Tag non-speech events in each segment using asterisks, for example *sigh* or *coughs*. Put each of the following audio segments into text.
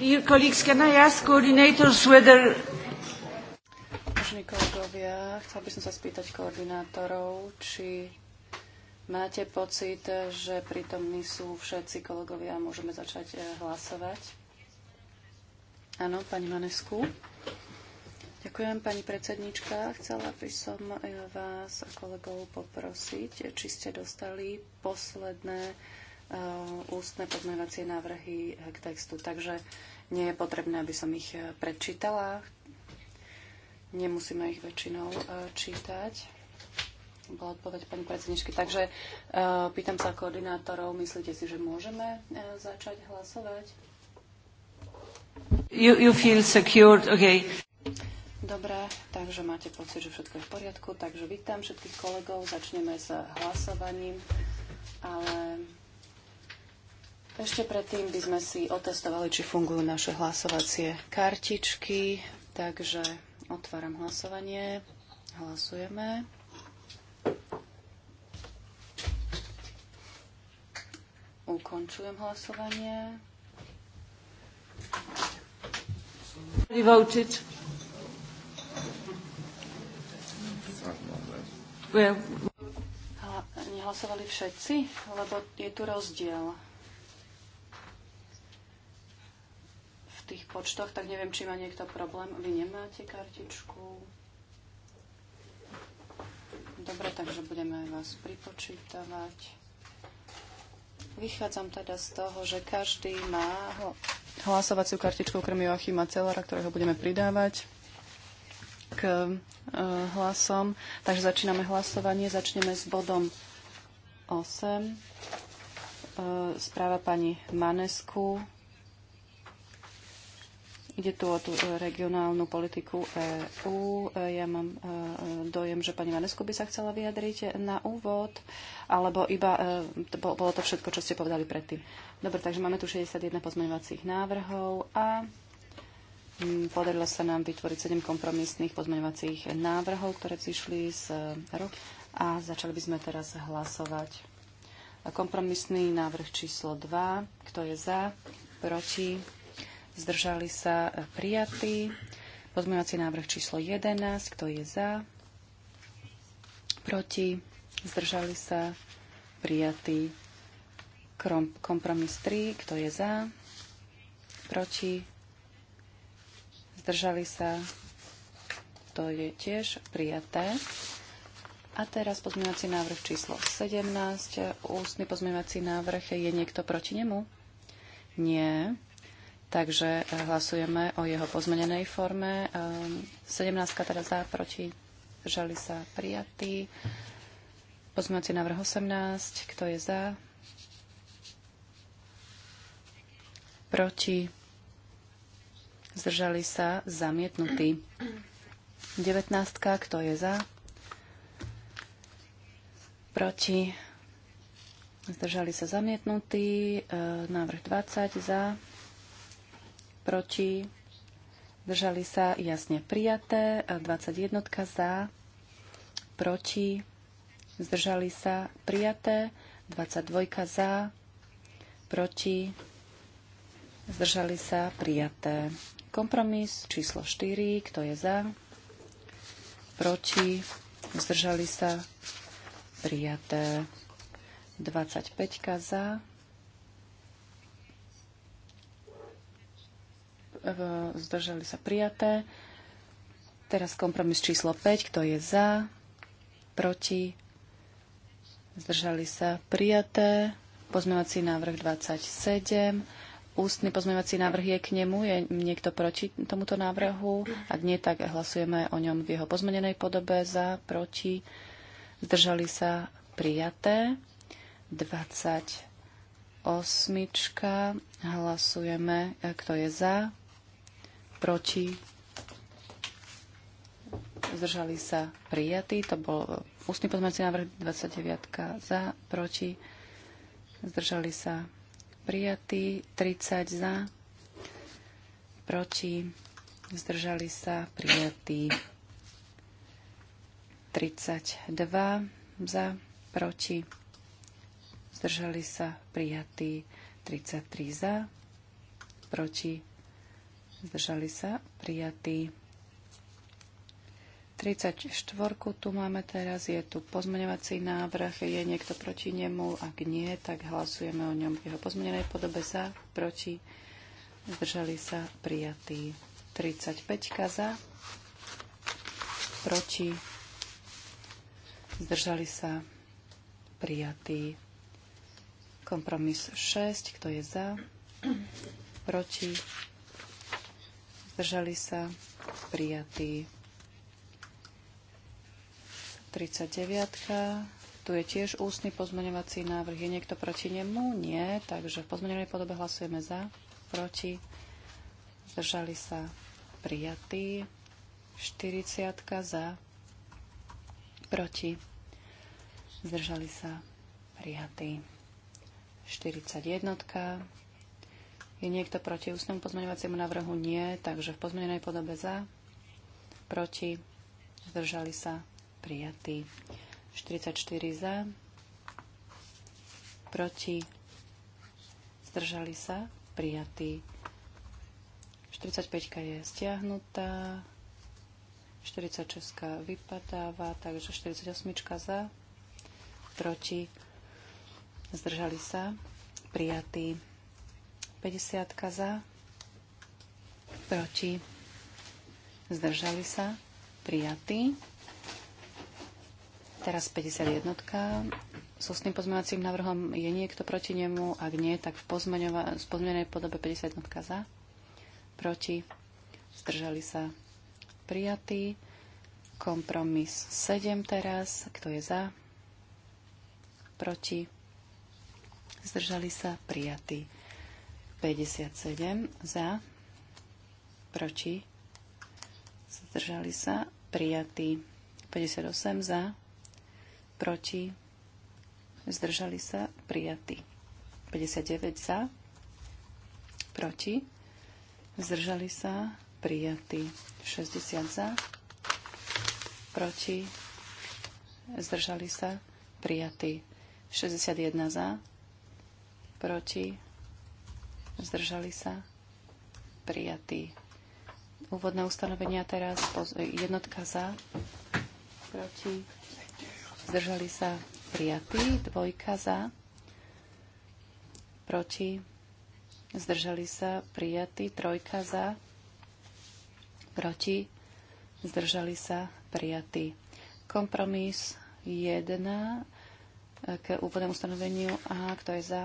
Dear colleagues, can I ask coordinators whether... Vážení kolegovia, chcel by som sa spýtať koordinátorov, či máte pocit, že prítomní sú všetci kolegovia a môžeme začať eh, hlasovať. Áno, pani Manesku. Ďakujem, pani predsednička. Chcela by som eh, vás a kolegov poprosiť, či ste dostali posledné Eh, ústne pozmeňovacie návrhy k textu, takže nie je potrebné, aby som ich eh, prečítala. Nemusíme ich väčšinou eh, čítať. Bola odpoveď pani predsedničky. Takže pýtam sa koordinátorov, myslíte si, že môžeme začať hlasovať? You, you feel secured, okay. Dobre, takže máte pocit, že všetko je v poriadku. Takže vítam všetkých kolegov, začneme s hlasovaním, ale ešte predtým by sme si otestovali, či fungujú naše hlasovacie kartičky. Takže otváram hlasovanie. Hlasujeme. Ukončujem hlasovanie. Voted. Well. nehlasovali všetci, lebo je tu rozdiel. tých počtoch, tak neviem, či má niekto problém. Vy nemáte kartičku. Dobre, takže budeme vás pripočítavať. Vychádzam teda z toho, že každý má hlasovaciu kartičku okrem Joachima Celera, ktorého budeme pridávať k e, hlasom. Takže začíname hlasovanie. Začneme s bodom 8. E, správa pani Manesku Ide tu o tú e, regionálnu politiku EÚ. E, ja mám e, dojem, že pani Manesku by sa chcela vyjadriť na úvod, alebo iba bolo to všetko, čo ste povedali predtým. Dobre, takže máme tu 61 pozmeňovacích návrhov a mm, podarilo sa nám vytvoriť 7 kompromisných pozmeňovacích návrhov, ktoré vzýšli z rok a začali by sme teraz hlasovať. Kompromisný návrh číslo 2. Kto je za? Proti? zdržali sa e, prijatí. Pozmeňovací návrh číslo 11, kto je za, proti, zdržali sa prijatí. Kompromis 3, kto je za, proti, zdržali sa, to je tiež prijaté. A teraz pozmeňovací návrh číslo 17. Ústny pozmeňovací návrh. Je niekto proti nemu? Nie. Takže eh, hlasujeme o jeho pozmenenej forme. 17 eh, teda za, proti, žali sa prijatý. Pozmenujúci návrh 18. Kto je za? Proti? Zdržali sa? Zamietnutý. 19. Kto je za? Proti? Zdržali sa? Zamietnutý. Eh, návrh 20. Za? proti, držali sa jasne prijaté, 21 za, proti, zdržali sa prijaté, 22 za, proti, zdržali sa prijaté. Kompromis číslo 4, kto je za, proti, zdržali sa prijaté, 25 za, zdržali sa prijaté. Teraz kompromis číslo 5, kto je za, proti, zdržali sa prijaté. Pozmevací návrh 27. Ústny pozmevací návrh je k nemu. Je niekto proti tomuto návrhu? Ak nie, tak hlasujeme o ňom v jeho pozmenenej podobe. Za, proti, zdržali sa prijaté. 28. Hlasujeme, kto je za, proti, zdržali sa prijatí, to bol ústny pozmeňovací návrh 29 za, proti, zdržali sa prijatí, 30 za, proti, zdržali sa prijatí, 32 za, proti, zdržali sa prijatí, 33 za, proti, zdržali sa, prijatí. 34 tu máme teraz, je tu pozmeňovací návrh, je niekto proti nemu, ak nie, tak hlasujeme o ňom v jeho pozmenenej podobe za, proti, zdržali sa, prijatý. 35 za, proti, zdržali sa, prijatí. Kompromis 6, kto je za, proti, zdržali sa, prijatý. 39. Tu je tiež ústny pozmeňovací návrh. Je niekto proti nemu? Nie. Takže v pozmeňovanej podobe hlasujeme za, proti, zdržali sa, prijatý. 40. za, proti, zdržali sa, prijatý. 41. Je niekto proti ústnemu pozmeňovaciemu návrhu? Nie. Takže v pozmenenej podobe za, proti, zdržali sa, prijatí. 44 za, proti, zdržali sa, prijatí. 45 je stiahnutá, 46 vypadáva, takže 48 za, proti, zdržali sa, prijatí. 50 za, proti, zdržali sa, prijatý. Teraz 51 s ústnym pozmeňovacím návrhom je niekto proti nemu, ak nie, tak v pozmenej podobe 51 za, proti, zdržali sa prijatý, kompromis 7 teraz, kto je za, proti, zdržali sa prijatý. 57 za, proti, zdržali sa, prijatí. 58 za, proti, zdržali sa, prijatí. 59 za, proti, zdržali sa, prijatí. 60 za, proti, zdržali sa, prijatí. 61 za, proti, zdržali sa, prijatý. Úvodné ustanovenia teraz, e, jednotka za, proti, zdržali sa, prijatý, dvojka za, proti, zdržali sa, prijatý, trojka za, proti, zdržali sa, prijatý. Kompromis 1 e, k úvodnému stanoveniu a kto je za,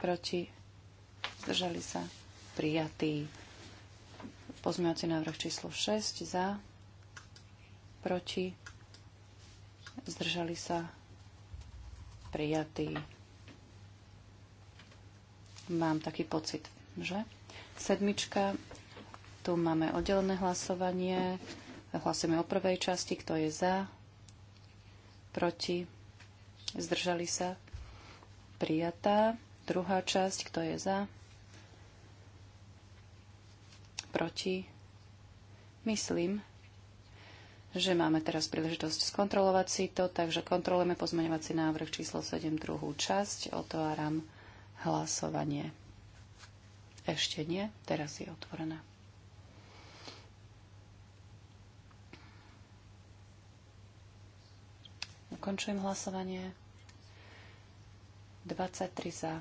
proti, zdržali sa, prijatý. Pozmeňovací návrh číslo 6 za, proti, zdržali sa, prijatý. Mám taký pocit, že? Sedmička, tu máme oddelené hlasovanie. Hlasujeme o prvej časti, kto je za, proti, zdržali sa, prijatá. Druhá časť, kto je za? Proti? Myslím, že máme teraz príležitosť skontrolovať si to, takže kontrolujeme pozmeňovací návrh číslo 7, druhú časť. Otváram hlasovanie. Ešte nie, teraz je otvorená. Ukončujem hlasovanie. 23 za,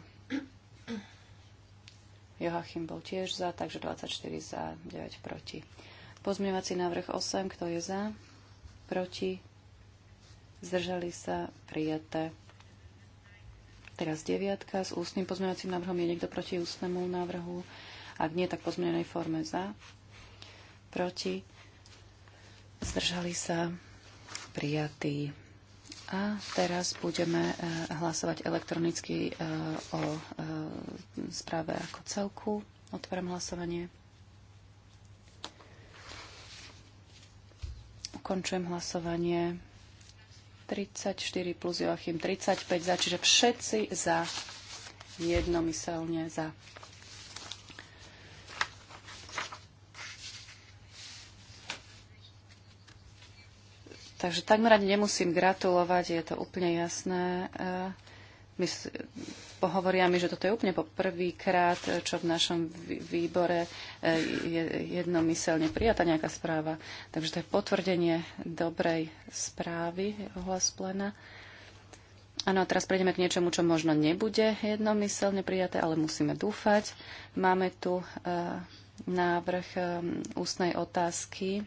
Joachim bol tiež za, takže 24 za, 9 proti. Pozmeňovací návrh 8, kto je za? Proti? Zdržali sa? Prijaté. Teraz deviatka s ústnym pozmeňovacím návrhom. Je niekto proti ústnemu návrhu? Ak nie, tak po forme za. Proti? Zdržali sa? Prijatý. A teraz budeme e, hlasovať elektronicky e, o e, správe ako celku. Otváram hlasovanie. Ukončujem hlasovanie. 34 plus Joachim 35 za, čiže všetci za jednomyselne za. Takže takmer ani nemusím gratulovať, je to úplne jasné. E, pohovoria mi, že toto je úplne po e, čo v našom výbore e, je jednomyselne prijatá nejaká správa. Takže to je potvrdenie dobrej správy, ohlas plena. Áno, a teraz prejdeme k niečomu, čo možno nebude jednomyselne prijaté, ale musíme dúfať. Máme tu návrh ústnej otázky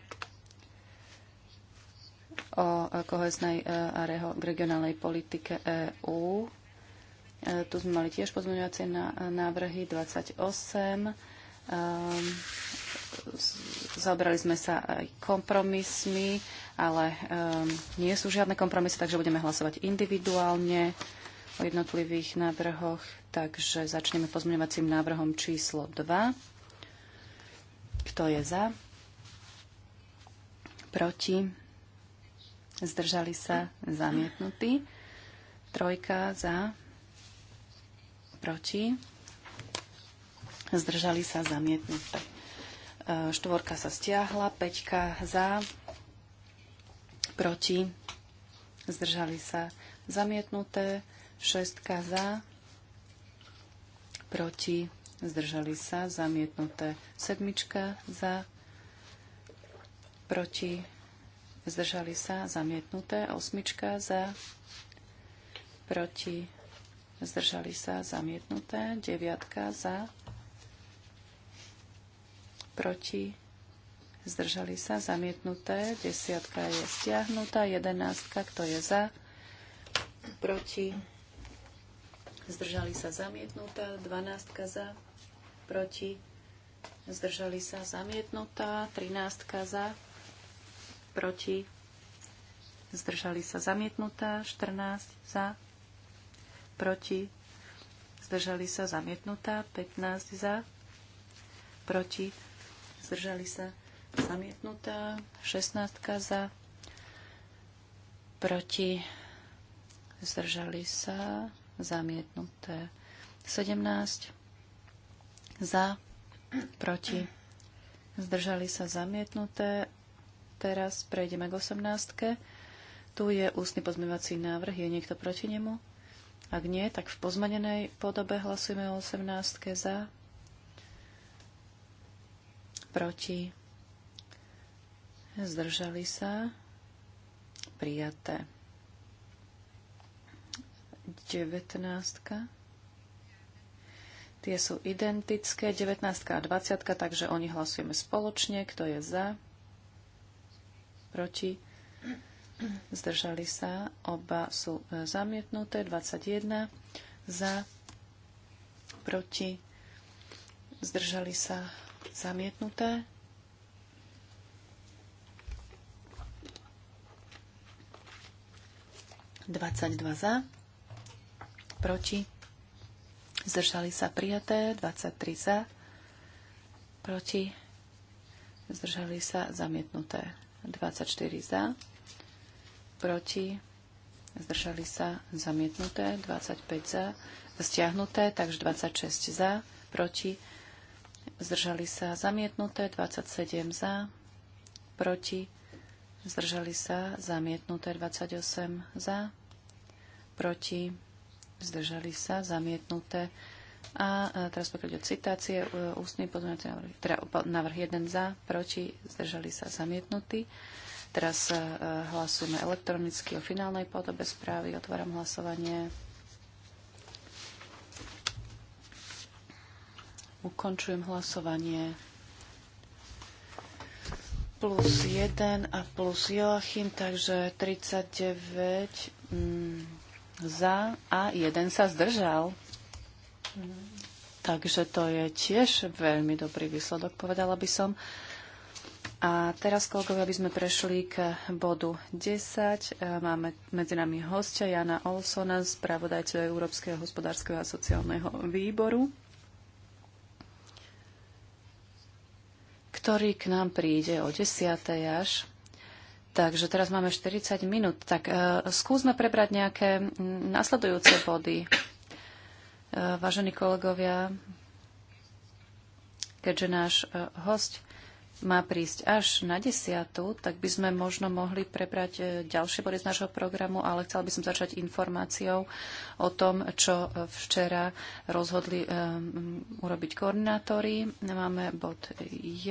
o koheznej e, a regionálnej politike EÚ. E, tu sme mali tiež pozmeňovacie návrhy 28. E, Zaobrali sme sa aj kompromismi, ale nie sú žiadne kompromisy, takže budeme hlasovať individuálne o jednotlivých návrhoch. Takže začneme pozmeňovacím návrhom číslo 2. Kto je za? Proti? zdržali sa zamietnutí. Trojka za, proti, zdržali sa zamietnutí. E, štvorka sa stiahla, peťka za, proti, zdržali sa zamietnuté, šestka za, proti, zdržali sa, zamietnuté, sedmička za, proti, zdržali sa, zamietnuté. Osmička za, proti, zdržali sa, zamietnuté. Deviatka za, proti, zdržali sa, zamietnuté. Desiatka je stiahnutá. Jedenáctka, kto je za, proti, zdržali sa, zamietnutá. Dvanáctka za, proti, zdržali sa, zamietnutá. Trináctka za, proti, zdržali sa zamietnutá, 14 za, proti, zdržali sa zamietnutá, 15 za, proti, zdržali sa zamietnutá, 16 za, proti, zdržali sa zamietnuté, 17 za, proti, zdržali sa zamietnuté, Teraz prejdeme k 18. Tu je ústny pozmeňovací návrh. Je niekto proti nemu? Ak nie, tak v pozmenenej podobe hlasujeme o 18. za, proti, zdržali sa, prijaté. 19. Tie sú identické, 19 a 20, takže oni hlasujeme spoločne, kto je za, proti, zdržali sa, oba sú e, zamietnuté, 21 za, proti, zdržali sa, zamietnuté. Dvadsaťdva za, proti, zdržali sa prijaté, 23 za, proti, zdržali sa zamietnuté. 24 za, proti, zdržali sa zamietnuté, 25 za, stiahnuté, takže 26 za, proti, zdržali sa zamietnuté, 27 za, proti, zdržali sa zamietnuté, 28 za, proti, zdržali sa zamietnuté, a, teraz pokiaľ ide citácie, e, ústny pozmeňovací návrh, teda návrh 1 za, proti, zdržali sa zamietnutí. Teraz e, e, hlasujeme elektronicky o finálnej podobe správy. Otváram hlasovanie. Ukončujem hlasovanie. Plus 1 a plus Joachim, takže 39 mm, za a 1 sa zdržal. Takže to je tiež veľmi dobrý výsledok, povedala by som. A teraz, kolegovia, aby sme prešli k bodu 10. E, máme medzi nami hostia Jana Olsona, spravodajca Európskeho hospodárskeho a sociálneho výboru, ktorý k nám príde o 10. až. Takže teraz máme 40 minút. Tak uh, skúsme prebrať nejaké nasledujúce body. Eh, vážení kolegovia, keďže náš eh, host má prísť až na desiatu, tak by sme možno mohli prebrať eh, ďalšie body z nášho programu, ale chcela by som začať informáciou o tom, čo včera rozhodli urobiť koordinátori. Máme bod 1,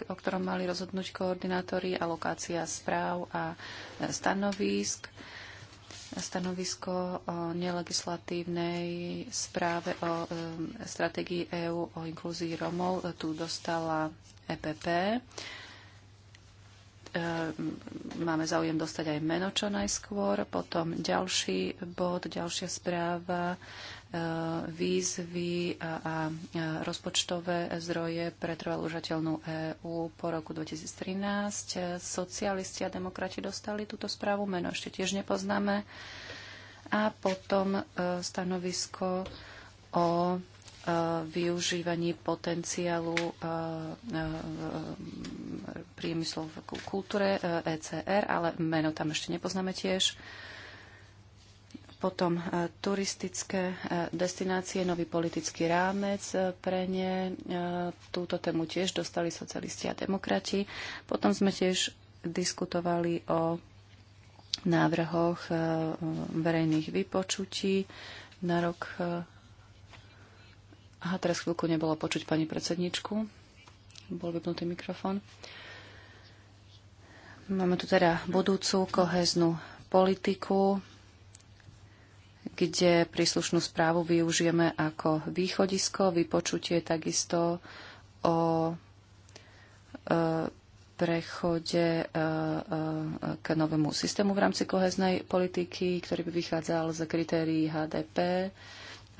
o ktorom mali rozhodnúť koordinátori, alokácia správ a stanovísk stanovisko o nelegislatívnej správe o stratégii EÚ o inklúzii Romov e, tu dostala EPP. E, máme záujem dostať aj meno čo najskôr. Potom ďalší bod, ďalšia správa výzvy a rozpočtové zdroje pre trvalúžateľnú EÚ po roku 2013. Socialisti a demokrati dostali túto správu, meno ešte tiež nepoznáme. A potom e, stanovisko o e, využívaní potenciálu e, priemyslov v kultúre ECR, ale meno tam ešte nepoznáme tiež. Potom e, turistické e, destinácie, nový politický rámec e, pre ne. Túto tému tiež dostali socialisti a demokrati. Potom sme tiež diskutovali o návrhoch verejných vypočutí na rok. Aha, teraz chvíľku nebolo počuť pani predsedničku. Bol vypnutý mikrofón. Máme tu teda budúcu koheznú politiku kde príslušnú správu využijeme ako východisko, vypočutie takisto o e, prechode e, e, k novému systému v rámci koheznej politiky, ktorý by vychádzal z kritérií HDP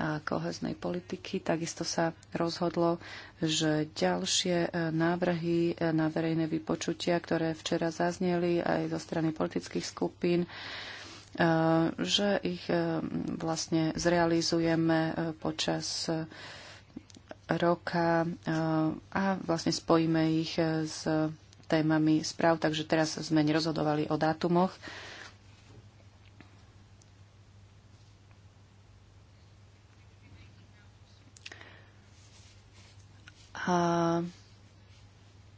a koheznej politiky. Takisto sa rozhodlo, že ďalšie návrhy na verejné vypočutia, ktoré včera zazneli aj zo strany politických skupín, E, že ich e, vlastne zrealizujeme e, počas roka a vlastne spojíme ich s témami správ. Takže teraz sme nerozhodovali o dátumoch. A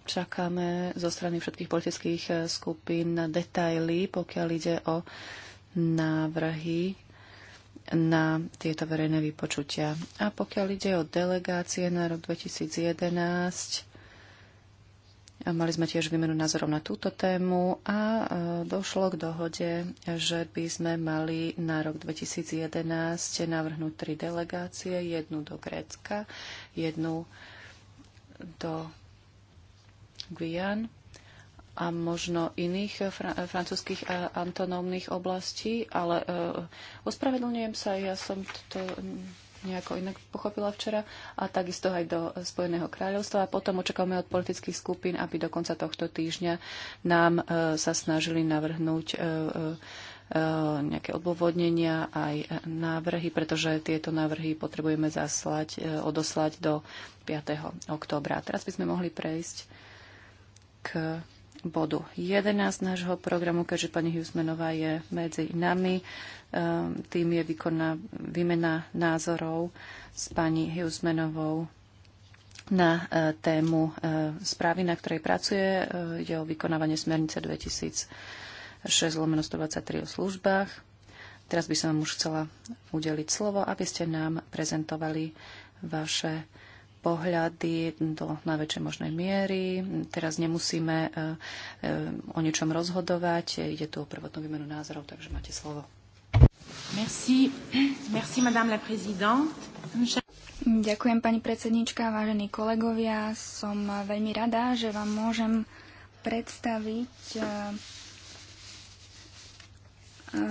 čakáme zo strany všetkých politických skupín na detaily, pokiaľ ide o návrhy na tieto verejné vypočutia. A pokiaľ ide o delegácie na rok 2011, a mali sme tiež výmenu názorov na túto tému a e, došlo k dohode, že by sme mali na rok 2011 navrhnúť tri delegácie, jednu do Grécka, jednu do Guyan a možno iných eh, fra- eh, francúzských eh, antonómnych oblastí, ale e, ospravedlňujem sa, ja som to nejako inak pochopila včera a takisto aj do Spojeného kráľovstva. A potom očakávame od politických skupín, aby do konca tohto týždňa nám e, sa snažili navrhnúť e, nejaké odôvodnenia, aj návrhy, pretože tieto návrhy potrebujeme zaslať, odoslať do 5. októbra. Teraz by sme mohli prejsť k bodu 11 nášho programu, keďže pani Husmenová je medzi nami. Eh, tým je výkonná výmena názorov s pani Husmenovou na eh, tému eh, správy, na ktorej pracuje. Ide o vykonávanie smernice 2006 123 o službách. Teraz by som vám už chcela udeliť slovo, aby ste nám prezentovali vaše pohľady do najväčšej možnej miery. Teraz nemusíme e, e, o ničom rozhodovať. Ide tu o prvotnú výmenu názorov, takže máte slovo. Merci. Merci, madame la présidente. Ďakujem, pani predsednička, vážení kolegovia. Som veľmi rada, že vám môžem predstaviť e,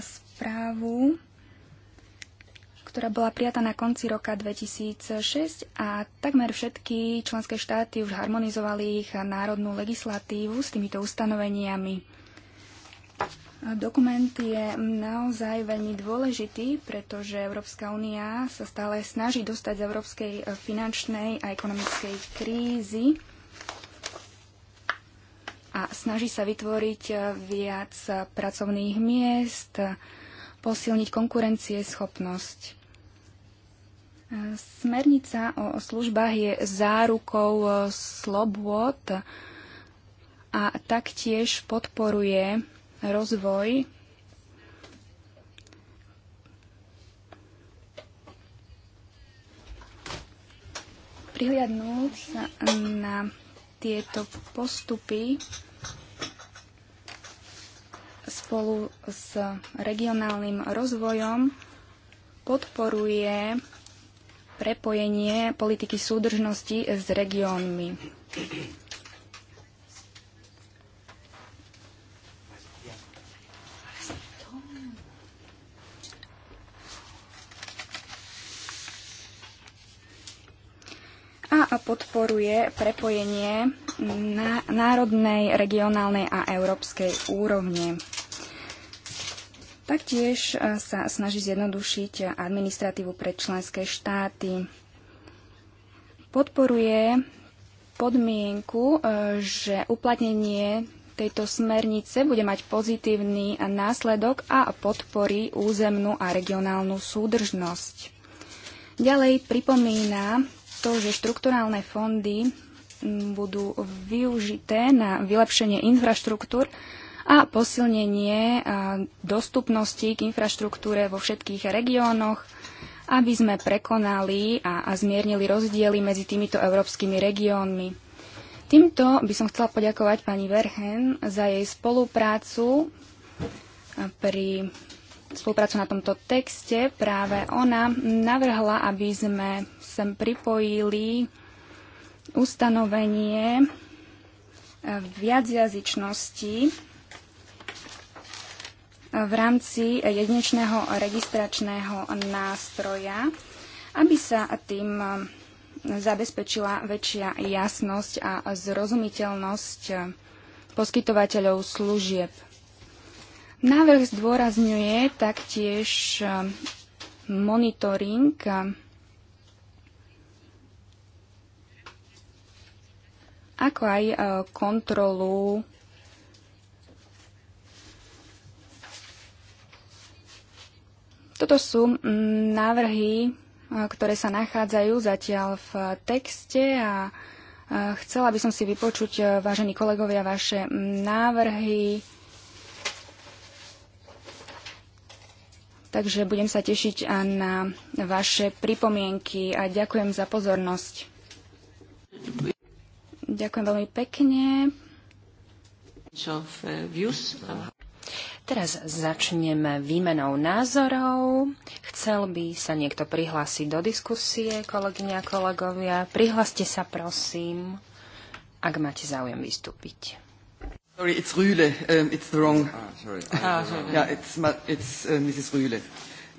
správu ktorá bola prijatá na konci roka 2006 a takmer všetky členské štáty už harmonizovali ich národnú legislatívu s týmito ustanoveniami. Dokument je naozaj veľmi dôležitý, pretože Európska únia sa stále snaží dostať z európskej finančnej a ekonomickej krízy a snaží sa vytvoriť viac pracovných miest, posilniť konkurencieschopnosť. Smernica o službách je zárukou e, slobôd a taktiež podporuje rozvoj sa na tieto postupy spolu s regionálnym rozvojom podporuje prepojenie politiky súdržnosti s regiónmi. a podporuje prepojenie na národnej, regionálnej a európskej úrovne. Taktiež e, sa snaží zjednodušiť administratívu pre členské štáty. Podporuje podmienku, e, že uplatnenie tejto smernice bude mať pozitívny následok a podporí územnú a regionálnu súdržnosť. Ďalej pripomína to, že štrukturálne fondy budú využité na vylepšenie infraštruktúr a posilnenie dostupnosti k infraštruktúre vo všetkých regiónoch, aby sme prekonali a, a zmiernili rozdiely medzi týmito európskymi regiónmi. Týmto by som chcela poďakovať pani Verhen za jej spoluprácu pri spoluprácu na tomto texte. Práve ona navrhla, aby sme sem pripojili ustanovenie viacjazyčnosti v rámci jedinečného registračného nástroja, aby sa tým eh, zabezpečila väčšia jasnosť a zrozumiteľnosť eh, poskytovateľov služieb. Návrh zdôrazňuje taktiež eh, monitoring ako aj kontrolu Toto sú mm, návrhy, e, ktoré sa nachádzajú zatiaľ v texte a e, chcela by som si vypočuť, e, vážení kolegovia, vaše mm, návrhy. Takže budem sa tešiť na vaše pripomienky a ďakujem za pozornosť. Ďakujem veľmi pekne. Teraz začneme výmenou názorov. Chcel by sa niekto prihlásiť do diskusie, kolegyňa a kolegovia. Prihláste sa, prosím, ak máte záujem vystúpiť. Sorry, it's Rühle. Um, it's the wrong... Ah, sorry. Ah, ah sorry. Yeah, it's, it's uh, Mrs. Rühle.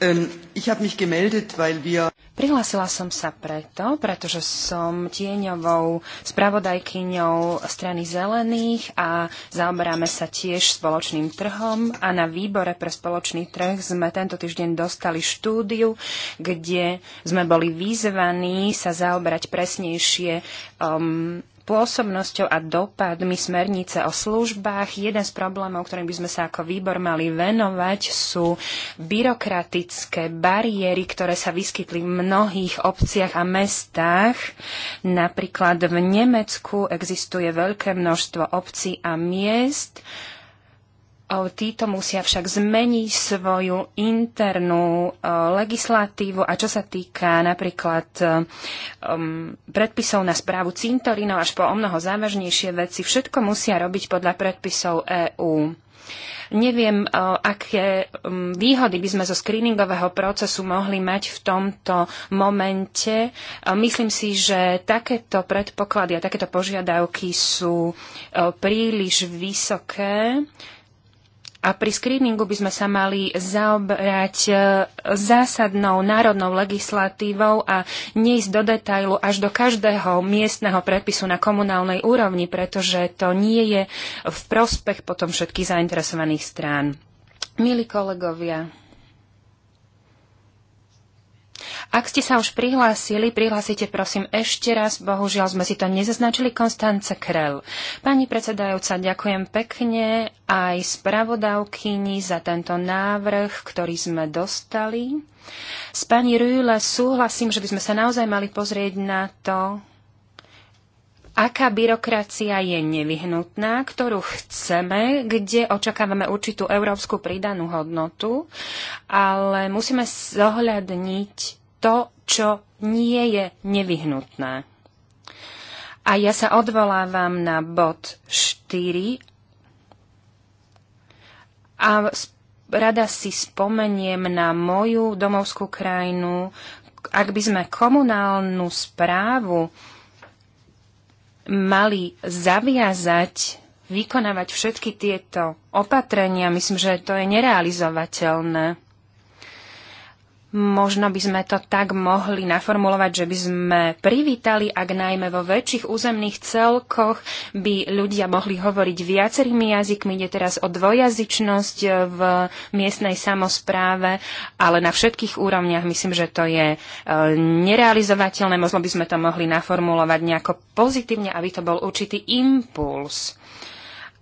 Um, ich habe mich gemeldet, weil wir... Prihlásila som sa preto, pretože som tieňovou spravodajkyňou strany zelených a zaoberáme sa tiež spoločným trhom a na výbore pre spoločný trh sme tento týždeň dostali štúdiu, kde sme boli vyzvaní sa zaoberať presnejšie um, pôsobnosťou a dopadmi smernice o službách. Jeden z problémov, ktorým by sme sa ako výbor mali venovať, sú byrokratické bariéry, ktoré sa vyskytli v mnohých obciach a mestách. Napríklad v Nemecku existuje veľké množstvo obcí a miest, Títo musia však zmeniť svoju internú legislatívu a čo sa týka napríklad um, predpisov na správu cintorinov až po o mnoho závažnejšie veci, všetko musia robiť podľa predpisov EÚ. Neviem, aké um, výhody by sme zo screeningového procesu mohli mať v tomto momente. Myslím si, že takéto predpoklady a takéto požiadavky sú príliš vysoké. A pri screeningu by sme sa mali zaobrať e, zásadnou národnou legislatívou a neísť do detailu až do každého miestneho predpisu na komunálnej úrovni, pretože to nie je v prospech potom všetkých zainteresovaných strán. Milí kolegovia, Ak ste sa už prihlásili, prihlásite prosím ešte raz. Bohužiaľ sme si to nezaznačili. Konstance Krel. Pani predsedajúca, ďakujem pekne aj spravodavkyni za tento návrh, ktorý sme dostali. S pani Rühle súhlasím, že by sme sa naozaj mali pozrieť na to, aká byrokracia je nevyhnutná, ktorú chceme, kde očakávame určitú európsku pridanú hodnotu, ale musíme zohľadniť to, čo nie je nevyhnutné. A ja sa odvolávam na bod 4 a rada si spomeniem na moju domovskú krajinu, ak by sme komunálnu správu mali zaviazať vykonávať všetky tieto opatrenia, myslím, že to je nerealizovateľné. Možno by sme to tak mohli naformulovať, že by sme privítali, ak najmä vo väčších územných celkoch by ľudia mohli hovoriť viacerými jazykmi. Ide teraz o dvojazyčnosť v miestnej samozpráve, ale na všetkých úrovniach myslím, že to je e, nerealizovateľné. Možno by sme to mohli naformulovať nejako pozitívne, aby to bol určitý impuls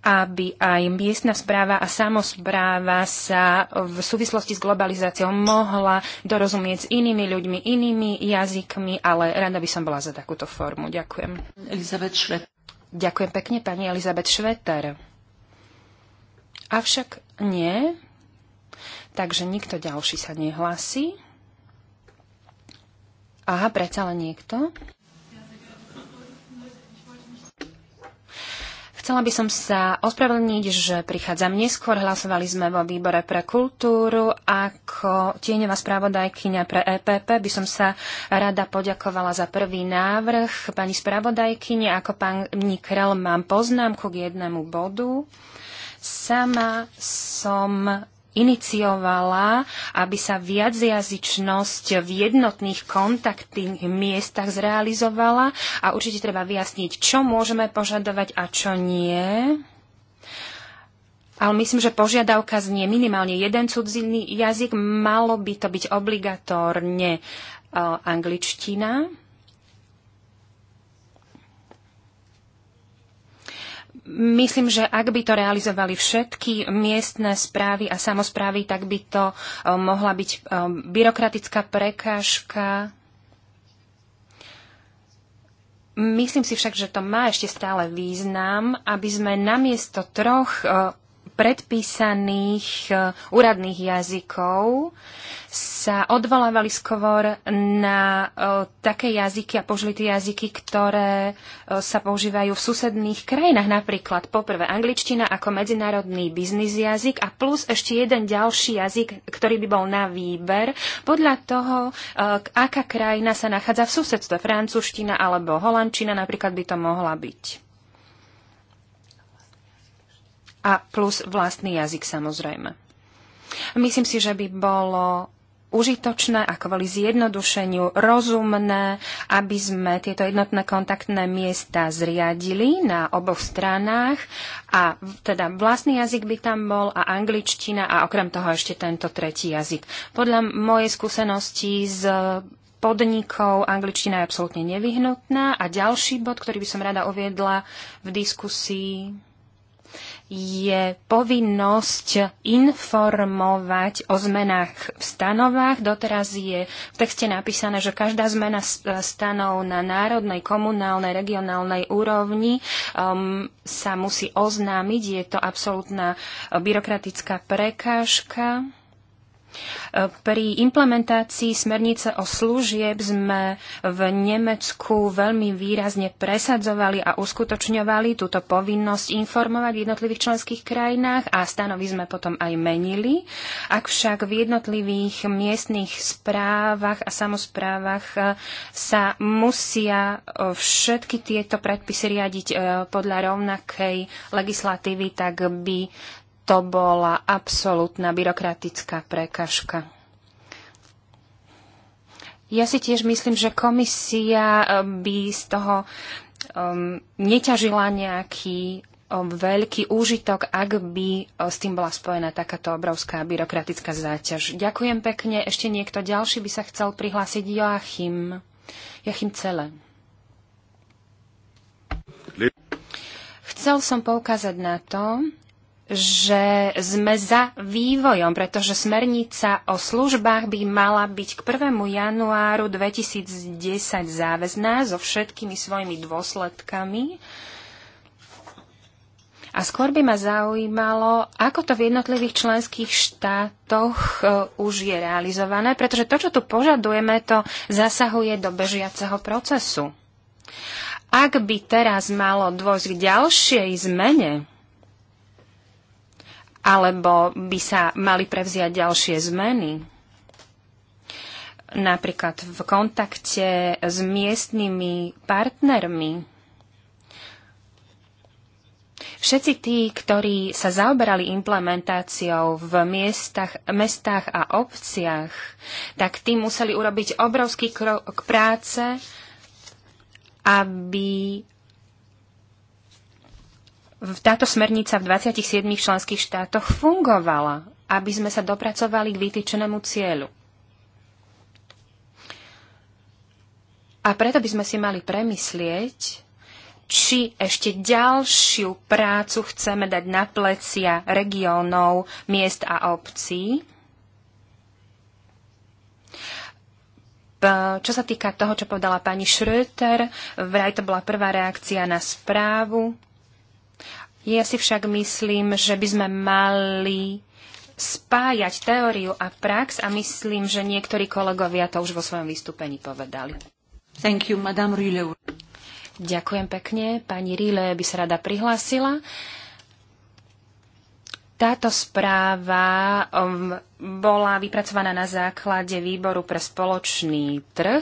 aby aj miestna správa a samozpráva sa v súvislosti s globalizáciou mohla dorozumieť s inými ľuďmi, inými jazykmi, ale rada by som bola za takúto formu. Ďakujem. Elizabeth Švet. Ďakujem pekne, pani Elizabeth Šveter. Avšak nie, takže nikto ďalší sa nehlasí. Aha, predsa len niekto. Chcela by som sa ospravedlniť, že prichádzam neskôr. Hlasovali sme vo výbore pre kultúru. Ako tieňová spravodajkyňa pre EPP by som sa rada poďakovala za prvý návrh pani spravodajkyne. Ako pani Krel mám poznámku k jednému bodu. Sama som iniciovala, aby sa viacjazyčnosť v jednotných kontaktných miestach zrealizovala a určite treba vyjasniť, čo môžeme požadovať a čo nie. Ale myslím, že požiadavka znie minimálne jeden cudziny jazyk, malo by to byť obligatórne eh, angličtina. Myslím, že ak by to realizovali všetky miestne správy a samozprávy, tak by to eh, mohla byť eh, byrokratická prekážka. Myslím si však, že to má ešte stále význam, aby sme namiesto troch eh, predpísaných e, úradných jazykov sa odvolávali skôr na e, také jazyky a použili tie jazyky, ktoré e, sa používajú v susedných krajinách. Napríklad poprvé angličtina ako medzinárodný biznis jazyk a plus ešte jeden ďalší jazyk, ktorý by bol na výber podľa toho, aká krajina sa nachádza v susedstve. Francúzština alebo holandčina napríklad by to mohla byť a plus vlastný jazyk samozrejme. Myslím si, že by bolo užitočné a kvôli zjednodušeniu rozumné, aby sme tieto jednotné kontaktné miesta zriadili na oboch stranách a teda vlastný jazyk by tam bol a angličtina a okrem toho ešte tento tretí jazyk. Podľa mojej skúsenosti z podnikov angličtina je absolútne nevyhnutná a ďalší bod, ktorý by som rada uviedla v diskusii je povinnosť informovať o zmenách v stanovách. Doteraz je v texte napísané, že každá zmena e, stanov na národnej, komunálnej, regionálnej úrovni um, sa musí oznámiť. Je to absolútna e, byrokratická prekážka pri implementácii smernice o služieb sme v Nemecku veľmi výrazne presadzovali a uskutočňovali túto povinnosť informovať v jednotlivých členských krajinách a stanovy sme potom aj menili. Ak však v jednotlivých miestnych správach a samozprávach e, sa musia e, všetky tieto predpisy riadiť e, podľa rovnakej legislatívy, tak by to bola absolútna byrokratická prekažka. Ja si tiež myslím, že komisia eh, by z toho um, neťažila nejaký um, veľký úžitok, ak by um, s tým bola spojená takáto obrovská byrokratická záťaž. Ďakujem pekne. Ešte niekto ďalší by sa chcel prihlásiť. Joachim. Joachim Cele. Chcel som poukázať na to, že sme za vývojom, pretože smernica o službách by mala byť k 1. januáru 2010 záväzná so všetkými svojimi dôsledkami. A skôr by ma zaujímalo, ako to v jednotlivých členských štátoch e, už je realizované, pretože to, čo tu požadujeme, to zasahuje do bežiaceho procesu. Ak by teraz malo dôjsť k ďalšej zmene alebo by sa mali prevziať ďalšie zmeny, napríklad v kontakte s miestnymi partnermi. Všetci tí, ktorí sa zaoberali implementáciou v miestach, mestách a obciach, tak tí museli urobiť obrovský krok práce, aby táto smernica v 27 členských štátoch fungovala, aby sme sa dopracovali k vytýčenému cieľu. A preto by sme si mali premyslieť, či ešte ďalšiu prácu chceme dať na plecia regiónov, miest a obcí. Čo sa týka toho, čo povedala pani Schröter, vraj to bola prvá reakcia na správu ja si však myslím, že by sme mali spájať teóriu a prax a myslím, že niektorí kolegovia to už vo svojom vystúpení povedali. Thank you, Madame Rileu. Ďakujem pekne. Pani Rille by sa rada prihlásila. Táto správa um, bola vypracovaná na základe výboru pre spoločný trh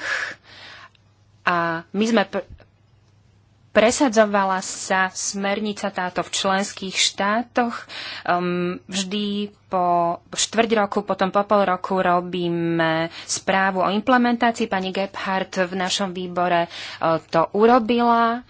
a my sme Presadzovala sa smernica táto v členských štátoch. Um, vždy po štvrť roku, potom po pol roku robíme správu o implementácii. Pani Gebhardt v našom výbore uh, to urobila.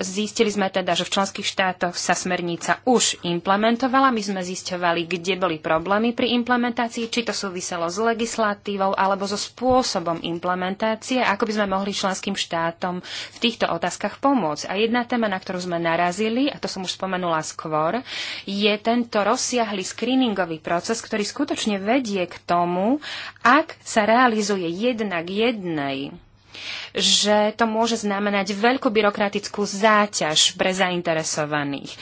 Zistili sme teda, že v členských štátoch sa smernica už implementovala. My sme zisťovali, kde boli problémy pri implementácii, či to súviselo s legislatívou alebo so spôsobom implementácie, ako by sme mohli členským štátom v týchto otázkach pomôcť. A jedna téma, na ktorú sme narazili, a to som už spomenula skôr, je tento rozsiahly screeningový proces, ktorý skutočne vedie k tomu, ak sa realizuje jednak jednej že to môže znamenať veľkú byrokratickú záťaž pre zainteresovaných.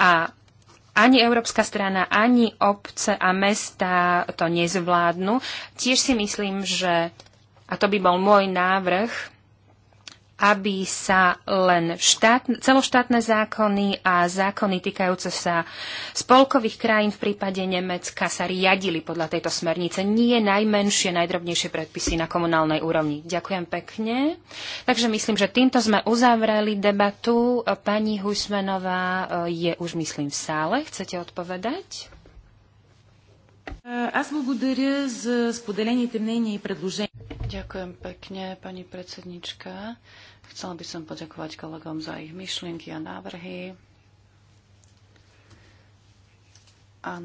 A ani európska strana, ani obce a mesta to nezvládnu. Tiež si myslím, že, a to by bol môj návrh, aby sa len štát, celoštátne zákony a zákony týkajúce sa spolkových krajín v prípade Nemecka sa riadili podľa tejto smernice. Nie najmenšie, najdrobnejšie predpisy na komunálnej úrovni. Ďakujem pekne. Takže myslím, že týmto sme uzavreli debatu. Pani Husmenová e, je už, myslím, v sále. Chcete odpovedať? E, Аз благодаря за споделените мнения и предложения. Ďakujem pekne, pani predsednička. Chcela by som poďakovať kolegom za ich myšlienky a návrhy. A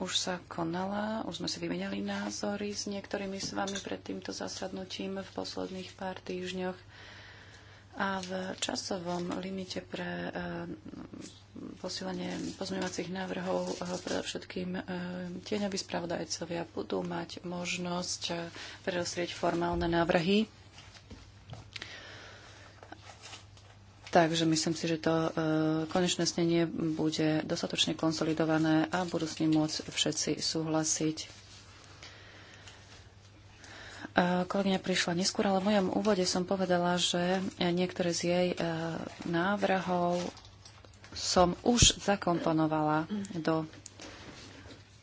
už sa konala, už sme si vymenali názory s niektorými s vami pred týmto zasadnutím v posledných pár týždňoch. A v časovom limite pre eh, posilanie pozmeňovacích návrhov. Eh, predovšetkým eh, tieňoví spravodajcovia budú mať možnosť eh, predostrieť formálne návrhy. Takže myslím si, že to konečné snenie bude dostatočne konsolidované a budú s ním môcť všetci súhlasiť. Kolegyňa prišla neskôr, ale v mojom úvode som povedala, že niektoré z jej návrhov som už zakomponovala do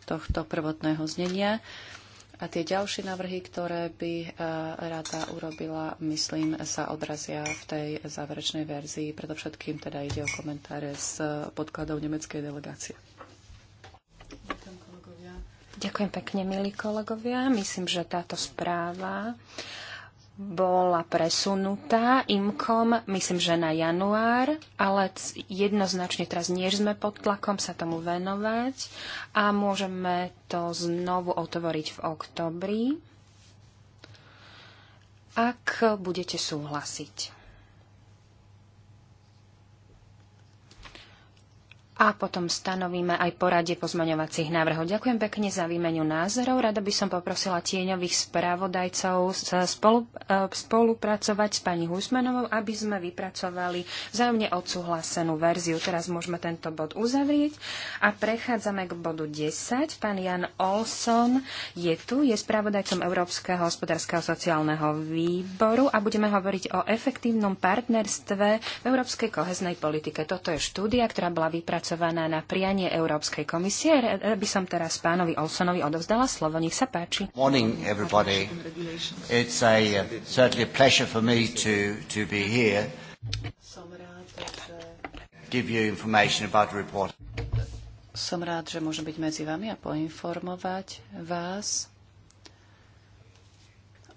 tohto prvotného znenia. A tie ďalšie návrhy, ktoré by e, rada urobila, myslím, sa odrazia v tej záverečnej verzii. Predovšetkým teda ide o komentáre z podkladov nemeckej delegácie. Ďakujem, Ďakujem pekne, milí kolegovia. Myslím, že táto správa bola presunutá imkom, myslím, že na január, ale jednoznačne teraz nie sme pod tlakom sa tomu venovať a môžeme to znovu otvoriť v oktobri, ak budete súhlasiť. a potom stanovíme aj poradie pozmaňovacích návrhov. Ďakujem pekne za výmenu názorov. Rada by som poprosila tieňových spravodajcov spolu, e, spolupracovať s pani Husmanovou, aby sme vypracovali vzájomne odsúhlasenú verziu. Teraz môžeme tento bod uzavrieť a prechádzame k bodu 10. Pán Jan Olson je tu, je spravodajcom Európskeho hospodárskeho sociálneho výboru a budeme hovoriť o efektívnom partnerstve v Európskej koheznej politike. Toto je štúdia, ktorá bola vypracovaná vypracovaná na prianie Európskej komisie. By som teraz pánovi Olsonovi odovzdala slovo. Nech sa páči. Morning, everybody. It's a, uh, certainly a pleasure for me to, to be here. Som rád, že... Give you information about the report. Som rád, že môžem byť medzi vami a poinformovať vás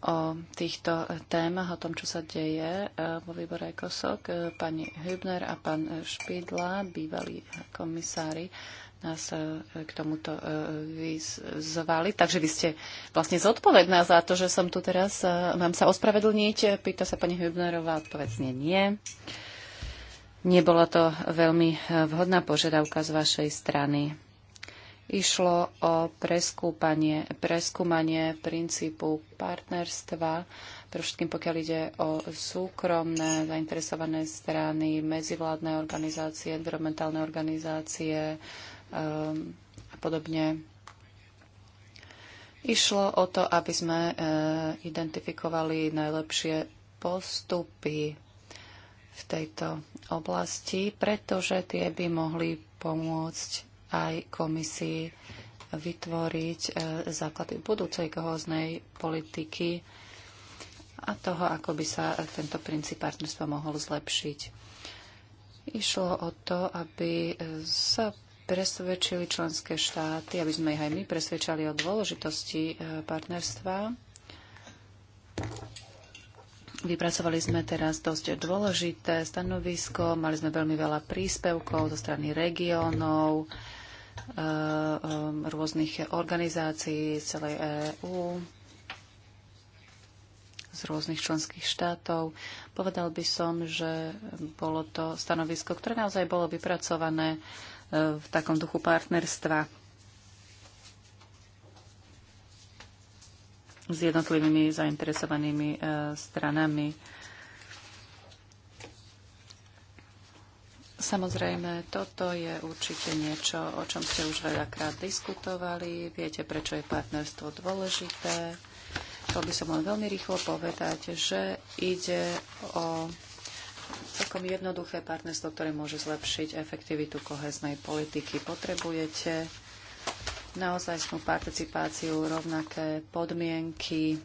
o týchto témach, o tom, čo sa deje e, vo výbore KOSOK. E, pani Hübner a pán Špidla, bývalí komisári, nás e, k tomuto vyzvali. Takže vy ste vlastne zodpovedná za to, že som tu teraz. Mám sa ospravedlniť? Pýta sa pani Hübnerová, odpovedz nie, nie. Nebola to veľmi vhodná požiadavka z vašej strany. Išlo o preskúmanie princípu partnerstva, pre všetkým pokiaľ ide o súkromné zainteresované strany, medzivládne organizácie, environmentálne organizácie um, a podobne. Išlo o to, aby sme uh, identifikovali najlepšie postupy v tejto oblasti, pretože tie by mohli pomôcť aj komisii vytvoriť e, základy budúcej kohoznej politiky a toho, ako by sa tento princíp partnerstva mohol zlepšiť. Išlo o to, aby sa presvedčili členské štáty, aby sme ich aj my presvedčali o dôležitosti e, partnerstva. Vypracovali sme teraz dosť dôležité stanovisko, mali sme veľmi veľa príspevkov zo strany regiónov, Eh, eh, rôznych organizácií celej EÚ, z rôznych členských štátov. Povedal by som, že bolo to stanovisko, ktoré naozaj bolo vypracované eh, v takom duchu partnerstva s jednotlivými zainteresovanými stranami Samozrejme, toto je určite niečo, o čom ste už veľakrát diskutovali. Viete, prečo je partnerstvo dôležité. Chcel by som len veľmi rýchlo povedať, že ide o celkom jednoduché partnerstvo, ktoré môže zlepšiť efektivitu koheznej politiky. Potrebujete snú participáciu, rovnaké podmienky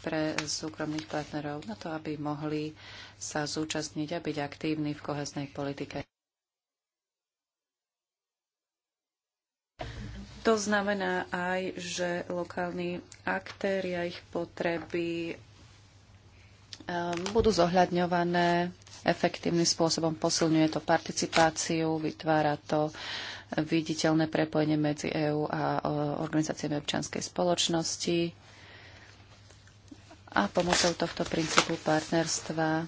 pre súkromných partnerov na to, aby mohli sa zúčastniť a byť aktívni v koheznej politike. To znamená aj, že lokálni aktéri a ich potreby ehm, budú zohľadňované efektívnym spôsobom. Posilňuje to participáciu, vytvára to viditeľné prepojenie medzi EÚ a e, organizáciami občianskej spoločnosti. A pomocou tohto princípu partnerstva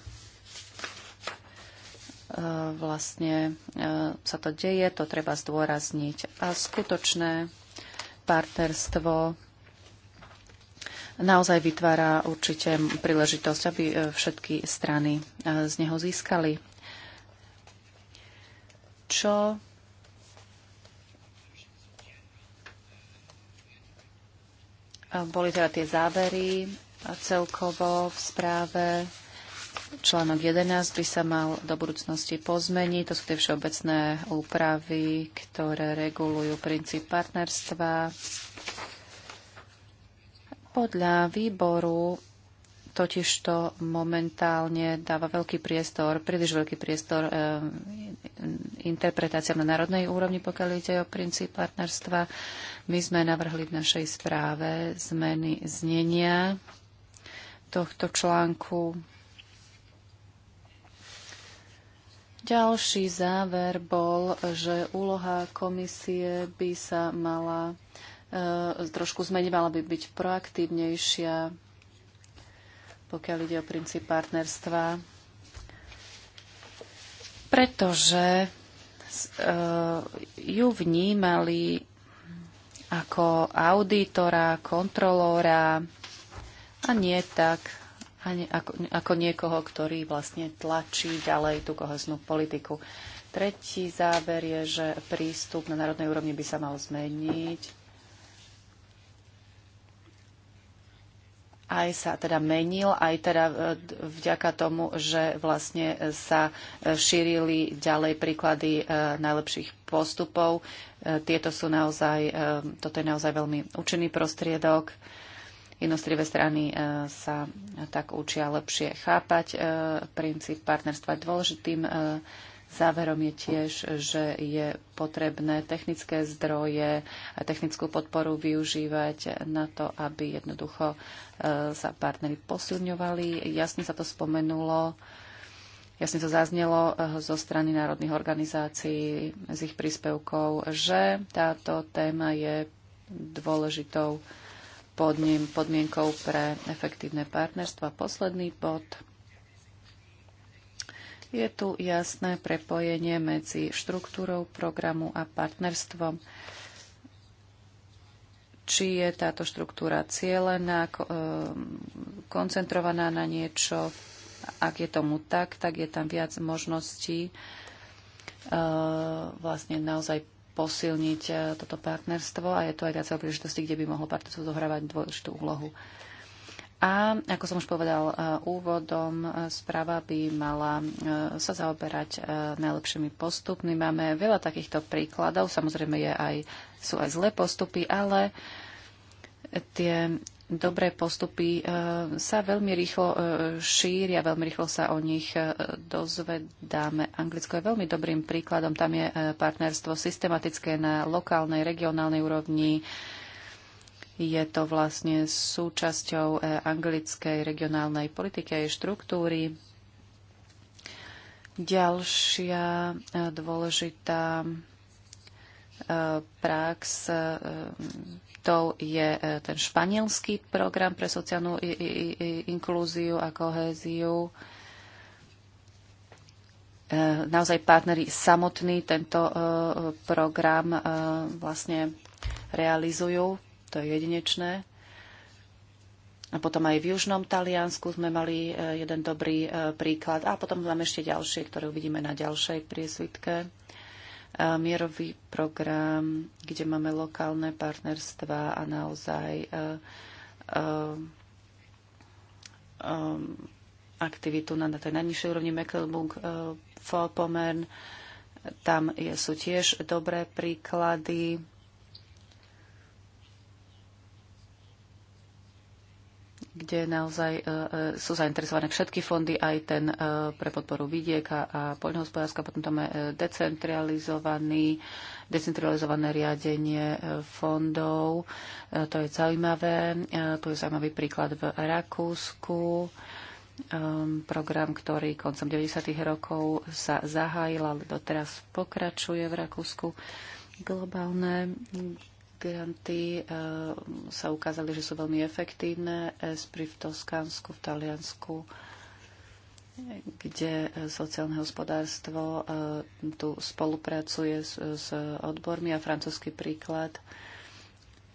E, vlastne e, sa to deje, to treba zdôrazniť. A skutočné partnerstvo naozaj vytvára určite príležitosť, aby e, všetky strany z neho získali. Čo boli teda tie závery celkovo v správe Článok 11 by sa mal do budúcnosti pozmeniť. To sú tie všeobecné úpravy, ktoré regulujú princíp partnerstva. Podľa výboru totižto momentálne dáva veľký priestor, príliš veľký priestor e, interpretáciám na národnej úrovni, pokiaľ ide o princíp partnerstva. My sme navrhli v našej správe zmeny znenia tohto článku Ďalší záver bol, že úloha komisie by sa mala e, trošku zmeniť, mala by byť proaktívnejšia, pokiaľ ide o princíp partnerstva, pretože e, ju vnímali ako auditora, kontrolóra a nie tak a nie, ako, ako niekoho, ktorý vlastne tlačí ďalej tú kohesnú politiku. Tretí záver je, že prístup na národnej úrovni by sa mal zmeniť. aj sa teda menil, aj teda e, vďaka tomu, že vlastne sa e, šírili ďalej príklady e, najlepších postupov. Tieto sú naozaj, toto je naozaj veľmi účinný prostriedok. Jednostrivé strany e, sa tak učia lepšie chápať. E, princíp partnerstva je dôležitým. E, záverom je tiež, že je potrebné technické zdroje a technickú podporu využívať na to, aby jednoducho sa partnery posilňovali. Jasne sa to spomenulo. Jasne to zaznelo zo strany národných organizácií z ich príspevkov, že táto téma je dôležitou podmienkou pre efektívne partnerstvo. Posledný bod. Je tu jasné prepojenie medzi štruktúrou programu a partnerstvom. Či je táto štruktúra cieľená, e, koncentrovaná na niečo, ak je tomu tak, tak je tam viac možností e, vlastne naozaj posilniť e, toto partnerstvo a je to aj viacero príležitostí, kde by mohlo partnerstvo zohrávať dôležitú úlohu. A ako som už povedal e, úvodom, e, správa by mala sa zaoberať najlepšími postupmi. Máme veľa takýchto príkladov, samozrejme je aj, sú aj zlé postupy, ale tie dobré postupy e, sa veľmi rýchlo e, šíria, veľmi rýchlo sa o nich e, dozvedáme. Anglicko je veľmi dobrým príkladom. Tam je partnerstvo systematické na lokálnej, regionálnej úrovni. Je to vlastne súčasťou anglickej regionálnej politiky a jej štruktúry. Ďalšia dôležitá prax prioritov je e, ten španielský program pre sociálnu inklúziu a kohéziu. E, naozaj partneri samotní tento e, program vlastne realizujú. To je jedinečné. A potom aj v južnom Taliansku sme mali jeden dobrý príklad. A potom máme ešte ďalšie, ktoré uvidíme na ďalšej priesvitke mierový program, kde máme lokálne partnerstva a naozaj e, e, e, aktivitu na, tej najnižšej úrovni Mecklenburg Vorpommern. Tam sú tiež dobré príklady kde naozaj e, e, sú zainteresované všetky fondy, aj ten e, pre podporu vidieka a poľnohospodárska. Potom tam je decentralizovaný, decentralizované riadenie fondov. To je zaujímavé. Tu je zaujímavý príklad v Rakúsku ehm, program, ktorý koncom 90. rokov sa zahájil, ale doteraz pokračuje v Rakúsku. Globálne granty eh, sa ukázali, že sú veľmi efektívne. ESPRI v Toskánsku, v Taliansku, kde eh, sociálne hospodárstvo eh, tu spolupracuje s, s odbormi a francúzsky príklad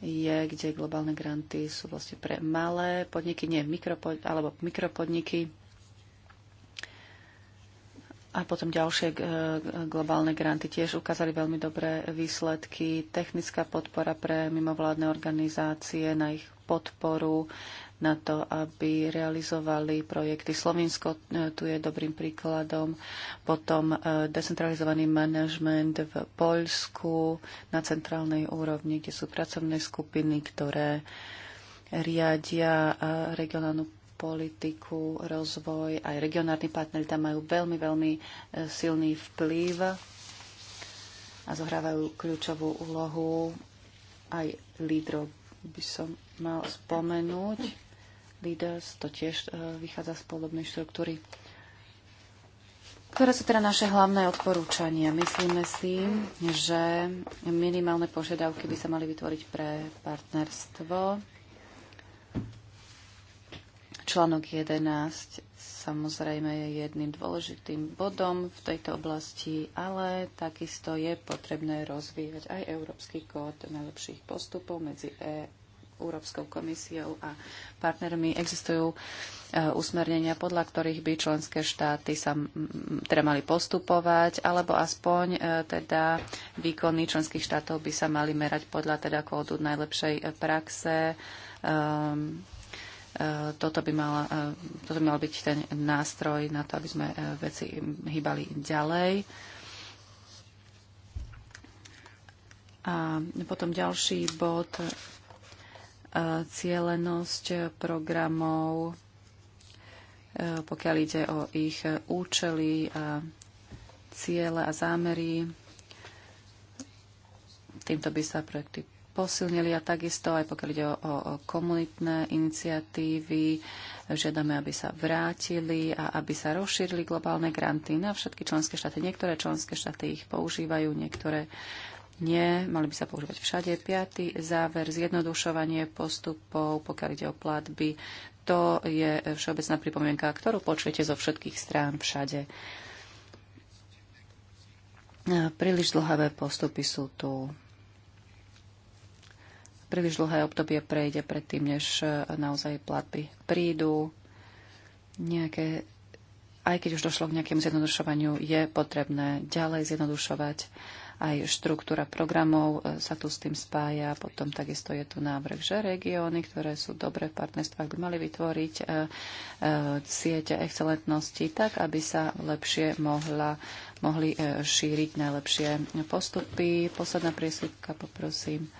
je, kde globálne granty sú vlastne pre malé podniky, nie mikropod, alebo mikropodniky, a potom ďalšie e, globálne granty tiež ukázali veľmi dobré výsledky. Technická podpora pre mimovládne organizácie na ich podporu, na to, aby realizovali projekty. Slovinsko e, tu je dobrým príkladom. Potom e, decentralizovaný manažment v Poľsku na centrálnej úrovni, kde sú pracovné skupiny, ktoré riadia regionálnu politiku, rozvoj, aj regionálni partneri tam majú veľmi, veľmi e, silný vplyv a zohrávajú kľúčovú úlohu. Aj lídrov by som mal spomenúť. Leaders to tiež e, vychádza z podobnej štruktúry. Ktoré sú teda naše hlavné odporúčania? Myslíme si, že minimálne požiadavky by sa mali vytvoriť pre partnerstvo Článok 11 samozrejme je jedným dôležitým bodom v tejto oblasti, ale takisto je potrebné rozvíjať aj Európsky kód najlepších postupov medzi e Európskou komisiou a partnermi. Existujú e, usmernenia, podľa ktorých by členské štáty sa teda mali postupovať, alebo aspoň e, teda výkony členských štátov by sa mali merať podľa teda kódu najlepšej praxe. Ehm, E, toto by, mala, e, toto by mal byť ten nástroj na to, aby sme e, veci hýbali ďalej. A potom ďalší bod, cielenosť programov, pokiaľ ide o ich účely a ciele a zámery. Týmto by sa projekty posilnili a takisto aj pokiaľ ide o, o komunitné iniciatívy, žiadame, aby sa vrátili a aby sa rozšírili globálne granty na všetky členské štáty. Niektoré členské štáty ich používajú, niektoré nie, mali by sa používať všade. Piatý záver, zjednodušovanie postupov, pokiaľ ide o platby. To je všeobecná pripomienka, ktorú počujete zo všetkých strán všade. Príliš dlhavé postupy sú tu príliš dlhé obdobie prejde predtým, než e, naozaj platby prídu. Nejaké, aj keď už došlo k nejakému zjednodušovaniu, je potrebné ďalej zjednodušovať. Aj štruktúra programov e, sa tu s tým spája. Potom takisto je tu návrh, že regióny, ktoré sú dobre v partnerstvách, by mali vytvoriť e, siete excelentnosti tak, aby sa lepšie mohla mohli šíriť najlepšie postupy. Posledná priesvitka, poprosím.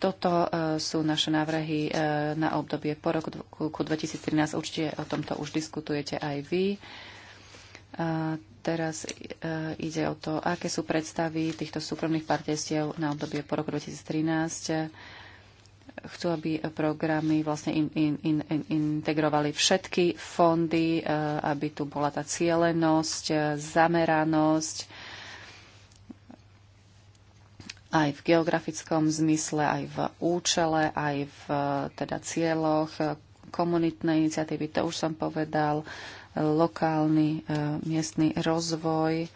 Toto e, sú naše návrhy e, na obdobie po roku 2013. Určite o tomto už diskutujete aj vy. E, teraz ide o to, aké sú predstavy týchto súkromných partnerstiev na obdobie po roku 2013. Chcú, aby programy vlastne in, in, in, in, integrovali všetky fondy, aby tu bola tá cielenosť, zameranosť, aj v geografickom zmysle, aj v účele, aj v e, teda cieľoch e, komunitnej iniciatívy, to už som povedal, e, lokálny e, miestny rozvoj,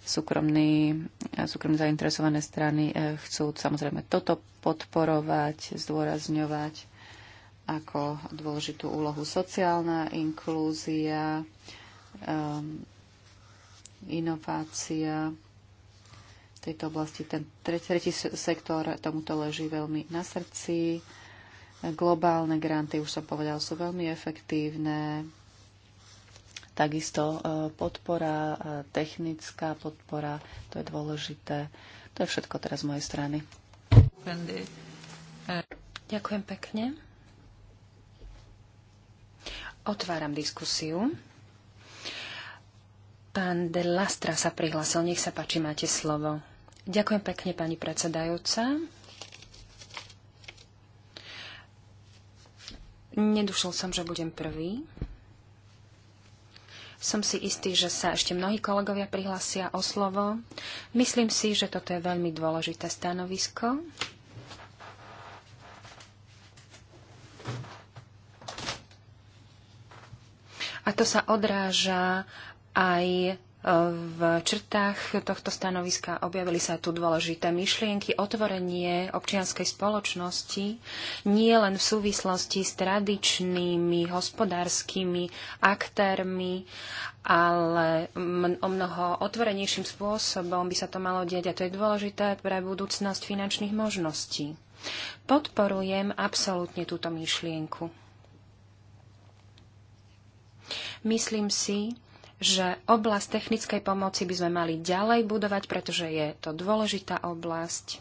súkromný, súkromne zainteresované strany e, chcú samozrejme toto podporovať, zdôrazňovať ako dôležitú úlohu sociálna inklúzia, e, inovácia tejto oblasti. Ten tretí sektor tomuto leží veľmi na srdci. Globálne granty, už som povedal, sú veľmi efektívne. Takisto e, podpora, e, technická podpora, to je dôležité. To je všetko teraz z mojej strany. Ďakujem pekne. Otváram diskusiu. Pán de Lastra sa prihlásil. Nech sa páči, máte slovo. Ďakujem pekne, pani predsedajúca. Nedušil som, že budem prvý. Som si istý, že sa ešte mnohí kolegovia prihlásia o slovo. Myslím si, že toto je veľmi dôležité stanovisko. A to sa odráža aj v črtách tohto stanoviska objavili sa tu dôležité myšlienky, otvorenie občianskej spoločnosti nie len v súvislosti s tradičnými hospodárskymi aktérmi, ale o mnoho otvorenejším spôsobom by sa to malo diať a to je dôležité pre budúcnosť finančných možností. Podporujem absolútne túto myšlienku. Myslím si, že oblasť technickej pomoci by sme mali ďalej budovať, pretože je to dôležitá oblasť.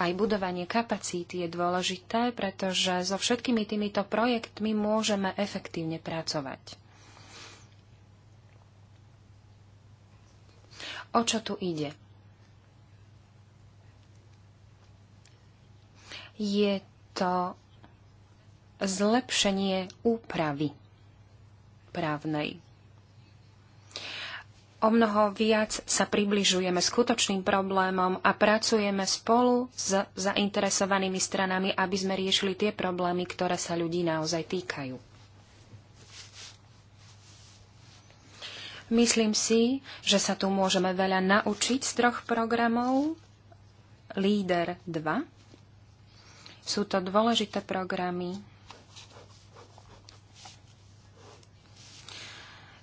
Aj budovanie kapacít je dôležité, pretože so všetkými týmito projektmi môžeme efektívne pracovať. O čo tu ide? Je to zlepšenie úpravy právnej. O mnoho viac sa približujeme skutočným problémom a pracujeme spolu s zainteresovanými stranami, aby sme riešili tie problémy, ktoré sa ľudí naozaj týkajú. Myslím si, že sa tu môžeme veľa naučiť z troch programov. Líder 2. Sú to dôležité programy,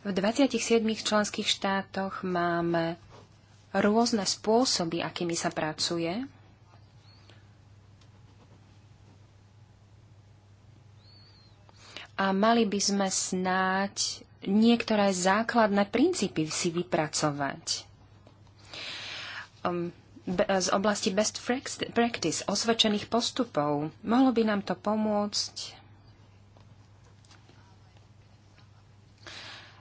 V 27 členských štátoch máme rôzne spôsoby, akými sa pracuje. A mali by sme snáď niektoré základné princípy si vypracovať. Um, z oblasti best practice, osvedčených postupov. Mohlo by nám to pomôcť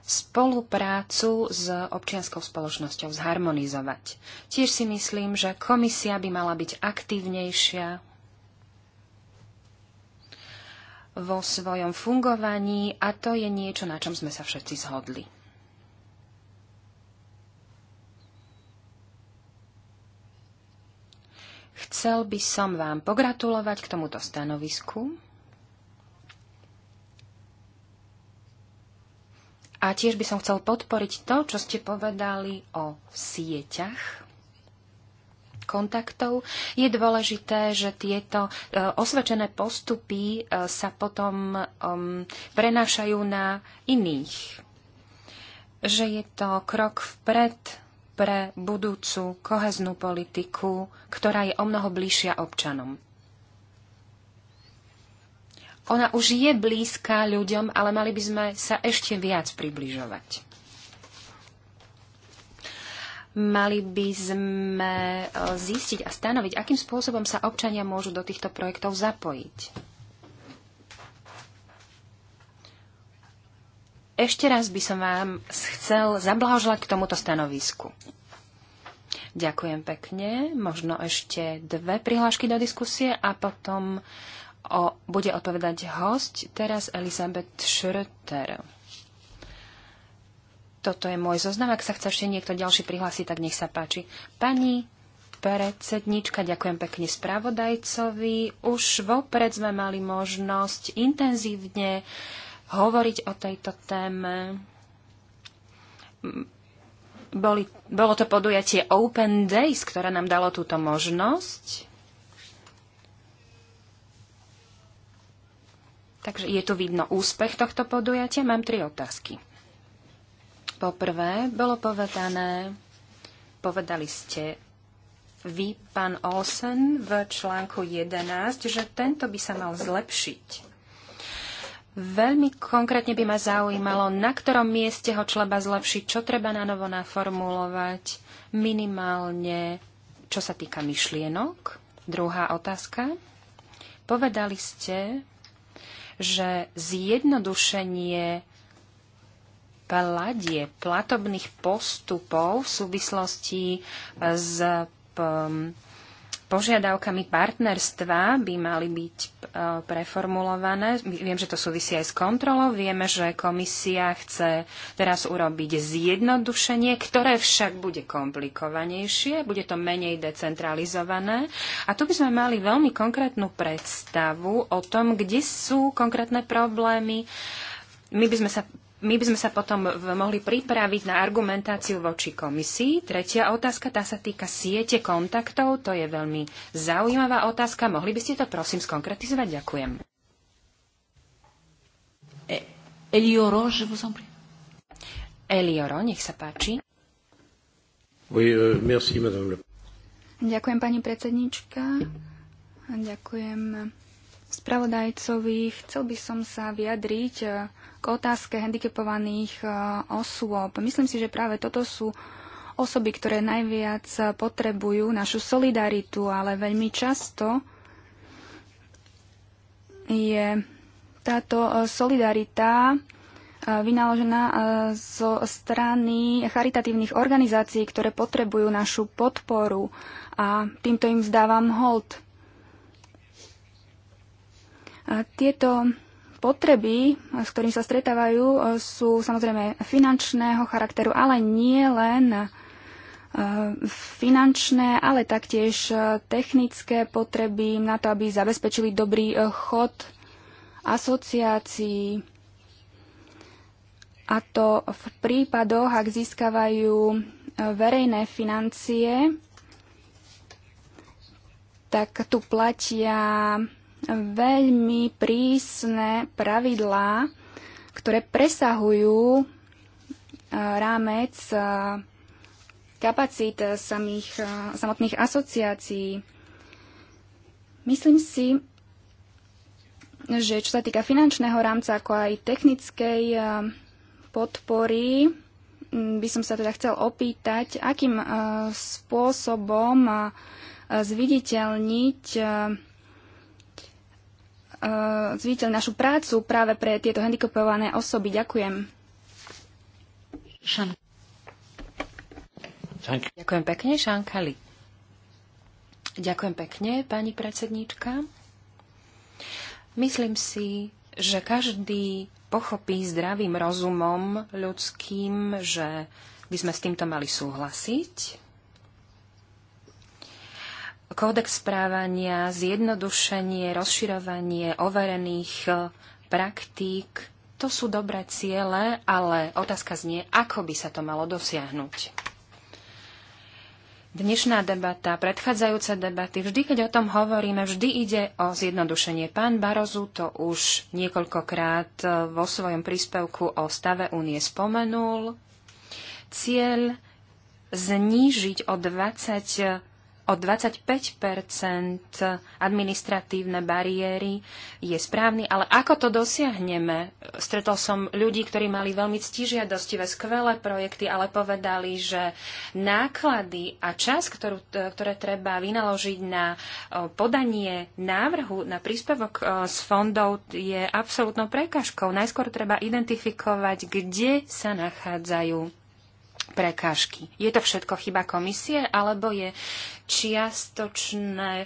spoluprácu s občianskou spoločnosťou zharmonizovať. Tiež si myslím, že komisia by mala byť aktívnejšia vo svojom fungovaní a to je niečo, na čom sme sa všetci zhodli. Chcel by som vám pogratulovať k tomuto stanovisku. A tiež by som chcel podporiť to, čo ste povedali o sieťach kontaktov. Je dôležité, že tieto e, osvedčené postupy e, sa potom um, prenášajú na iných. Že je to krok vpred pre budúcu koheznú politiku, ktorá je o mnoho bližšia občanom. Ona už je blízka ľuďom, ale mali by sme sa ešte viac približovať. Mali by sme e, zistiť a stanoviť, akým spôsobom sa občania môžu do týchto projektov zapojiť. Ešte raz by som vám chcel zablahoželať k tomuto stanovisku. Ďakujem pekne. Možno ešte dve prihlášky do diskusie a potom o, bude odpovedať host, teraz Elizabeth Schröter. Toto je môj zoznam. Ak sa chce ešte niekto ďalší prihlásiť, tak nech sa páči. Pani predsednička, ďakujem pekne spravodajcovi. Už vopred sme mali možnosť intenzívne hovoriť o tejto téme. Boli, bolo to podujatie Open Days, ktoré nám dalo túto možnosť. Takže je tu vidno úspech tohto podujatia. Mám tri otázky. Poprvé, bolo povedané, povedali ste vy, pán Olsen, v článku 11, že tento by sa mal zlepšiť. Veľmi konkrétne by ma zaujímalo, na ktorom mieste ho treba zlepšiť, čo treba na novo naformulovať, minimálne, čo sa týka myšlienok. Druhá otázka. Povedali ste, že zjednodušenie pladie platobných postupov v súvislosti s um, požiadavkami partnerstva by mali byť e, preformulované. Viem, že to súvisí aj s kontrolou. Vieme, že komisia chce teraz urobiť zjednodušenie, ktoré však bude komplikovanejšie, bude to menej decentralizované. A tu by sme mali veľmi konkrétnu predstavu o tom, kde sú konkrétne problémy. My by sme sa my by sme sa potom mohli pripraviť na argumentáciu voči komisii. Tretia otázka, tá sa týka siete kontaktov. To je veľmi zaujímavá otázka. Mohli by ste to prosím skonkretizovať? Ďakujem. E, Elioro, že vous en prie. Elioro, nech sa páči. Oui, euh, merci, madame. Ďakujem, pani predsednička. Ďakujem spravodajcovi. Chcel by som sa vyjadriť eh, k otázke handicapovaných eh, osôb. Myslím si, že práve toto sú osoby, ktoré najviac potrebujú našu solidaritu, ale veľmi často je táto eh, solidarita vynaložená zo strany charitatívnych organizácií, ktoré potrebujú našu podporu a týmto im vzdávam hold tieto potreby, s ktorým sa stretávajú, e, sú samozrejme finančného charakteru, ale nie len e, finančné, ale taktiež e, technické potreby na to, aby zabezpečili dobrý chod asociácií. A to v prípadoch, ak získavajú verejné financie, tak tu platia veľmi prísne pravidlá, ktoré presahujú e, rámec e, kapacít samých, e, samotných asociácií. Myslím si, že čo sa týka finančného rámca, ako aj technickej podpory, by som sa teda chcel opýtať, akým spôsobom zviditeľniť E, zviditeľ našu prácu práve pre tieto handikapované osoby. Ďakujem. Ďakujem pekne, Šankali. Ďakujem pekne, pani predsedníčka. Myslím si, že každý pochopí zdravým rozumom ľudským, že by sme s týmto mali súhlasiť kódex správania, zjednodušenie, rozširovanie overených e, praktík. To sú dobré ciele, ale otázka znie, ako by sa to malo dosiahnuť. Dnešná debata, predchádzajúce debaty, vždy, keď o tom hovoríme, vždy ide o zjednodušenie. Pán Barozu to už niekoľkokrát e, vo svojom príspevku o stave únie spomenul. Cieľ znížiť o 20 o 25 administratívne bariéry je správny, ale ako to dosiahneme? Stretol som ľudí, ktorí mali veľmi ctižiadostivé, skvelé projekty, ale povedali, že náklady a čas, ktorú, e, ktoré treba vynaložiť na e, podanie návrhu na príspevok e, z fondov, je absolútnou prekažkou. Najskôr treba identifikovať, kde sa nachádzajú prekážky. Je to všetko chyba komisie, alebo je čiastočné,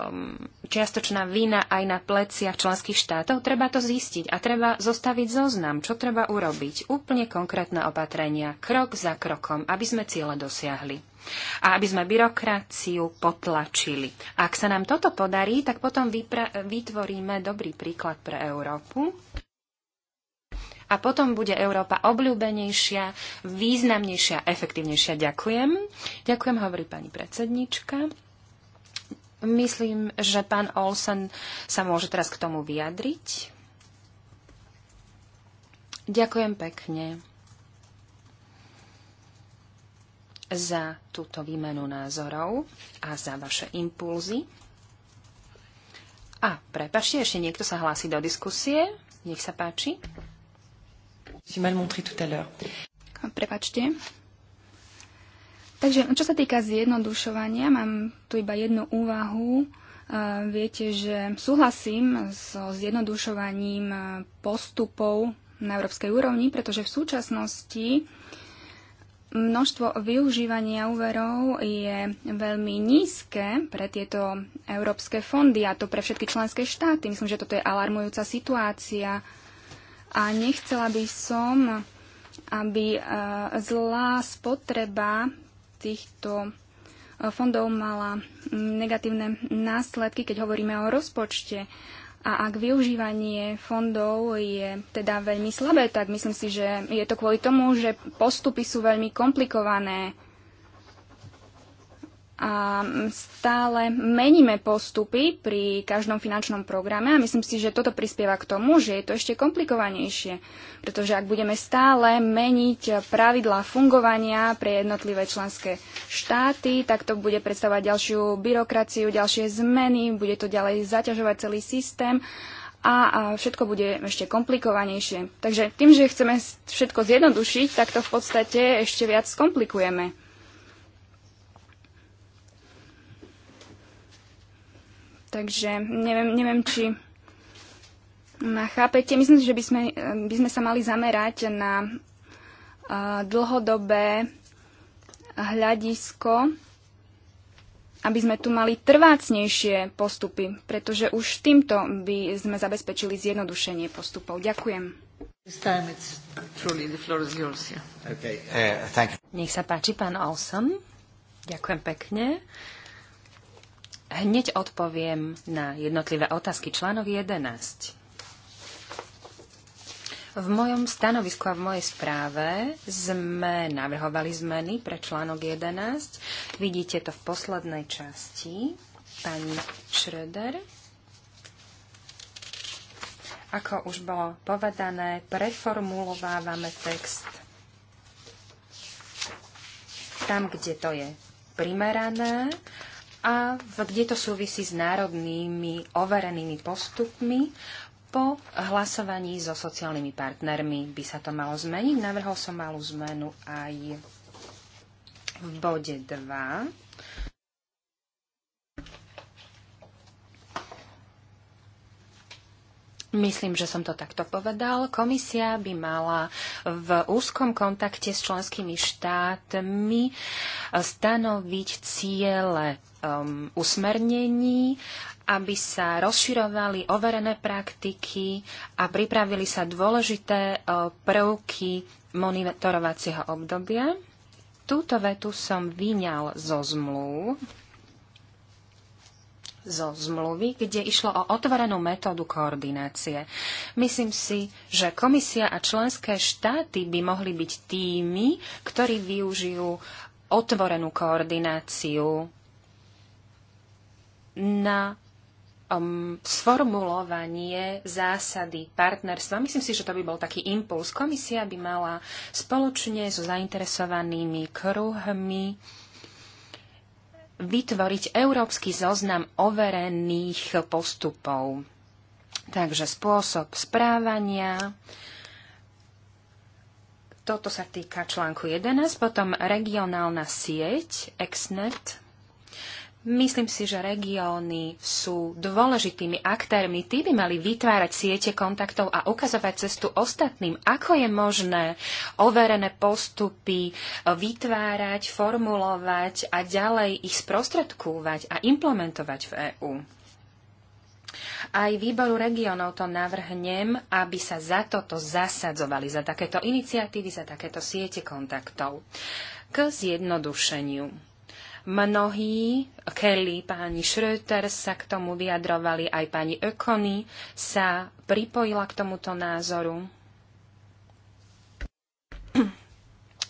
um, čiastočná vina aj na pleciach členských štátov? Treba to zistiť a treba zostaviť zoznam, čo treba urobiť. Úplne konkrétne opatrenia, krok za krokom, aby sme ciele dosiahli a aby sme byrokraciu potlačili. Ak sa nám toto podarí, tak potom vytvoríme dobrý príklad pre Európu a potom bude Európa obľúbenejšia, významnejšia, efektívnejšia. Ďakujem. Ďakujem, hovorí pani predsednička. Myslím, že pán Olsen sa môže teraz k tomu vyjadriť. Ďakujem pekne za túto výmenu názorov a za vaše impulzy. A prepašte, ešte niekto sa hlási do diskusie. Nech sa páči. Prepačte. Takže čo sa týka zjednodušovania, mám tu iba jednu úvahu. E, viete, že súhlasím so zjednodušovaním e, postupov na európskej úrovni, pretože v súčasnosti množstvo využívania úverov je veľmi nízke pre tieto európske fondy a to pre všetky členské štáty. Myslím, že toto je alarmujúca situácia a nechcela by som, aby e, zlá spotreba týchto e, fondov mala negatívne následky, keď hovoríme o rozpočte. A ak využívanie fondov je teda veľmi slabé, tak myslím si, že je to kvôli tomu, že postupy sú veľmi komplikované a stále meníme postupy pri každom finančnom programe a myslím si, že toto prispieva k tomu, že je to ešte komplikovanejšie, pretože ak budeme stále meniť pravidlá fungovania pre jednotlivé členské štáty, tak to bude predstavovať ďalšiu byrokraciu, ďalšie zmeny, bude to ďalej zaťažovať celý systém a, a všetko bude ešte komplikovanejšie. Takže tým, že chceme všetko zjednodušiť, tak to v podstate ešte viac skomplikujeme. Takže neviem, neviem či ma chápete. Myslím že by sme, by sme sa mali zamerať na eh, dlhodobé hľadisko, aby sme tu mali trvácnejšie postupy, pretože už týmto by sme zabezpečili zjednodušenie postupov. Ďakujem. Eh, Nech sa páči, pán Olson. Ďakujem pekne. Hneď odpoviem na jednotlivé otázky. Článok 11. V mojom stanovisku a v mojej správe sme navrhovali zmeny pre článok 11. Vidíte to v poslednej časti. Pani Schröder. Ako už bolo povedané, preformulovávame text tam, kde to je primerané a kde to súvisí s národnými overenými postupmi. Po hlasovaní so sociálnymi partnermi by sa to malo zmeniť. Navrhol som malú zmenu aj v bode 2 Myslím, že som to takto povedal. Komisia by mala v úzkom kontakte s členskými štátmi eh, stanoviť ciele um, usmernení, aby sa rozširovali overené praktiky a pripravili sa dôležité eh, prvky monitorovacieho obdobia. Túto vetu som vyňal zo zmluv zo zmluvy, kde išlo o otvorenú metódu koordinácie. Myslím si, že komisia a členské štáty by mohli byť tými, ktorí využijú otvorenú koordináciu na um, sformulovanie zásady partnerstva. Myslím si, že to by bol taký impuls. Komisia by mala spoločne so zainteresovanými kruhmi vytvoriť európsky zoznam overených postupov. Takže spôsob správania, toto sa týka článku 11, potom regionálna sieť, exnet, Myslím si, že regióny sú dôležitými aktérmi. Tí by mali vytvárať siete kontaktov a ukazovať cestu ostatným, ako je možné overené postupy e, vytvárať, formulovať a ďalej ich sprostredkúvať a implementovať v EÚ. Aj výboru regionov to navrhnem, aby sa za toto zasadzovali, za takéto iniciatívy, za takéto siete kontaktov. K zjednodušeniu Mnohí, Kelly, pani Schröter sa k tomu vyjadrovali, aj pani Ökony sa pripojila k tomuto názoru.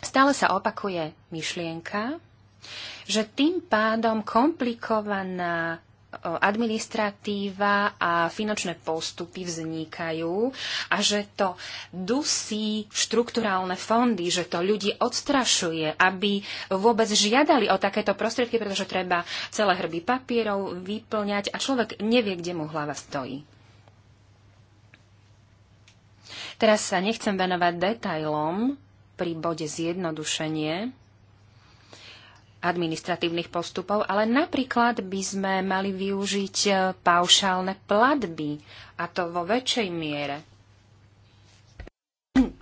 Stále sa opakuje myšlienka, že tým pádom komplikovaná administratíva a finančné postupy vznikajú a že to dusí štrukturálne fondy, že to ľudí odstrašuje, aby vôbec žiadali o takéto prostriedky, pretože treba celé hrby papierov vyplňať a človek nevie, kde mu hlava stojí. Teraz sa nechcem venovať detailom pri bode zjednodušenie, administratívnych postupov, ale napríklad by sme mali využiť e, paušálne platby, a to vo väčšej miere.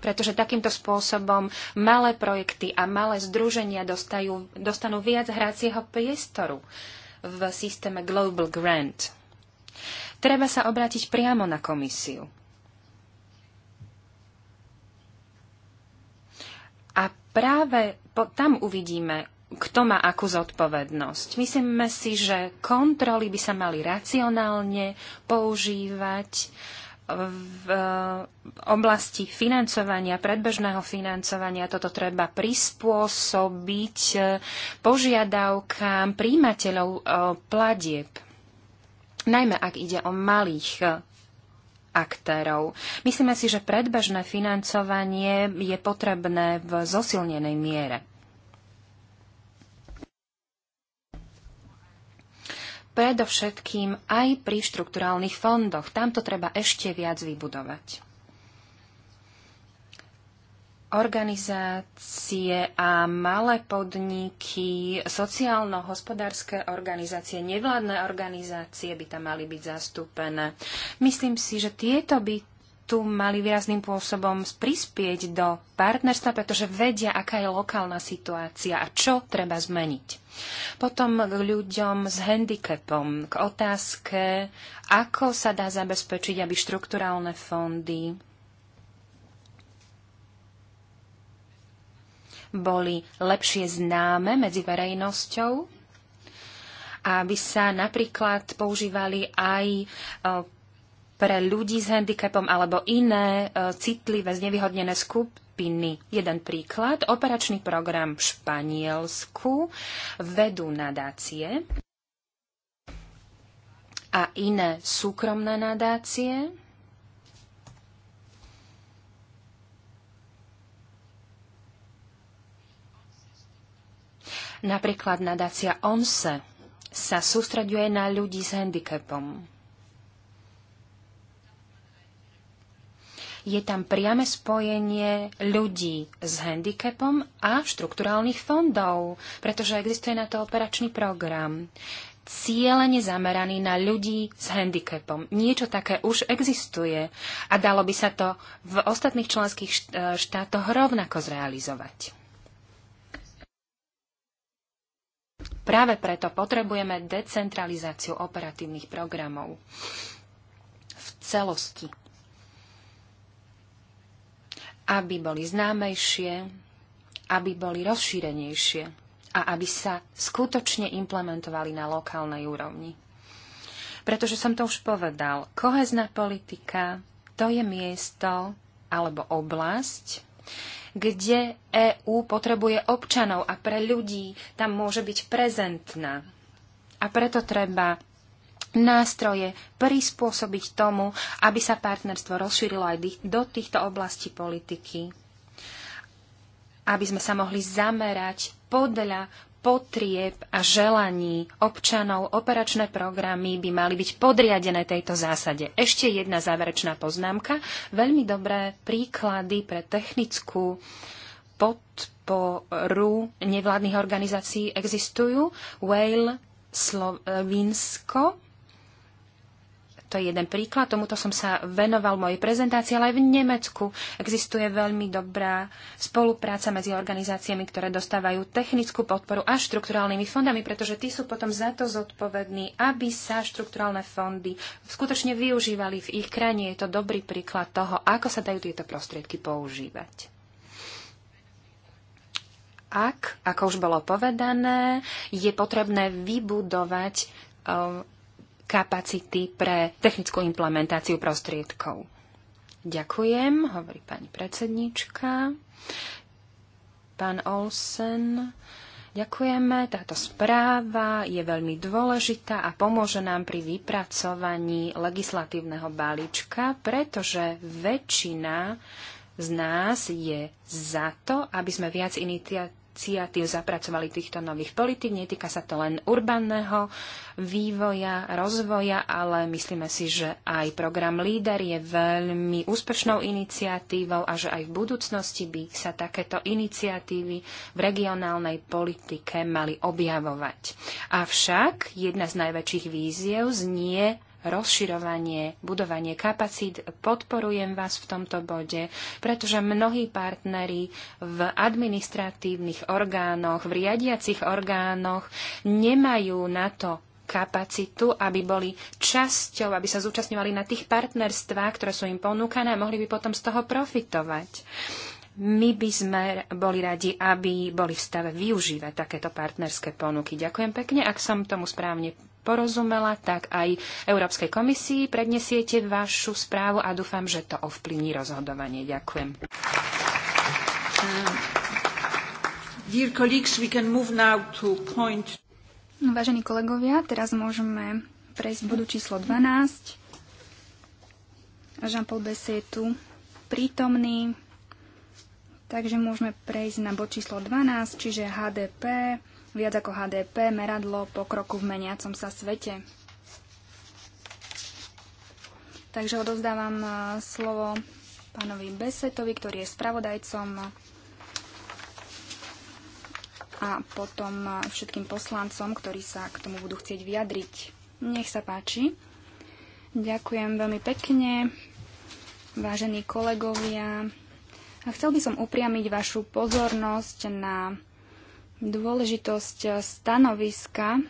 Pretože takýmto spôsobom malé projekty a malé združenia dostajú, dostanú viac hracieho priestoru v systéme Global Grant. Treba sa obrátiť priamo na komisiu. A práve po, tam uvidíme, kto má akú zodpovednosť. Myslíme si, že kontroly by sa mali racionálne používať v eh, oblasti financovania, predbežného financovania. Toto treba prispôsobiť eh, požiadavkám príjimateľov eh, platieb, najmä ak ide o malých aktérov. Myslíme si, že predbežné financovanie je potrebné v zosilnenej miere. predovšetkým aj pri štrukturálnych fondoch. Tam to treba ešte viac vybudovať. Organizácie a malé podniky, sociálno-hospodárske organizácie, nevládne organizácie by tam mali byť zastúpené. Myslím si, že tieto by tu mali výrazným pôsobom prispieť do partnerstva, pretože vedia, aká je lokálna situácia a čo treba zmeniť. Potom k ľuďom s handicapom, k otázke, ako sa dá zabezpečiť, aby štrukturálne fondy boli lepšie známe medzi verejnosťou, aby sa napríklad používali aj e, pre ľudí s handicapom alebo iné e, citlivé, znevýhodnené skupiny skupiny. Jeden príklad, operačný program v Španielsku vedú nadácie a iné súkromné nadácie. Napríklad nadácia ONSE sa sústreďuje na ľudí s handicapom. Je tam priame spojenie ľudí s handicapom a štrukturálnych fondov, pretože existuje na to operačný program cieľene zameraný na ľudí s handicapom. Niečo také už existuje a dalo by sa to v ostatných členských e, štátoch rovnako zrealizovať. Práve preto potrebujeme decentralizáciu operatívnych programov v celosti aby boli známejšie, aby boli rozšírenejšie a aby sa skutočne implementovali na lokálnej úrovni. Pretože som to už povedal, kohezná politika to je miesto alebo oblasť, kde EÚ potrebuje občanov a pre ľudí tam môže byť prezentná. A preto treba nástroje prispôsobiť tomu, aby sa partnerstvo rozšírilo aj do týchto oblastí politiky. Aby sme sa mohli zamerať podľa potrieb a želaní občanov operačné programy by mali byť podriadené tejto zásade. Ešte jedna záverečná poznámka. Veľmi dobré príklady pre technickú podporu nevládnych organizácií existujú. Whale, Slovinsko to je jeden príklad, tomuto som sa venoval mojej prezentácii, ale aj v Nemecku existuje veľmi dobrá spolupráca medzi organizáciami, ktoré dostávajú technickú podporu a štrukturálnymi fondami, pretože tí sú potom za to zodpovední, aby sa štrukturálne fondy skutočne využívali v ich krajine. Je to dobrý príklad toho, ako sa dajú tieto prostriedky používať ak, ako už bolo povedané, je potrebné vybudovať eh, kapacity pre technickú implementáciu prostriedkov. Ďakujem, hovorí pani predsednička. Pán Olsen, ďakujeme. Táto správa je veľmi dôležitá a pomôže nám pri vypracovaní legislatívneho balíčka, pretože väčšina z nás je za to, aby sme viac iniciatív iniciatív zapracovali týchto nových politik. Netýka sa to len urbanného vývoja, rozvoja, ale myslíme si, že aj program LEADER je veľmi úspešnou iniciatívou a že aj v budúcnosti by sa takéto iniciatívy v regionálnej politike mali objavovať. Avšak jedna z najväčších víziev znie rozširovanie, budovanie kapacít. Podporujem vás v tomto bode, pretože mnohí partneri v administratívnych orgánoch, v riadiacich orgánoch nemajú na to kapacitu, aby boli časťou, aby sa zúčastňovali na tých partnerstvách, ktoré sú im ponúkané a mohli by potom z toho profitovať. My by sme boli radi, aby boli v stave využívať takéto partnerské ponuky. Ďakujem pekne, ak som tomu správne porozumela, tak aj Európskej komisii prednesiete vašu správu a dúfam, že to ovplyvní rozhodovanie. Ďakujem. Uh, no, vážení kolegovia, teraz môžeme prejsť k bodu číslo 12. Jean-Paul Besset je tu prítomný, takže môžeme prejsť na bod číslo 12, čiže HDP, viac ako HDP, meradlo pokroku v meniacom sa svete. Takže odovzdávam e, slovo pánovi Besetovi, ktorý je spravodajcom a potom e, všetkým poslancom, ktorí sa k tomu budú chcieť vyjadriť. Nech sa páči. Ďakujem veľmi pekne, vážení kolegovia. Chcel by som upriamiť vašu pozornosť na dôležitosť stanoviska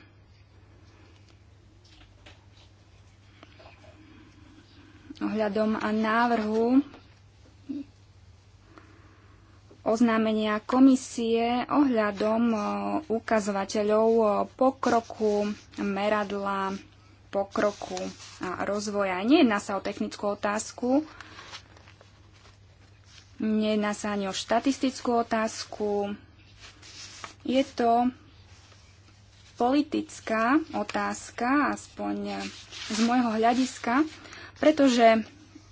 ohľadom a návrhu oznámenia komisie ohľadom ukazovateľov pokroku, meradla pokroku a rozvoja. Nejedná sa o technickú otázku, nejedná sa ani o štatistickú otázku, je to politická otázka, aspoň z môjho hľadiska, pretože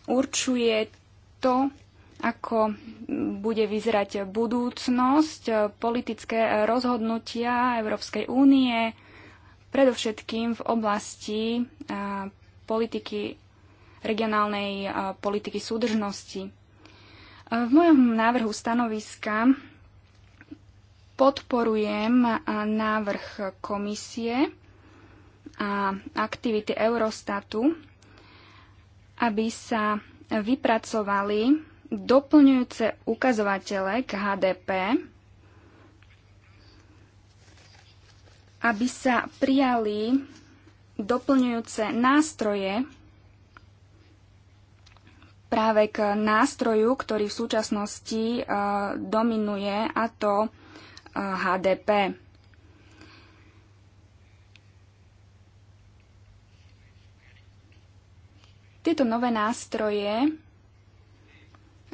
určuje to, ako bude vyzerať budúcnosť, politické rozhodnutia Európskej únie, predovšetkým v oblasti politiky, regionálnej politiky súdržnosti. V mojom návrhu stanoviska podporujem návrh komisie a aktivity Eurostatu, aby sa vypracovali doplňujúce ukazovatele k HDP, aby sa prijali doplňujúce nástroje práve k nástroju, ktorý v súčasnosti eh, dominuje, a to HDP. Tieto nové nástroje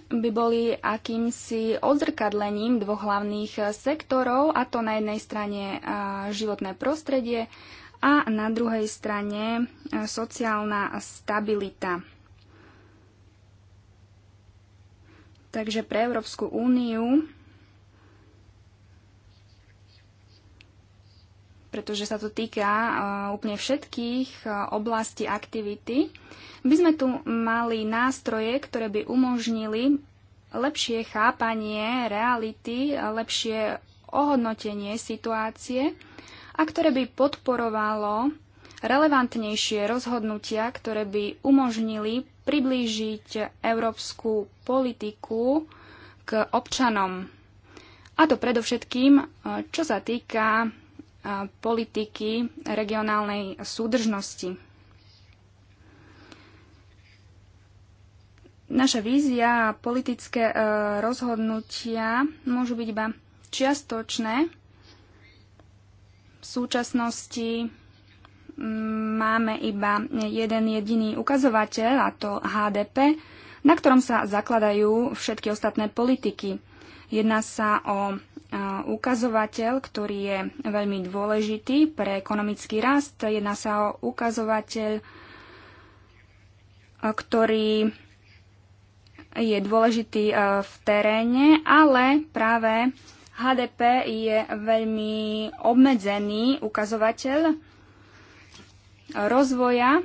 by boli akýmsi odzrkadlením dvoch hlavných sektorov, a to na jednej strane životné prostredie a na druhej strane sociálna stabilita. Takže pre Európsku úniu pretože sa to týka e, úplne všetkých e, oblastí aktivity, by sme tu mali nástroje, ktoré by umožnili lepšie chápanie reality, lepšie ohodnotenie situácie a ktoré by podporovalo relevantnejšie rozhodnutia, ktoré by umožnili priblížiť európsku politiku k občanom. A to predovšetkým, e, čo sa týka politiky regionálnej súdržnosti. Naša vízia a politické e, rozhodnutia môžu byť iba čiastočné. V súčasnosti máme iba jeden jediný ukazovateľ, a to HDP, na ktorom sa zakladajú všetky ostatné politiky. Jedná sa o ukazovateľ, ktorý je veľmi dôležitý pre ekonomický rast. Jedná sa o ukazovateľ, ktorý je dôležitý v teréne, ale práve HDP je veľmi obmedzený ukazovateľ rozvoja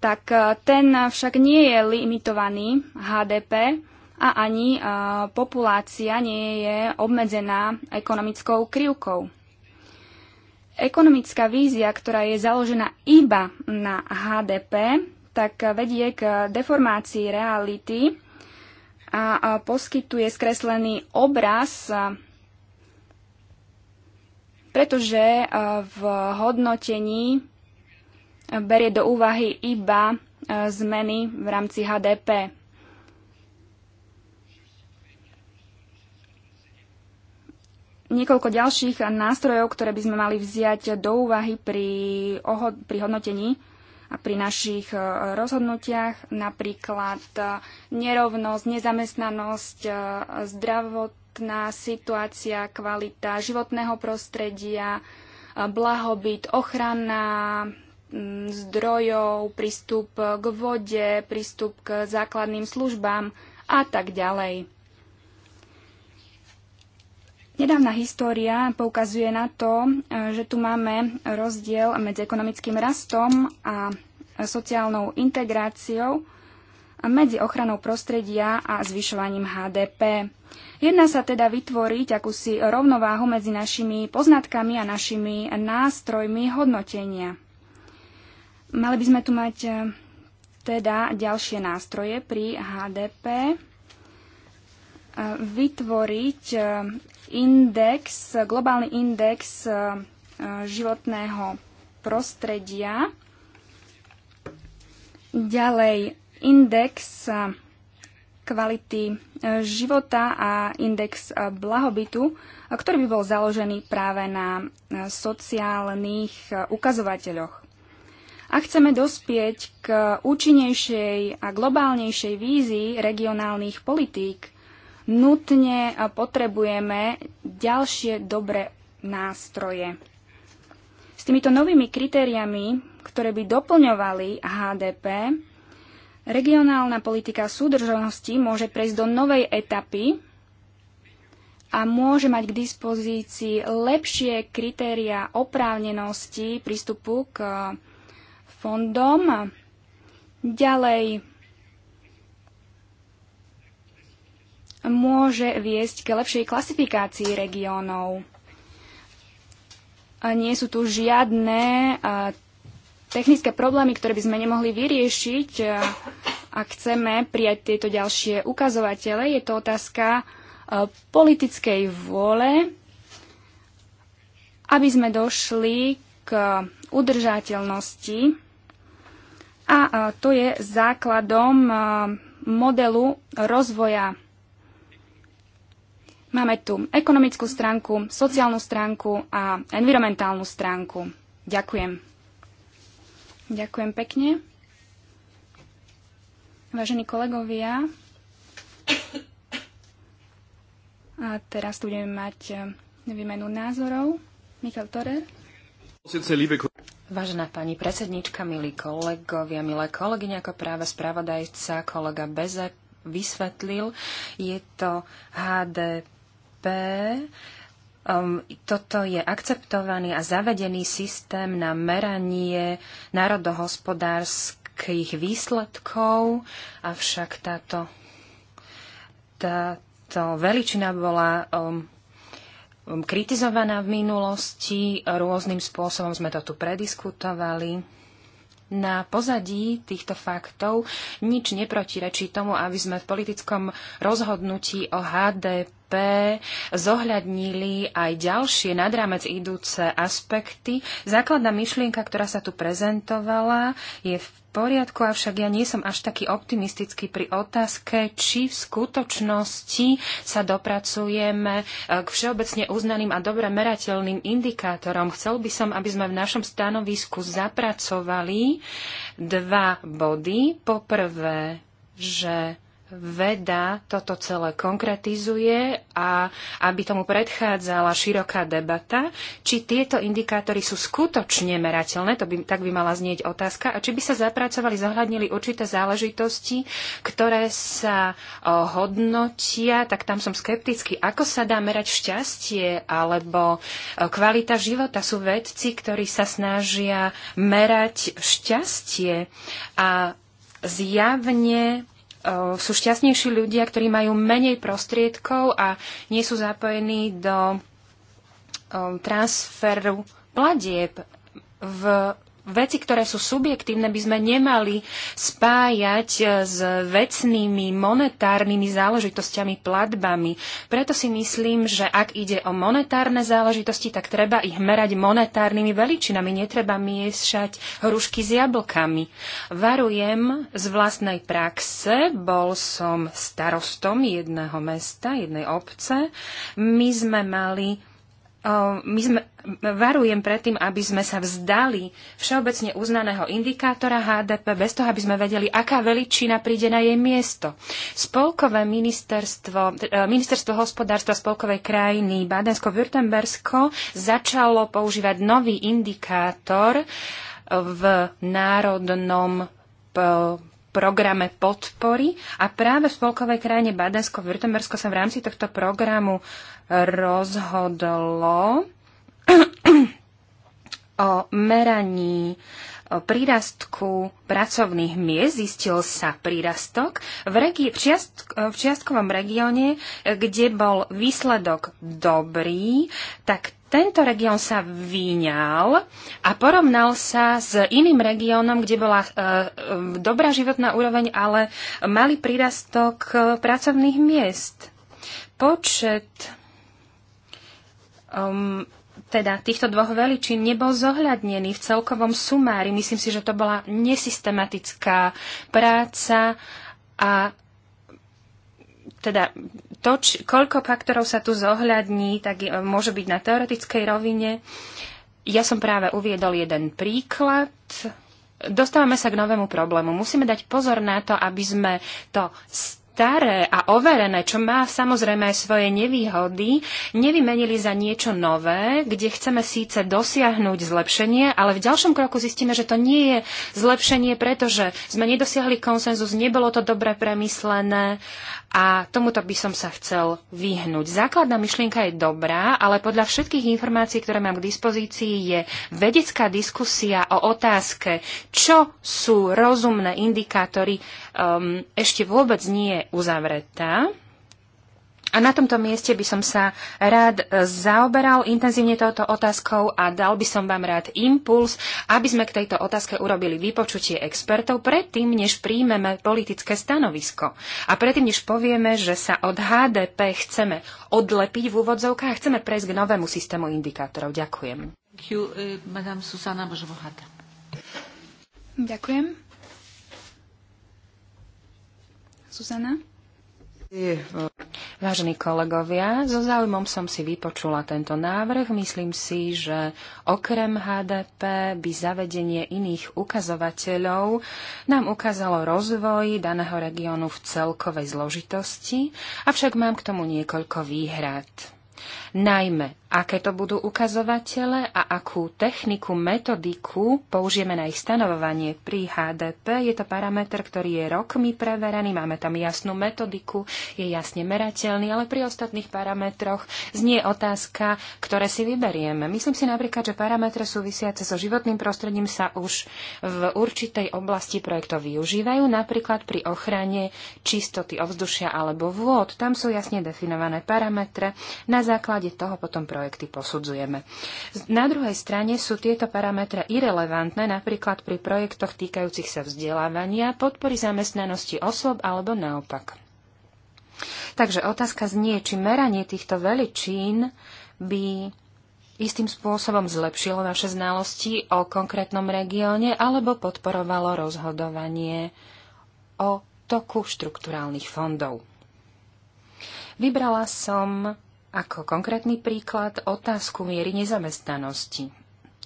tak ten však nie je limitovaný HDP a ani populácia nie je obmedzená ekonomickou krivkou. Ekonomická vízia, ktorá je založená iba na HDP, tak vedie k deformácii reality a poskytuje skreslený obraz, pretože v hodnotení berie do úvahy iba zmeny v rámci HDP. niekoľko ďalších nástrojov, ktoré by sme mali vziať do úvahy pri, oho- pri hodnotení a pri našich e, rozhodnutiach, napríklad e, nerovnosť, nezamestnanosť, e, zdravotná situácia, kvalita životného prostredia, blahobyt, ochrana zdrojov, prístup k vode, prístup k základným službám a tak ďalej. Nedávna história poukazuje na to, eh, že tu máme rozdiel medzi ekonomickým rastom a sociálnou integráciou a medzi ochranou prostredia a zvyšovaním HDP. Jedná sa teda vytvoriť akúsi rovnováhu medzi našimi poznatkami a našimi nástrojmi hodnotenia. Mali by sme tu mať eh, teda ďalšie nástroje pri HDP, eh, vytvoriť index, globálny index e, e, životného prostredia. Ďalej index e, kvality života a index blahobytu, ktorý by bol založený práve na sociálnych ukazovateľoch. Ak chceme dospieť k účinnejšej a globálnejšej vízii regionálnych politík, nutne potrebujeme ďalšie dobré nástroje. S týmito novými kritériami, ktoré by doplňovali HDP, regionálna politika súdržnosti môže prejsť do novej etapy a môže mať k dispozícii lepšie kritéria oprávnenosti prístupu k eh, fondom. Ďalej môže viesť k lepšej klasifikácii regiónov. Nie sú tu žiadne technické problémy, ktoré by sme nemohli vyriešiť, ak chceme prijať tieto ďalšie ukazovatele. Je to otázka politickej vôle, aby sme došli k udržateľnosti. A to je základom modelu rozvoja Máme tu ekonomickú stránku, sociálnu stránku a environmentálnu stránku. Ďakujem. Ďakujem pekne. Vážení kolegovia, a teraz tu budeme mať eh, výmenu názorov. Michal Torer. Vážená pani predsednička, milí kolegovia, milé kolegyne, ako práve spravodajca kolega Beze vysvetlil, je to HDP Um, toto je akceptovaný a zavedený systém na meranie národohospodárskych výsledkov, avšak táto, táto veličina bola um, um, kritizovaná v minulosti, rôznym spôsobom sme to tu prediskutovali. Na pozadí týchto faktov nič neprotirečí tomu, aby sme v politickom rozhodnutí o HDP SPP zohľadnili aj ďalšie nadrámec idúce aspekty. Základná myšlienka, ktorá sa tu prezentovala, je v poriadku, avšak ja nie som až taký optimistický pri otázke, či v skutočnosti sa dopracujeme e, k všeobecne uznaným a dobre merateľným indikátorom. Chcel by som, aby sme v našom stanovisku zapracovali dva body. Poprvé, že veda toto celé konkretizuje a aby tomu predchádzala široká debata, či tieto indikátory sú skutočne merateľné, to by, tak by mala znieť otázka, a či by sa zapracovali, zohľadnili určité záležitosti, ktoré sa o, hodnotia, tak tam som skeptický, ako sa dá merať šťastie alebo o, kvalita života. Sú vedci, ktorí sa snažia merať šťastie a zjavne Ehm, sú šťastnejší ľudia, ktorí majú menej prostriedkov a nie sú zapojení do ehm, transferu platieb v veci, ktoré sú subjektívne, by sme nemali spájať e, s vecnými monetárnymi záležitosťami, platbami. Preto si myslím, že ak ide o monetárne záležitosti, tak treba ich merať monetárnymi veličinami. Netreba miešať hrušky s jablkami. Varujem z vlastnej praxe. Bol som starostom jedného mesta, jednej obce. My sme mali my sme, varujem pred tým, aby sme sa vzdali všeobecne uznaného indikátora HDP bez toho, aby sme vedeli, aká veličina príde na jej miesto. Spolkové ministerstvo, e, ministerstvo hospodárstva spolkovej krajiny Badensko württembersko začalo používať nový indikátor v národnom programe podpory a práve v spolkovej krajine badensko vrtembersko sa v rámci tohto programu rozhodlo *clears throat* o meraní prírastku pracovných miest zistil sa prírastok v, regi- v, čiast- v čiastkovom regióne, kde bol výsledok dobrý, tak tento región sa vyňal a porovnal sa s iným regiónom, kde bola e, e dobrá životná úroveň, ale malý prírastok e, pracovných miest. Počet um, teda týchto dvoch veličín nebol zohľadnený v celkovom sumári. Myslím si, že to bola nesystematická práca a teda to, či, koľko faktorov sa tu zohľadní, tak je, môže byť na teoretickej rovine. Ja som práve uviedol jeden príklad. Dostávame sa k novému problému. Musíme dať pozor na to, aby sme to staré a overené, čo má samozrejme aj svoje nevýhody, nevymenili za niečo nové, kde chceme síce dosiahnuť zlepšenie, ale v ďalšom kroku zistíme, že to nie je zlepšenie, pretože sme nedosiahli konsenzus, nebolo to dobre premyslené a tomuto by som sa chcel vyhnúť. Základná myšlienka je dobrá, ale podľa všetkých informácií, ktoré mám k dispozícii, je vedecká diskusia o otázke, čo sú rozumné indikátory um, ešte vôbec nie je uzavretá. A na tomto mieste by som sa rád e, zaoberal intenzívne touto otázkou a dal by som vám rád impuls, aby sme k tejto otázke urobili vypočutie expertov predtým, než príjmeme politické stanovisko. A predtým, než povieme, že sa od HDP chceme odlepiť v úvodzovkách, chceme prejsť k novému systému indikátorov. Ďakujem. E, Ďakujem. Ďakujem. Zuzana. Vážení kolegovia, so záujmom som si vypočula tento návrh. Myslím si, že okrem HDP by zavedenie iných ukazovateľov nám ukázalo rozvoj daného regiónu v celkovej zložitosti, avšak mám k tomu niekoľko výhrad najmä aké to budú ukazovatele a akú techniku, metodiku použijeme na ich stanovovanie pri HDP. Je to parameter, ktorý je rokmi preverený, máme tam jasnú metodiku, je jasne merateľný, ale pri ostatných parametroch znie otázka, ktoré si vyberieme. Myslím si napríklad, že parametre súvisiace so životným prostredím sa už v určitej oblasti projektov využívajú, napríklad pri ochrane čistoty ovzdušia alebo vôd. Tam sú jasne definované parametre, na základe základe toho potom projekty posudzujeme. Na druhej strane sú tieto parametre irrelevantné napríklad pri projektoch týkajúcich sa vzdelávania, podpory zamestnanosti osôb alebo naopak. Takže otázka znie, či meranie týchto veličín by istým spôsobom zlepšilo naše znalosti o konkrétnom regióne alebo podporovalo rozhodovanie o toku štrukturálnych fondov. Vybrala som ako konkrétny príklad otázku miery nezamestnanosti,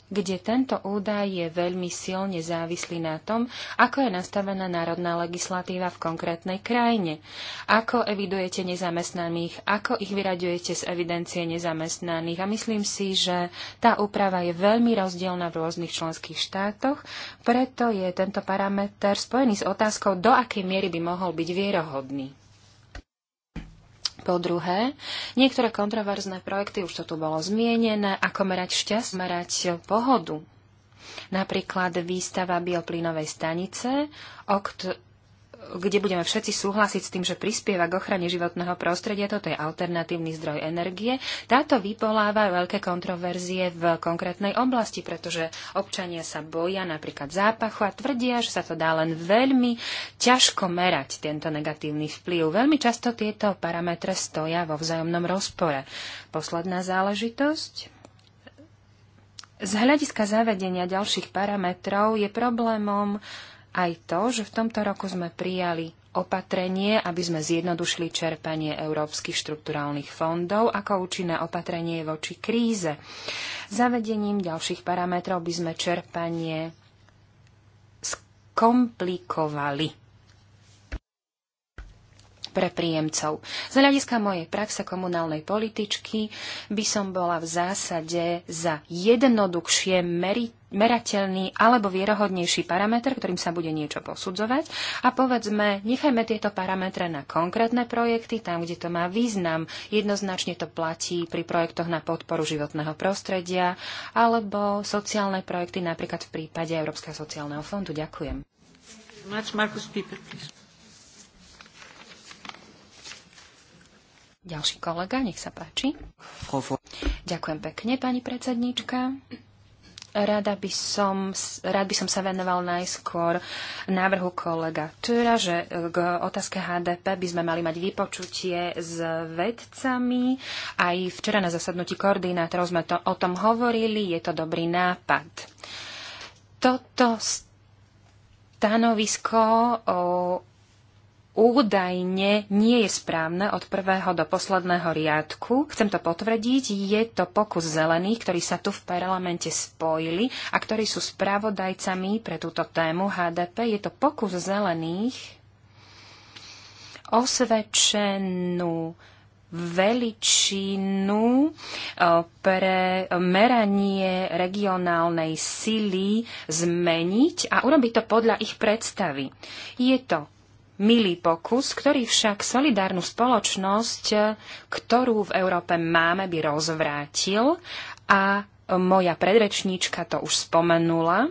kde tento údaj je veľmi silne závislý na tom, ako je nastavená národná legislatíva v konkrétnej krajine, ako evidujete nezamestnaných, ako ich vyraďujete z evidencie nezamestnaných. A myslím si, že tá úprava je veľmi rozdielna v rôznych členských štátoch, preto je tento parameter spojený s otázkou, do akej miery by mohol byť vierohodný. Po druhé, niektoré kontroverzné projekty, už to tu bolo zmienené, ako merať šťast, merať pohodu. Napríklad výstava bioplynovej stanice, o, kde budeme všetci súhlasiť s tým, že prispieva k ochrane životného prostredia, toto je alternatívny zdroj energie. Táto vypoláva veľké kontroverzie v konkrétnej oblasti, pretože občania sa boja napríklad zápachu a tvrdia, že sa to dá len veľmi ťažko merať, tento negatívny vplyv. Veľmi často tieto parametre stoja vo vzájomnom rozpore. Posledná záležitosť. Z hľadiska zavedenia ďalších parametrov je problémom, aj to, že v tomto roku sme prijali opatrenie, aby sme zjednodušili čerpanie európskych štrukturálnych fondov ako účinné opatrenie voči kríze. Zavedením ďalších parametrov by sme čerpanie skomplikovali pre príjemcov. Z hľadiska mojej praxe komunálnej političky by som bola v zásade za jednoduchšie meriť merateľný alebo vierohodnejší parameter, ktorým sa bude niečo posudzovať. A povedzme, nechajme tieto parametre na konkrétne projekty, tam, kde to má význam. Jednoznačne to platí pri projektoch na podporu životného prostredia alebo sociálne projekty, napríklad v prípade Európskeho sociálneho fondu. Ďakujem. Markus Pieper, please. Ďalší kolega, nech sa páči. Ďakujem pekne, pani predsedníčka. Rada by som, rád by som sa venoval najskôr návrhu kolega Tura, že e, k otázke HDP by sme mali mať vypočutie s vedcami. Aj včera na zasadnutí koordinátorov sme to, o tom hovorili, je to dobrý nápad. Toto stanovisko o údajne nie je správne od prvého do posledného riadku. Chcem to potvrdiť, je to pokus zelených, ktorí sa tu v parlamente spojili a ktorí sú spravodajcami pre túto tému HDP. Je to pokus zelených osvedčenú veličinu pre meranie regionálnej sily zmeniť a urobiť to podľa ich predstavy. Je to milý pokus, ktorý však solidárnu spoločnosť, eh, ktorú v Európe máme, by rozvrátil. A moja predrečníčka to už spomenula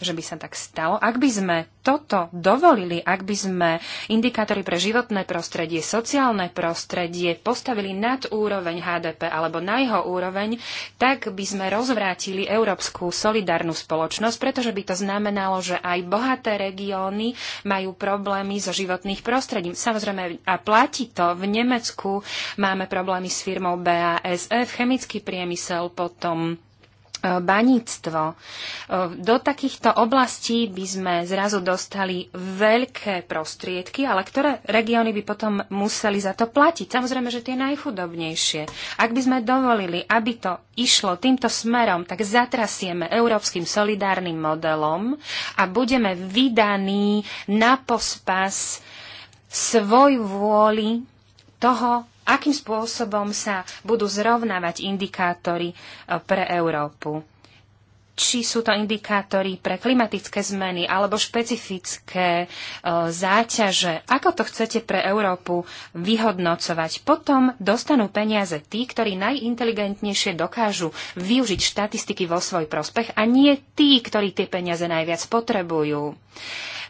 že by sa tak stalo. Ak by sme toto dovolili, ak by sme indikátory pre životné prostredie, sociálne prostredie postavili nad úroveň HDP alebo na jeho úroveň, tak by sme rozvrátili európsku solidárnu spoločnosť, pretože by to znamenalo, že aj bohaté regióny majú problémy so životných prostredím. Samozrejme, a platí to, v Nemecku máme problémy s firmou BASF, chemický priemysel, potom E, baníctvo. E, do takýchto oblastí by sme zrazu dostali veľké prostriedky, ale ktoré regióny by potom museli za to platiť? Samozrejme, že tie najchudobnejšie. Ak by sme dovolili, aby to išlo týmto smerom, tak zatrasieme európskym solidárnym modelom a budeme vydaní na pospas svoj vôli toho, akým spôsobom sa budú zrovnávať indikátory e, pre Európu. Či sú to indikátory pre klimatické zmeny alebo špecifické e, záťaže. Ako to chcete pre Európu vyhodnocovať? Potom dostanú peniaze tí, ktorí najinteligentnejšie dokážu využiť štatistiky vo svoj prospech a nie tí, ktorí tie peniaze najviac potrebujú.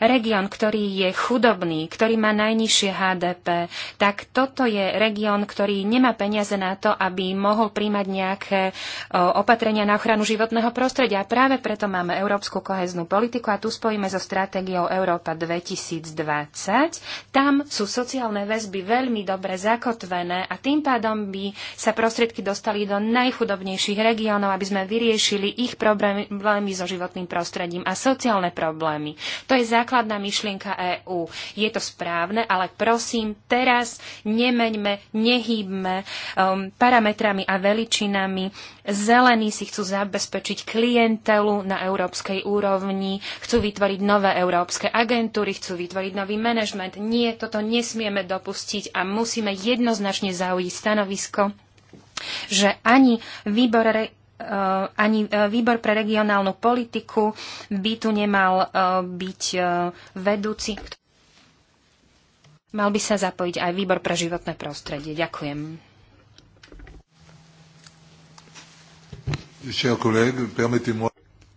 Región, ktorý je chudobný, ktorý má najnižšie HDP, tak toto je región, ktorý nemá peniaze na to, aby mohol príjmať nejaké opatrenia na ochranu životného prostredia. Práve preto máme európsku koheznú politiku a tu spojíme so stratégiou Európa 2020. Tam sú sociálne väzby veľmi dobre zakotvené a tým pádom by sa prostriedky dostali do najchudobnejších regiónov, aby sme vyriešili ich problémy so životným prostredím a sociálne problémy. To je základný základná myšlienka EÚ. Je to správne, ale prosím, teraz nemeňme, nehýbme um, parametrami a veličinami. Zelení si chcú zabezpečiť klientelu na európskej úrovni, chcú vytvoriť nové európske agentúry, chcú vytvoriť nový manažment. Nie, toto nesmieme dopustiť a musíme jednoznačne zaujíť stanovisko že ani výbor Eh, ani eh, výbor pre regionálnu politiku by tu nemal eh, byť vedúci. Mal by sa zapojiť aj výbor pre životné prostredie. Ďakujem.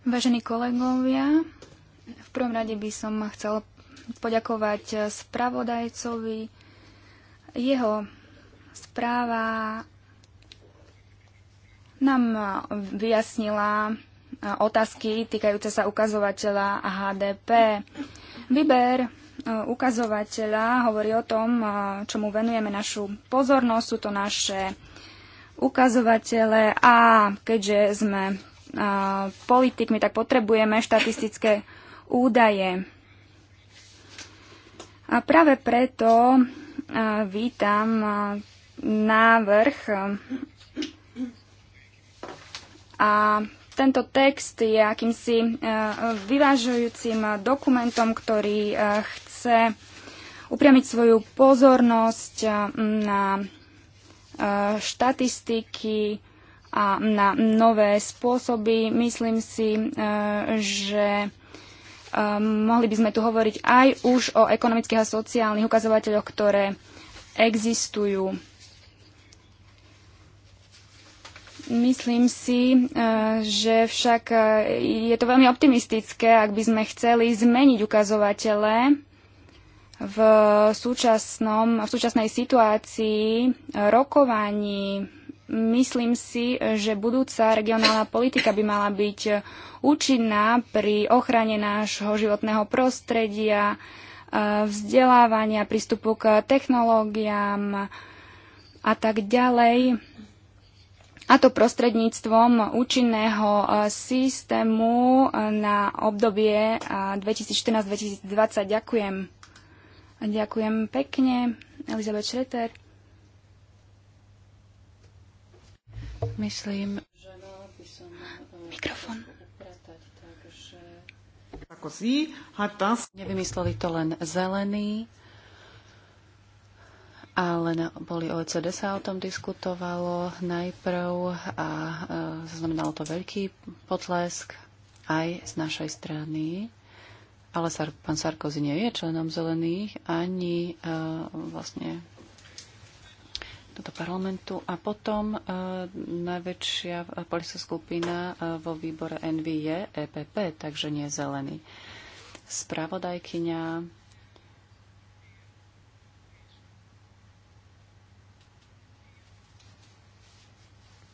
Vážení kolegovia, v prvom rade by som chcel poďakovať spravodajcovi. Jeho správa nám e, vyjasnila e, otázky týkajúce sa ukazovateľa a HDP. Výber e, ukazovateľa hovorí o tom, čomu venujeme našu pozornosť. Sú to naše ukazovatele a keďže sme politikmi, tak potrebujeme štatistické údaje. A práve preto vítam návrh a tento text je akýmsi e, vyvážujúcim dokumentom, ktorý e, chce upriamiť svoju pozornosť e, na štatistiky a na nové spôsoby. Myslím si, že mohli by sme tu hovoriť aj už o ekonomických a sociálnych ukazovateľoch, ktoré existujú Myslím si, eh, že však eh, je to veľmi optimistické, ak by sme chceli zmeniť ukazovatele v, súčasnom, v súčasnej situácii eh, rokovaní. Myslím si, že budúca regionálna politika by mala byť účinná pri ochrane nášho životného prostredia, vzdelávania, prístupu k technológiám a tak ďalej a to prostredníctvom účinného e, systému e, na obdobie 2014-2020. E, Ďakujem. Ďakujem pekne, Elizabeth Schroeter. Myslím, mikrofon. Nevymysleli to len zelení, ale na boli OECD sa o tom diskutovalo najprv a e, znamenalo to veľký potlesk aj z našej strany. Ale Sar- pán Sarkozy nie je členom zelených ani e, vlastne do parlamentu. A potom e, najväčšia politická skupina e, vo výbore NV je EPP, takže nie zelený. Spravodajkyňa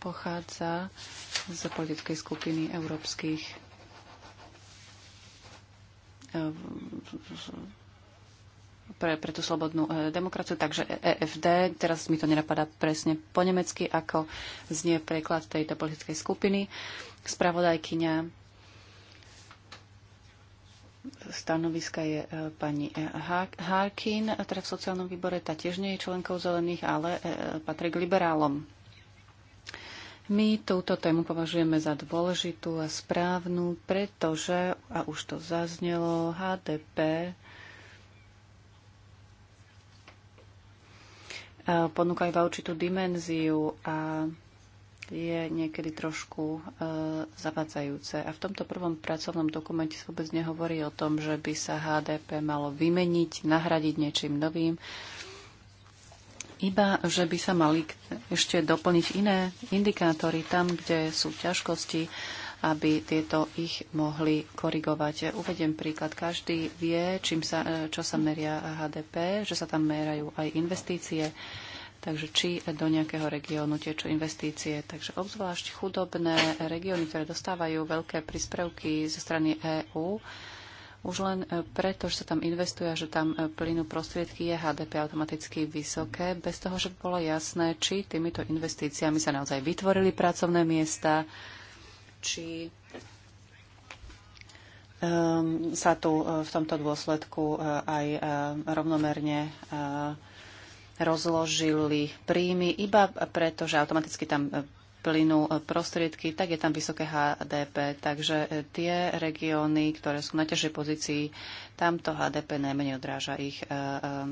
pochádza z politickej skupiny európskych e, pre, pre tú slobodnú e, demokraciu, takže EFD, teraz mi to nenapadá presne po nemecky, ako znie preklad tejto politickej skupiny. Spravodajkyňa stanoviska je e, pani Harkin, teda v sociálnom výbore, tá tiež nie je členkou zelených, ale patrí k liberálom. My túto tému považujeme za dôležitú a správnu, pretože, a už to zaznelo, HDP ponúka iba určitú dimenziu a je niekedy trošku e, zavádzajúce. A v tomto prvom pracovnom dokumente sa vôbec nehovorí o tom, že by sa HDP malo vymeniť, nahradiť niečím novým. Iba, že by sa mali ešte doplniť iné indikátory tam, kde sú ťažkosti, aby tieto ich mohli korigovať. Uvediem príklad. Každý vie, čím sa, e, čo sa meria HDP, že sa tam merajú aj investície, takže či do nejakého regiónu tečú investície. Takže obzvlášť chudobné regióny, ktoré dostávajú veľké príspevky zo strany EÚ, už len e, preto, že sa tam investuje že tam e, plynú prostriedky, je HDP automaticky vysoké, bez toho, že by bolo jasné, či týmito investíciami sa naozaj vytvorili pracovné miesta, či um, sa tu e, v tomto dôsledku aj rovnomerne rozložili príjmy iba preto, že automaticky tam plynu e, prostriedky, tak je tam vysoké HDP. Takže e, tie regióny, ktoré sú na ťažšej pozícii, tamto HDP najmenej odráža ich e,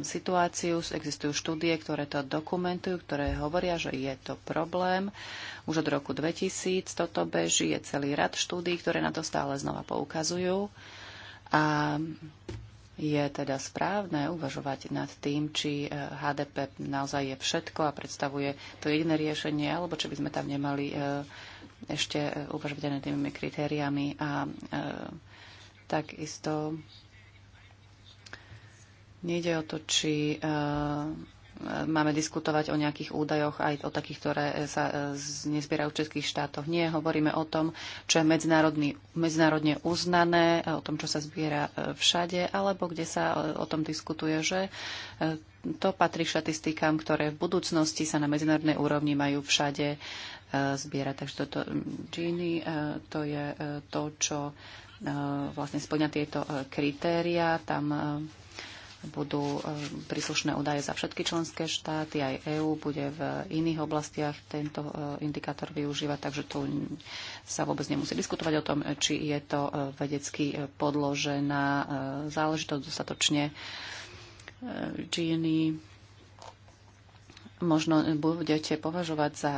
situáciu. Existujú štúdie, ktoré to dokumentujú, ktoré hovoria, že je to problém. Už od roku 2000 toto beží, je celý rad štúdí, ktoré na to stále znova poukazujú. A je teda správne uvažovať nad tým, či HDP eh, naozaj je všetko a predstavuje to jediné riešenie, alebo či by sme tam nemali eh, ešte eh, uvažovať nad tými kritériami a takisto nejde o to, či máme diskutovať o nejakých údajoch aj o takých, ktoré sa e, nezbierajú v českých štátoch. Nie, hovoríme o tom, čo je medzinárodne uznané, e, o tom, čo sa zbiera e, všade, alebo kde sa o tom diskutuje, že to patrí k štatistikám, ktoré v budúcnosti sa na medzinárodnej úrovni majú všade zbierať. Takže toto Gini, to je to, čo vlastne splňa tieto kritéria. Tam budú eh, príslušné údaje za všetky členské štáty, aj EÚ bude v iných oblastiach tento eh, indikátor využívať, takže tu sa vôbec nemusí diskutovať o tom, či je to eh, vedecky podložená záležitosť dostatočne GNI možno budete považovať za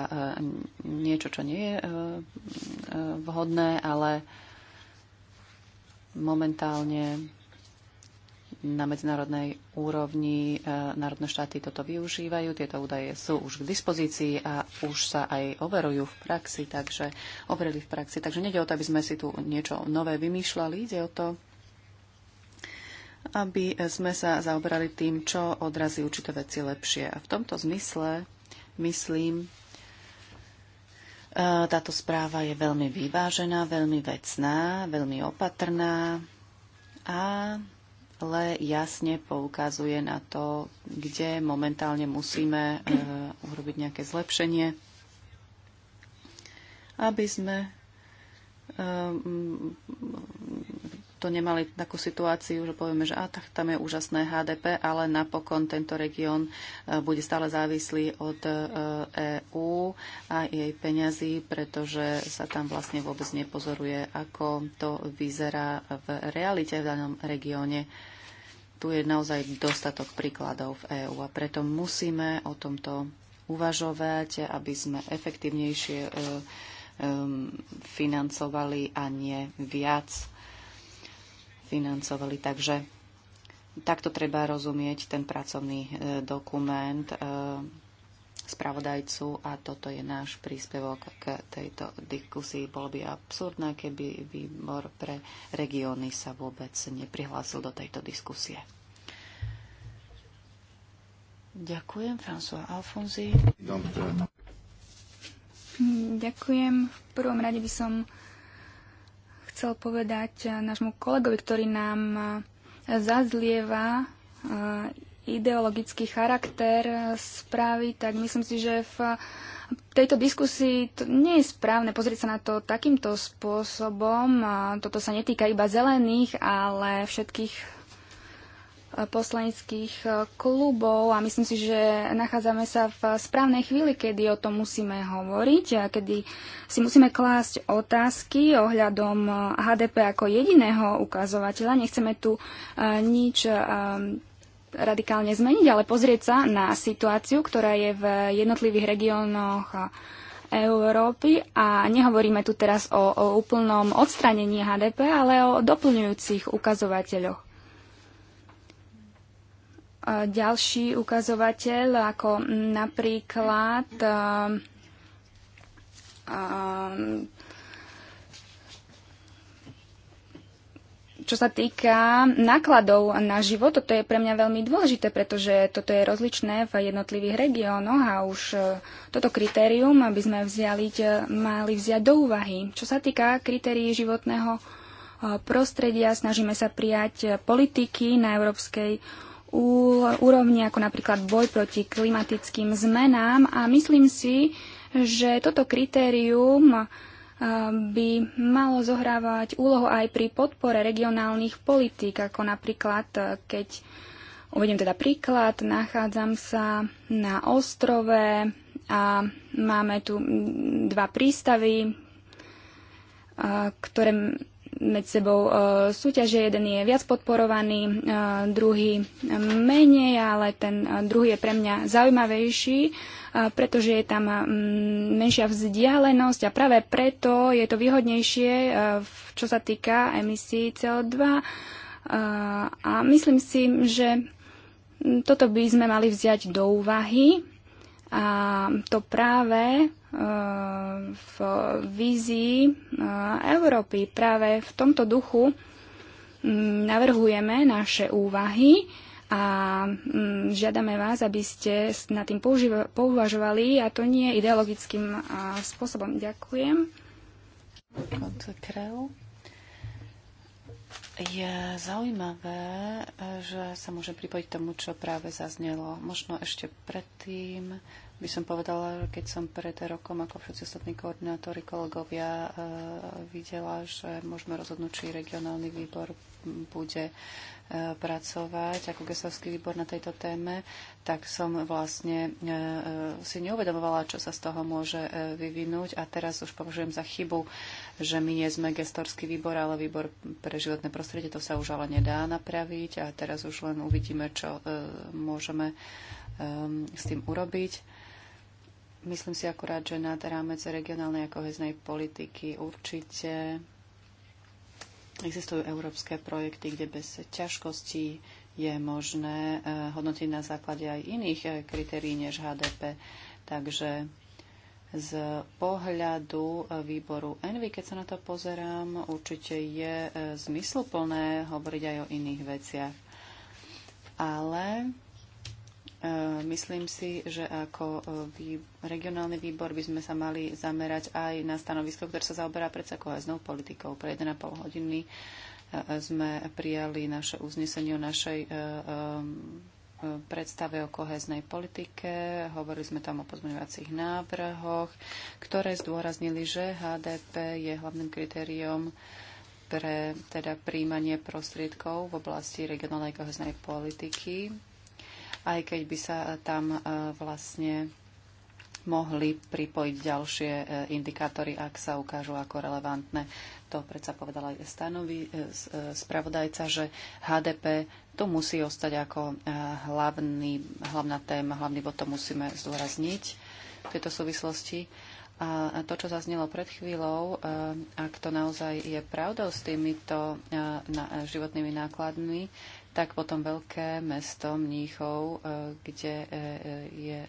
niečo, čo nie je vhodné, ale momentálne na medzinárodnej úrovni e, národné štáty toto využívajú. Tieto údaje sú už k dispozícii a už sa aj overujú v praxi, takže overili v praxi. Takže nejde o to, aby sme si tu niečo nové vymýšľali, ide o to, aby sme sa zaoberali tým, čo odrazí určité veci lepšie. A v tomto zmysle, myslím, e, táto správa je veľmi vyvážená, veľmi vecná, veľmi opatrná a ale jasne poukazuje na to, kde momentálne musíme eh, urobiť nejaké zlepšenie, aby sme eh, to nemali takú situáciu, že povieme, že a, tak tam je úžasné HDP, ale napokon tento región e, bude stále závislý od EÚ e a jej peňazí, pretože sa tam vlastne vôbec nepozoruje, ako to vyzerá v realite v danom regióne. Tu je naozaj dostatok príkladov v EÚ a preto musíme o tomto uvažovať, aby sme efektívnejšie e, financovali a nie viac financovali. Takže takto treba rozumieť ten pracovný e, dokument e, spravodajcu a toto je náš príspevok k tejto diskusii. Bolo by absurdné, keby výbor pre regióny sa vôbec neprihlásil do tejto diskusie. Ďakujem, François Alfonzi. Hm, ďakujem. V prvom rade by som chcel povedať eh, nášmu kolegovi, ktorý nám eh, zazlieva eh, ideologický charakter správy, tak myslím si, že v tejto diskusii to nie je správne pozrieť sa na to takýmto spôsobom. Toto sa netýka iba zelených, ale všetkých poslaneckých eh, klubov a myslím si, že nachádzame sa v správnej chvíli, kedy o tom musíme hovoriť a kedy si musíme klásť otázky ohľadom HDP eh, ako jediného ukazovateľa. Nechceme tu eh, nič radikálne zmeniť, ale pozrieť sa na situáciu, ktorá je v jednotlivých regiónoch Európy a nehovoríme tu teraz o, o úplnom odstranení HDP, ale o doplňujúcich ukazovateľoch ďalší ukazovateľ, ako napríklad čo sa týka nákladov na život, toto je pre mňa veľmi dôležité, pretože toto je rozličné v jednotlivých regiónoch a už e, toto kritérium by sme vzali, e, mali vziať do úvahy. Čo sa týka kritérií životného e, prostredia, snažíme sa prijať politiky na európskej úrovni, ako napríklad boj proti klimatickým zmenám a myslím si, že toto kritérium by malo zohrávať úlohu aj pri podpore regionálnych politík, ako napríklad, keď uvediem teda príklad, nachádzam sa na ostrove a máme tu dva prístavy, ktoré medzi sebou e, súťaže. Jeden je viac podporovaný, e, druhý menej, ale ten e, druhý je pre mňa zaujímavejší, pretože je tam mm, menšia vzdialenosť a práve preto je to výhodnejšie, čo sa týka emisí CO2. A myslím si, že toto by sme mali vziať do úvahy a to práve e, v vízii e, Európy, práve v tomto duchu navrhujeme naše úvahy a žiadame vás, aby ste na tým pouvažovali a to nie ideologickým spôsobom. Ďakujem. Je zaujímavé, že sa môže pripojiť tomu, čo práve zaznelo. Možno ešte predtým by som povedala, keď som pred rokom ako všetci ostatní koordinátori kolegovia eh, videla, že môžeme rozhodnúť, či regionálny výbor bude pracovať ako gesovský výbor na tejto téme, tak som vlastne e, e, si neuvedomovala, čo sa z toho môže e, vyvinúť a teraz už považujem za chybu, že my nie sme gestorský výbor, ale výbor pre životné prostredie, to sa už ale nedá napraviť a teraz už len uvidíme, čo môžeme s tým urobiť. Myslím si akurát, že nad rámec regionálnej a koheznej politiky určite Existujú európske projekty, kde bez ťažkostí je možné eh, hodnotiť na základe aj iných eh, kritérií než HDP. Takže z pohľadu eh, výboru Envy, keď sa na to pozerám, určite je zmysluplné hovoriť aj o iných veciach. Ale E, myslím si, že ako e, regionálny výbor by sme sa mali zamerať aj na stanovisko, ktoré sa zaoberá predsa koheznou politikou. Pre 1,5 hodiny e, sme prijali naše uznesenie o našej predstave o koheznej politike. Hovorili sme tam o pozmeňovacích návrhoch, ktoré zdôraznili, že HDP je hlavným kritériom pre teda príjmanie prostriedkov v oblasti regionálnej koheznej politiky aj keď by sa tam e, vlastne mohli pripojiť ďalšie e, indikátory, ak sa ukážu ako relevantné. To predsa povedala aj stanovi, e, spravodajca, že HDP to musí ostať ako hlavný, hlavná téma, hlavný bod to musíme zdôrazniť v tejto súvislosti. A to, čo zaznelo pred chvíľou, ak to naozaj je pravdou s týmito životnými nákladmi, tak potom veľké mesto Mníchov, e, kde, e, e, je,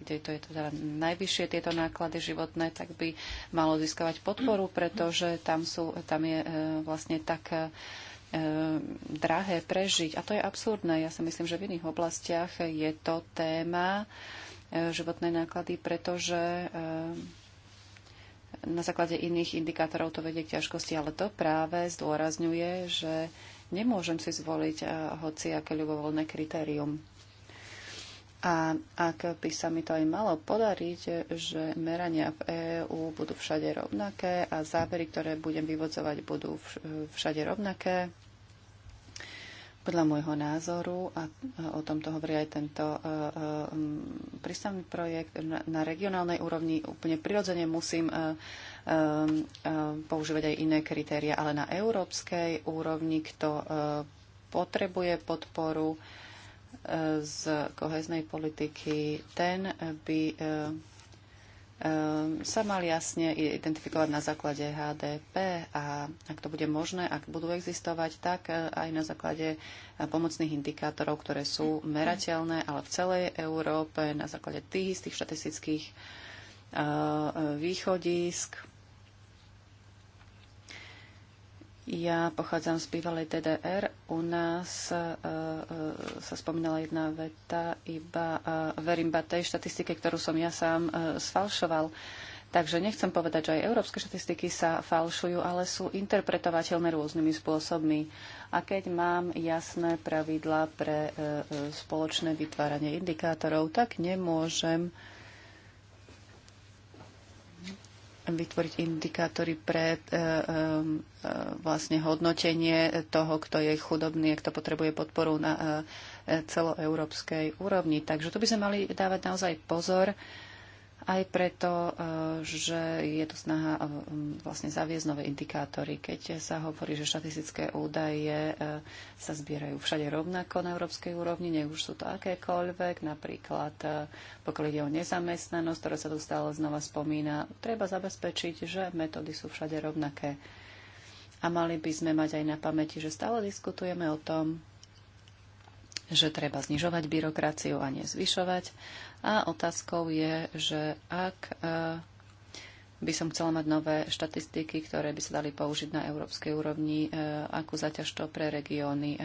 kde to je teda najvyššie tieto náklady životné, tak by malo získavať podporu, pretože tam, sú, tam je vlastne tak drahé prežiť. A to je absurdné. Ja si myslím, že v iných oblastiach je to téma životné náklady, pretože na základe iných indikátorov to vedie k ťažkosti, ale to práve zdôrazňuje, že Nemôžem si zvoliť eh, hoci aké ľubovoľné kritérium. A ak by sa mi to aj malo podariť, že merania v EÚ budú všade rovnaké a závery, ktoré budem vyvodzovať, budú eh, všade rovnaké, podľa môjho názoru, a e, o tomto hovorí aj tento e, e, prístavný projekt, na regionálnej úrovni úplne prirodzene musím používať aj iné kritéria, ale na európskej úrovni, kto potrebuje podporu z koheznej politiky, ten by Ehm, sa mal jasne identifikovať na základe HDP a ak to bude možné, ak budú existovať, tak e, aj na základe e, pomocných indikátorov, ktoré sú merateľné, ale v celej Európe na základe tých istých štatistických e, východisk Ja pochádzam z bývalej DDR. U nás e, e, sa spomínala jedna veta, iba e, verím ba tej štatistike, ktorú som ja sám e, sfalšoval. Takže nechcem povedať, že aj európske štatistiky sa falšujú, ale sú interpretovateľné rôznymi spôsobmi. A keď mám jasné pravidlá pre e, e, spoločné vytváranie indikátorov, tak nemôžem vytvoriť indikátory pre e, e, e, vlastne hodnotenie toho, kto je chudobný a kto potrebuje podporu na e, e, celoeurópskej úrovni. Takže tu by sme mali dávať naozaj pozor, aj preto, e, že je tu snaha e, vlastne zaviesť nové indikátory. Keď sa hovorí, že štatistické údaje e, sa zbierajú všade rovnako na európskej úrovni, nech už sú to akékoľvek, napríklad pokiaľ ide o nezamestnanosť, ktorá sa tu stále znova spomína, treba zabezpečiť, že metódy sú všade rovnaké. A mali by sme mať aj na pamäti, že stále diskutujeme o tom, že treba znižovať byrokraciu a nezvyšovať. A otázkou je, že ak e, by som chcela mať nové štatistiky, ktoré by sa dali použiť na európskej úrovni, e, akú zaťaž to pre regióny e,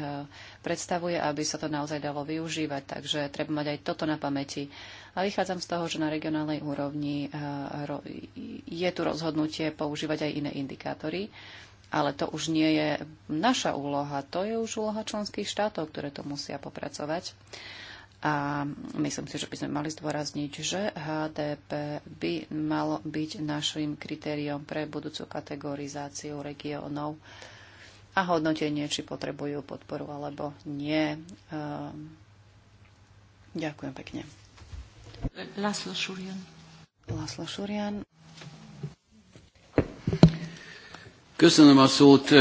predstavuje, aby sa to naozaj dalo využívať. Takže treba mať aj toto na pamäti. A vychádzam z toho, že na regionálnej úrovni je tu rozhodnutie používať aj iné indikátory ale to už nie je naša úloha, to je už úloha členských štátov, ktoré to musia popracovať. A myslím si, že by sme mali zdôrazniť, že HDP by malo byť našim kritériom pre budúcu kategorizáciu regiónov a hodnotenie, či potrebujú podporu alebo nie. Ehm, ďakujem pekne. Laslo Šurian. Laslo Šurian. Köszönöm a szót,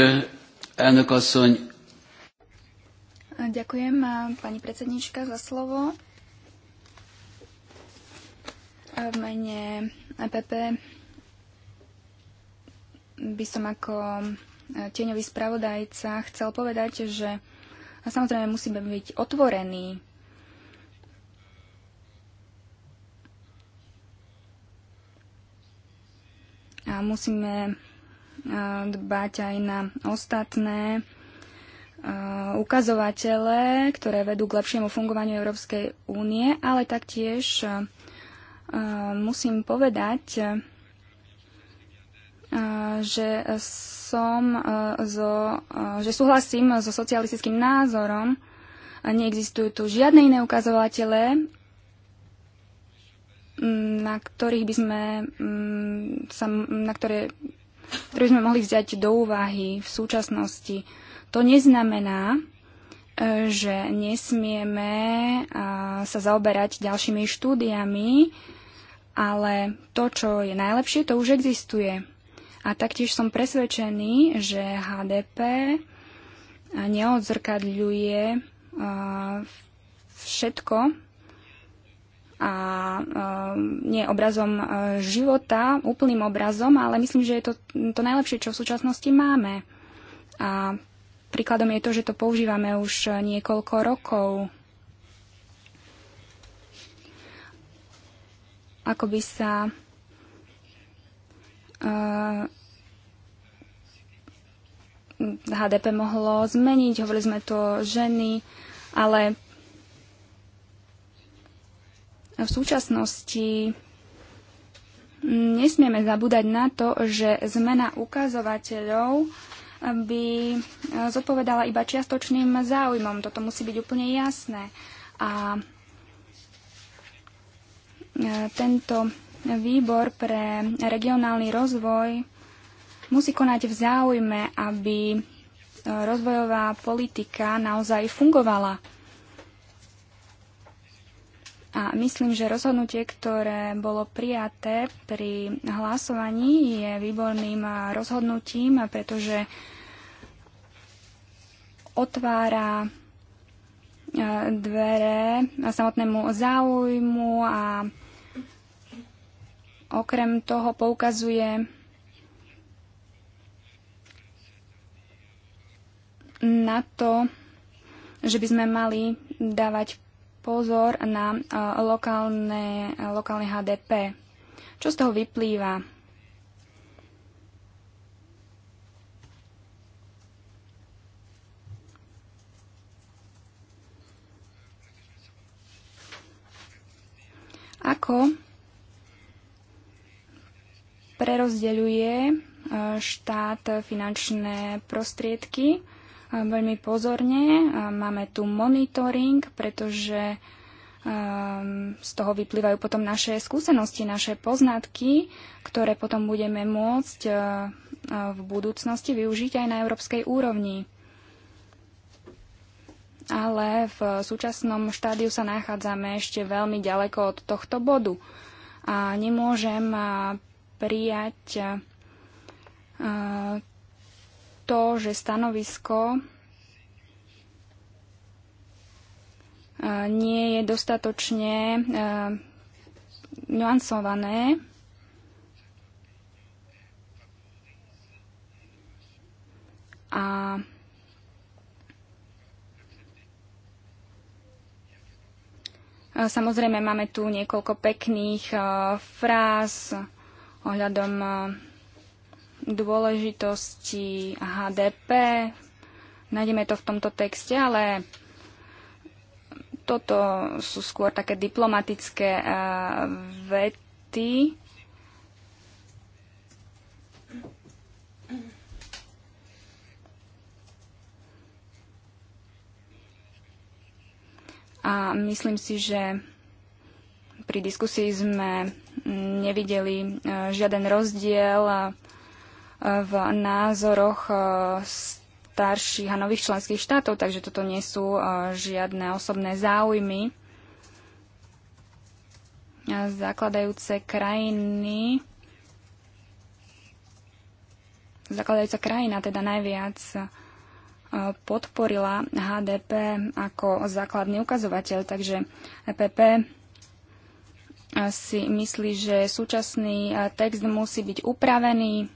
elnök asszony. Ďakujem pani predsednička za slovo. V mene EPP by som ako tieňový spravodajca chcel povedať, že samozrejme musíme byť otvorení a musíme dbať aj na ostatné ukazovatele, ktoré vedú k lepšiemu fungovaniu Európskej únie, ale taktiež musím povedať, že som zo, že súhlasím so socialistickým názorom. Neexistujú tu žiadne iné ukazovatele, na ktorých by sme na ktoré ktorý sme mohli vziať do úvahy v súčasnosti. To neznamená, e, že nesmieme sa zaoberať ďalšími štúdiami, ale to, čo je najlepšie, to už existuje. A taktiež som presvedčený, že HDP e, neodzrkadľuje e, všetko, a ehm, nie obrazom e, života, úplným obrazom, ale myslím, že je to to najlepšie, čo v súčasnosti máme. A príkladom je to, že to používame už e, niekoľko rokov. Ako by sa uh, e, HDP mohlo zmeniť, hovorili sme to ženy, ale v súčasnosti nesmieme zabúdať na to, že zmena ukazovateľov by zodpovedala iba čiastočným záujmom. Toto musí byť úplne jasné. A e, tento výbor pre regionálny rozvoj musí konať v záujme, aby rozvojová politika naozaj fungovala. A myslím, že rozhodnutie, ktoré bolo prijaté pri hlasovaní, je výborným rozhodnutím, pretože otvára e, dvere samotnému záujmu a okrem toho poukazuje na to, že by sme mali dávať pozor na e, lokálne, e, lokálne HDP. Čo z toho vyplýva? Ako prerozdeľuje e, štát finančné prostriedky veľmi pozorne. Máme tu monitoring, pretože ehm, z toho vyplývajú potom naše skúsenosti, naše poznatky, ktoré potom budeme môcť e, e, v budúcnosti využiť aj na európskej úrovni. Ale v súčasnom štádiu sa nachádzame ešte veľmi ďaleko od tohto bodu a nemôžem e, prijať to, že stanovisko e, nie je dostatočne e, nuancované. A Samozrejme, máme tu niekoľko pekných e, fráz ohľadom dôležitosti HDP. Nájdeme to v tomto texte, ale toto sú skôr také diplomatické eh, vety. A myslím si, že pri diskusii sme nevideli eh, žiaden rozdiel a v názoroch eh, starších a nových členských štátov, takže toto nie sú eh, žiadne osobné záujmy. Zakladajúce krajiny zakladajúca krajina teda najviac eh, podporila HDP ako základný ukazovateľ, takže EPP si myslí, že súčasný text musí byť upravený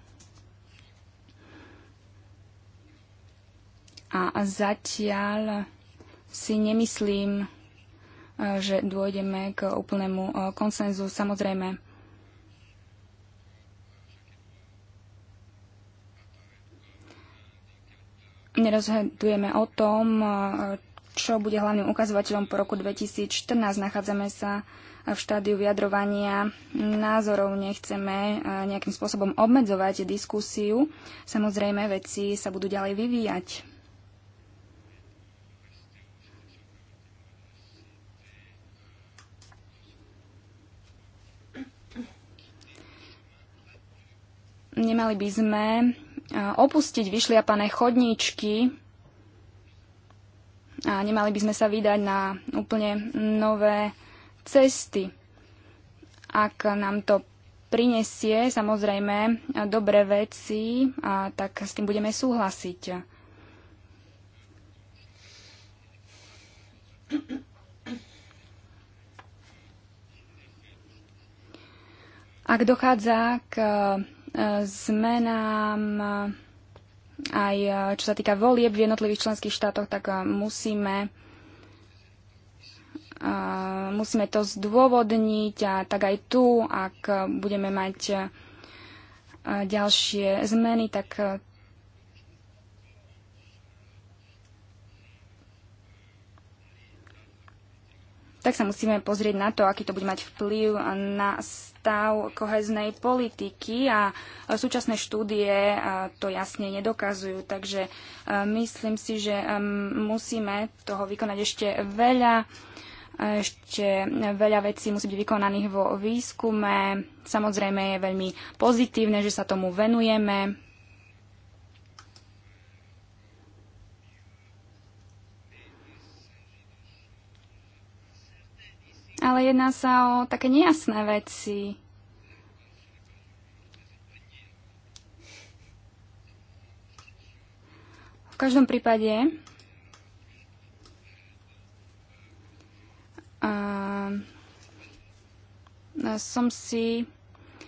a zatiaľ si nemyslím, e, že dôjdeme k úplnému e, konsenzu. Samozrejme, nerozhodujeme o tom, e, čo bude hlavným ukazovateľom po roku 2014. Nachádzame sa v štádiu vyjadrovania názorov. Nechceme nejakým spôsobom obmedzovať diskusiu. Samozrejme, veci sa budú ďalej vyvíjať. nemali by sme opustiť vyšliapané chodníčky a nemali by sme sa vydať na úplne nové cesty. Ak nám to prinesie samozrejme dobré veci, a tak s tým budeme súhlasiť. Ak dochádza k zmenám aj eh, čo sa týka volieb v jednotlivých členských štátoch, tak eh, musíme eh, musíme to zdôvodniť a tak aj tu, ak budeme mať ďalšie zmeny, tak tak sa musíme pozrieť na to, aký to bude mať vplyv na stav koheznej politiky a súčasné štúdie to jasne nedokazujú. Takže myslím si, že musíme toho vykonať ešte veľa. Ešte veľa vecí musí byť vykonaných vo výskume. Samozrejme je veľmi pozitívne, že sa tomu venujeme ale jedná sa o také nejasné veci. V každom prípade uh, som si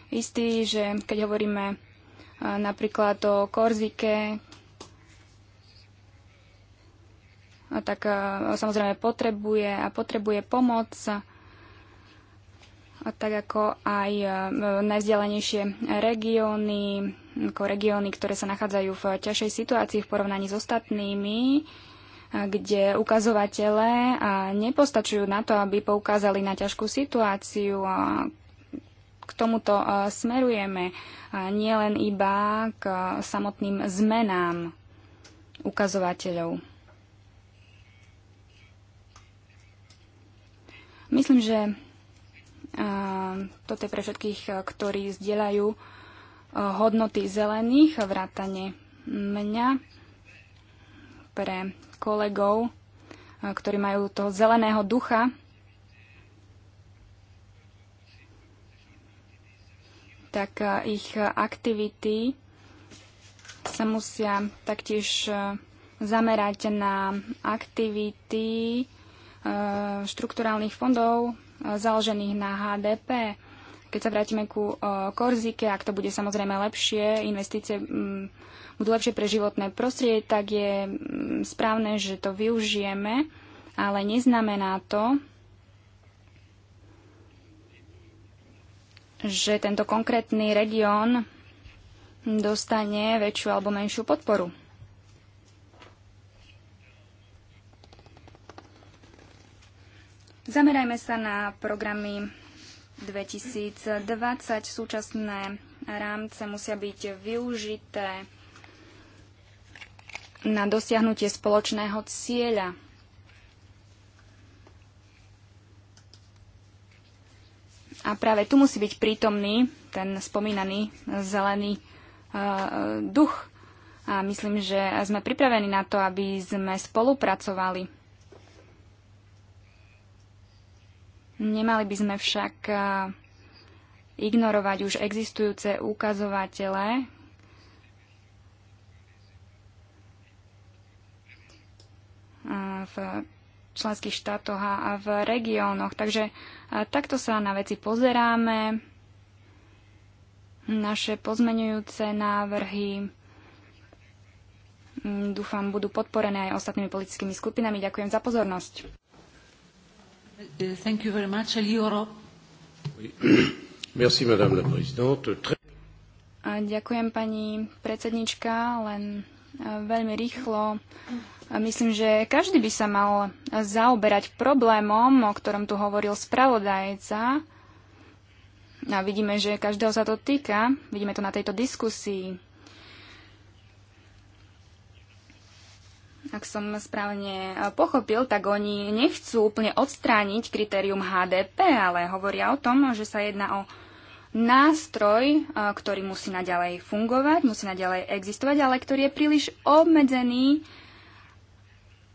istý, že keď hovoríme uh, napríklad o Korzike, tak samozrejme potrebuje a potrebuje pomoc. A tak ako aj e, najvzdialenejšie regióny, ako regióny, ktoré sa nachádzajú v ťažšej situácii v porovnaní s ostatnými, e, kde ukazovatele e, nepostačujú na to, aby poukázali na ťažkú situáciu. K tomuto smerujeme nielen iba k samotným zmenám ukazovateľov. Myslím, že toto je pre všetkých, eh, ktorí zdieľajú eh, hodnoty zelených, vrátane mňa, pre kolegov, eh, ktorí majú toho zeleného ducha. tak ich aktivity sa musia taktiež zamerať na aktivity štrukturálnych fondov, založených na HDP. Keď sa vrátime ku e, Korzike, ak to bude samozrejme lepšie, investície budú lepšie pre životné prostredie, tak je správne, že to využijeme, ale neznamená to, že tento konkrétny región dostane väčšiu alebo menšiu podporu. Zamerajme sa na programy 2020. Súčasné rámce musia byť využité na dosiahnutie spoločného cieľa. A práve tu musí byť prítomný ten spomínaný zelený uh, duch. A myslím, že sme pripravení na to, aby sme spolupracovali Nemali by sme však eh, ignorovať už existujúce ukazovatele, eh, v členských štátoch a v regiónoch. Takže eh, takto sa na veci pozeráme. Naše pozmenujúce návrhy mm, dúfam budú podporené aj ostatnými politickými skupinami. Ďakujem za pozornosť. Uh, thank you very much. Oui. *coughs* Merci, madame la présidente. Très... ďakujem pani predsednička, len uh, veľmi rýchlo. Myslím, že každý by sa mal zaoberať problémom, o ktorom tu hovoril spravodajca. A vidíme, že každého sa to týka. Vidíme to na tejto diskusii. ak som správne e, pochopil, tak oni nechcú úplne odstrániť kritérium HDP, ale hovoria o tom, že sa jedná o nástroj, e, ktorý musí naďalej fungovať, musí naďalej existovať, ale ktorý je príliš obmedzený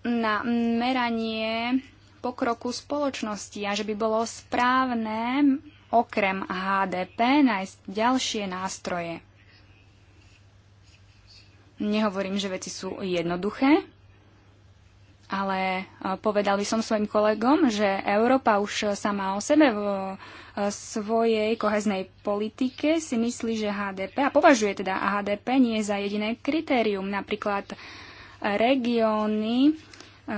na meranie pokroku spoločnosti a že by bolo správne okrem HDP nájsť ďalšie nástroje. Nehovorím, že veci sú jednoduché, ale e, povedal by som svojim kolegom, že Európa už sama o sebe vo e, svojej koheznej politike si myslí, že HDP, a považuje teda HDP nie za jediné kritérium, napríklad regióny, e,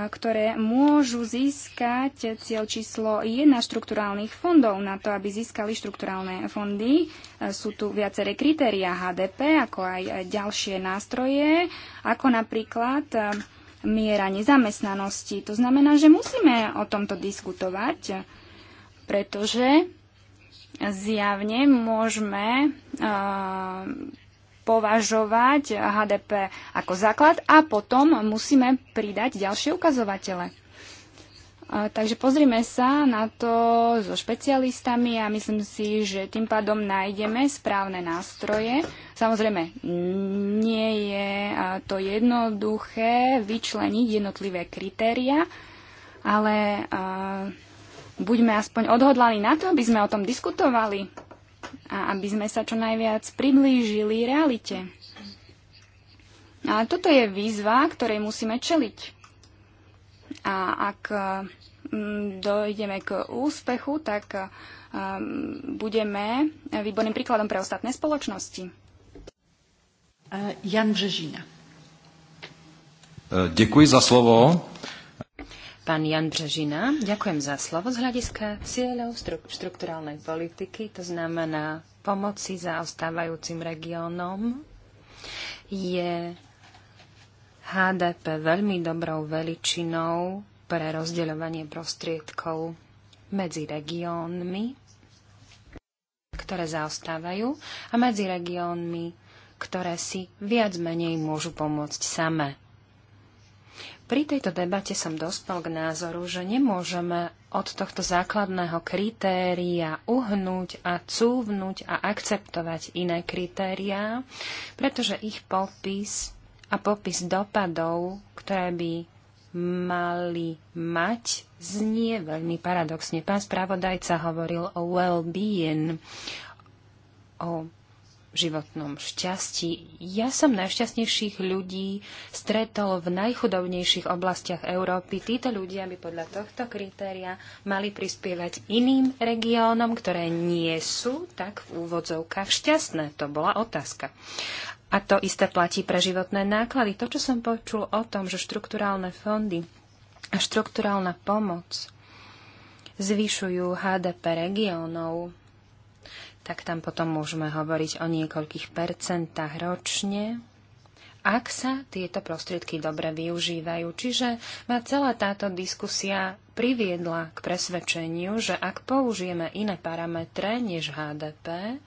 ktoré môžu získať cieľ číslo 1 štrukturálnych fondov. Na to, aby získali štrukturálne fondy, sú tu viaceré kritéria HDP, ako aj ďalšie nástroje, ako napríklad miera nezamestnanosti. To znamená, že musíme o tomto diskutovať, pretože zjavne môžeme považovať HDP ako základ a potom musíme pridať ďalšie ukazovatele. Takže pozrime sa na to so špecialistami a myslím si, že tým pádom nájdeme správne nástroje. Samozrejme, nie je to jednoduché vyčleniť jednotlivé kritéria, ale buďme aspoň odhodlaní na to, aby sme o tom diskutovali a aby sme sa čo najviac priblížili realite. A toto je výzva, ktorej musíme čeliť. A ak mm, dojdeme k úspechu, tak mm, budeme výborným príkladom pre ostatné spoločnosti. E, Jan Břežina. Ďakujem e, za slovo. Pán Jan Břežina, ďakujem za slovo z hľadiska cieľov štruktúrálnej štrukturálnej politiky, to znamená pomoci zaostávajúcim regiónom, je HDP veľmi dobrou veličinou pre rozdeľovanie prostriedkov medzi regiónmi, ktoré zaostávajú, a medzi regiónmi, ktoré si viac menej môžu pomôcť samé. Pri tejto debate som dospel k názoru, že nemôžeme od tohto základného kritéria uhnúť a cúvnuť a akceptovať iné kritériá, pretože ich popis a popis dopadov, ktoré by mali mať, znie veľmi paradoxne. Pán spravodajca hovoril o well-being, o životnom šťastí. Ja som najšťastnejších ľudí stretol v najchudobnejších oblastiach Európy. Títo ľudia by podľa tohto kritéria mali prispievať iným regiónom, ktoré nie sú tak v úvodzovkách šťastné. To bola otázka. A to isté platí pre životné náklady. To, čo som počul o tom, že štrukturálne fondy a štrukturálna pomoc zvyšujú HDP regiónov, tak tam potom môžeme hovoriť o niekoľkých percentách ročne, ak sa tieto prostriedky dobre využívajú. Čiže ma celá táto diskusia priviedla k presvedčeniu, že ak použijeme iné parametre než HDP,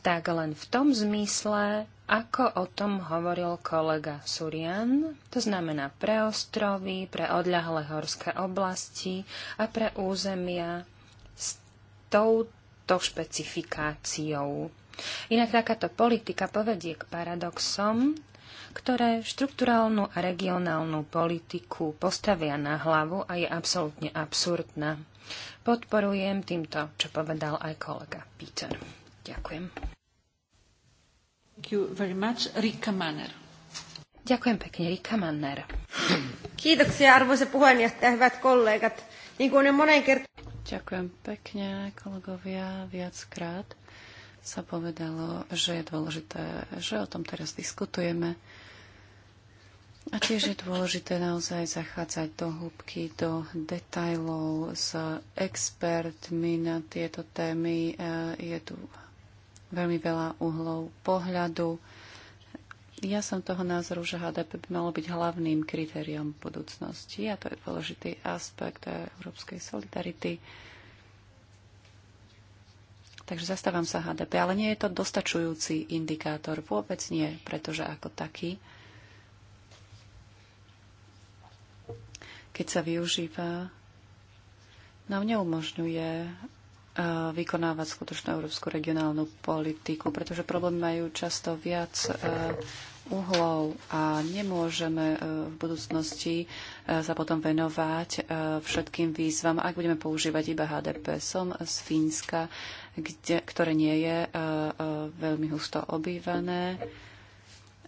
tak len v tom zmysle ako o tom hovoril kolega Surian, to znamená pre ostrovy, pre odľahlé horské oblasti a pre územia s touto špecifikáciou. Inak takáto politika povedie k paradoxom, ktoré štrukturálnu a regionálnu politiku postavia na hlavu a je absolútne absurdná. Podporujem týmto, čo povedal aj kolega Peter. Ďakujem. Ďakujem pekne, Rika Manner. Kiitoksia, arvoisa puheenjohtaja, hyvät kollegat. Niin kuin on monen kert- Ďakujem pekne, kolegovia, viackrát sa povedalo, že je dôležité, že o tom teraz diskutujeme. A tiež je dôležité naozaj zachádzať do hĺbky, do detajlov s expertmi na tieto témy. E, je tu veľmi veľa uhlov pohľadu. Ja som toho názoru, že HDP by malo byť hlavným kritériom budúcnosti a to je dôležitý aspekt európskej solidarity. Takže zastávam sa HDP, ale nie je to dostačujúci indikátor. Vôbec nie, pretože ako taký, keď sa využíva, nám neumožňuje E, vykonávať skutočnú európsku regionálnu politiku, pretože problémy majú často viac e, uhlov a nemôžeme e, v budúcnosti sa potom venovať všetkým výzvam, ak budeme používať iba HDP. Som z Fínska, kde, ktoré nie je veľmi husto obývané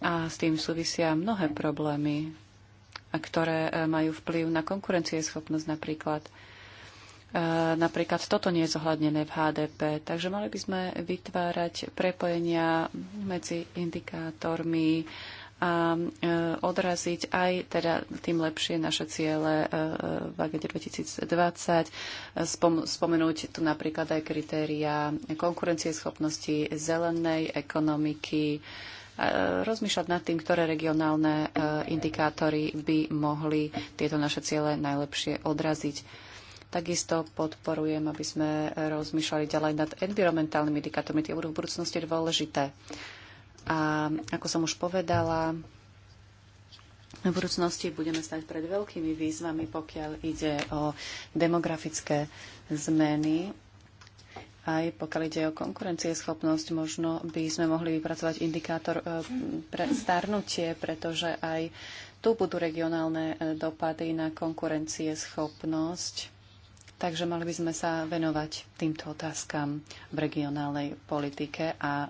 a s tým súvisia mnohé problémy, ktoré majú vplyv na konkurencieschopnosť napríklad. E, napríklad toto nie je zohľadnené v HDP, takže mali by sme vytvárať prepojenia medzi indikátormi a e, odraziť aj teda tým lepšie naše ciele e, v agende 2020, spom- spomenúť tu napríklad aj kritéria konkurencieschopnosti zelenej ekonomiky, rozmýšľať nad tým, ktoré regionálne indikátory by mohli tieto naše ciele najlepšie odraziť. Takisto podporujem, aby sme rozmýšľali ďalej nad environmentálnymi indikátormi. Tie budú v budúcnosti dôležité. A ako som už povedala, v budúcnosti budeme stať pred veľkými výzvami, pokiaľ ide o demografické zmeny. Aj pokiaľ ide o konkurencieschopnosť, možno by sme mohli vypracovať indikátor e, pre starnutie, pretože aj tu budú regionálne e, dopady na konkurencieschopnosť Takže mali by sme sa venovať týmto otázkam v regionálnej politike a e,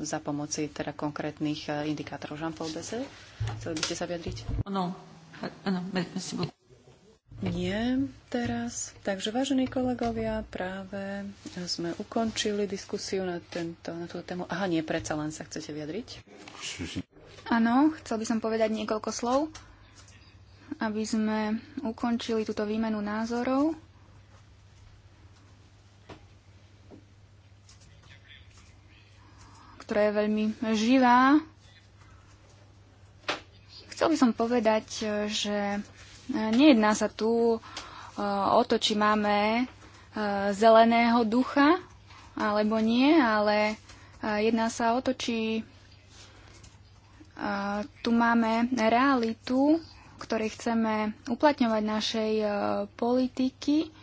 za pomoci teda konkrétnych e, indikátorov. Jean-Paul Bese, chceli by ste sa vyjadriť? No, áno, nie teraz. Takže, vážení kolegovia, práve sme ukončili diskusiu na, tento, na túto tému. Aha, nie, predsa len sa chcete vyjadriť? Áno, chcel by som povedať niekoľko slov, aby sme ukončili túto výmenu názorov. ktorá je veľmi živá. Chcel by som povedať, e, že e, nejedná sa tu e, o to, či máme zeleného ducha alebo nie, ale jedná sa o to, či tu máme realitu, ktorej chceme uplatňovať našej politiky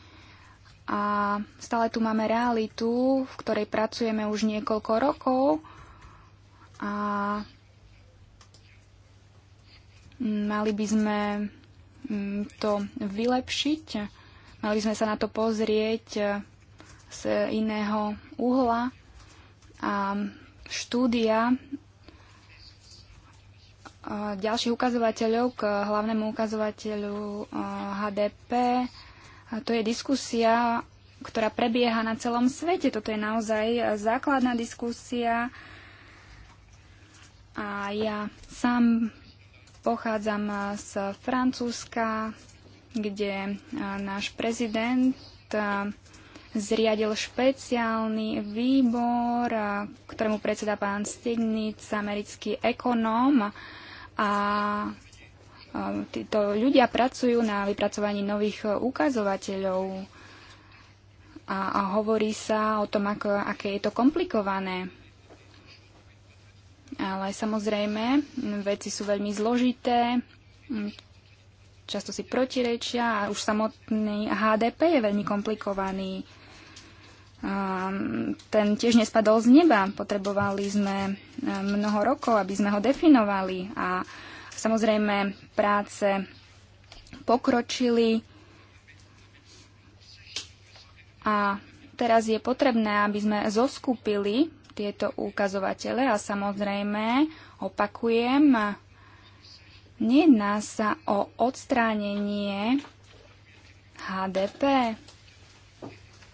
a stále tu máme realitu, v ktorej pracujeme už niekoľko rokov a mali by sme mm, to vylepšiť, mali by sme sa na to pozrieť eh, z iného uhla a štúdia eh, ďalších ukazovateľov k hlavnému ukazovateľu HDP. Eh, to je diskusia, ktorá prebieha na celom svete. Toto je naozaj základná diskusia a ja sám pochádzam e, z Francúzska, kde e, náš prezident e, zriadil špeciálny výbor, ktorému predseda pán Stignic, americký ekonóm. A títo ľudia pracujú na vypracovaní nových ukazovateľov a, a hovorí sa o tom, ako, aké je to komplikované. Ale samozrejme, veci sú veľmi zložité, často si protirečia a už samotný HDP je veľmi komplikovaný. Ten tiež nespadol z neba. Potrebovali sme e, mnoho rokov, aby sme ho definovali a samozrejme práce pokročili a teraz je potrebné, aby sme zoskupili tieto ukazovatele a samozrejme, opakujem, nejedná sa o odstránenie HDP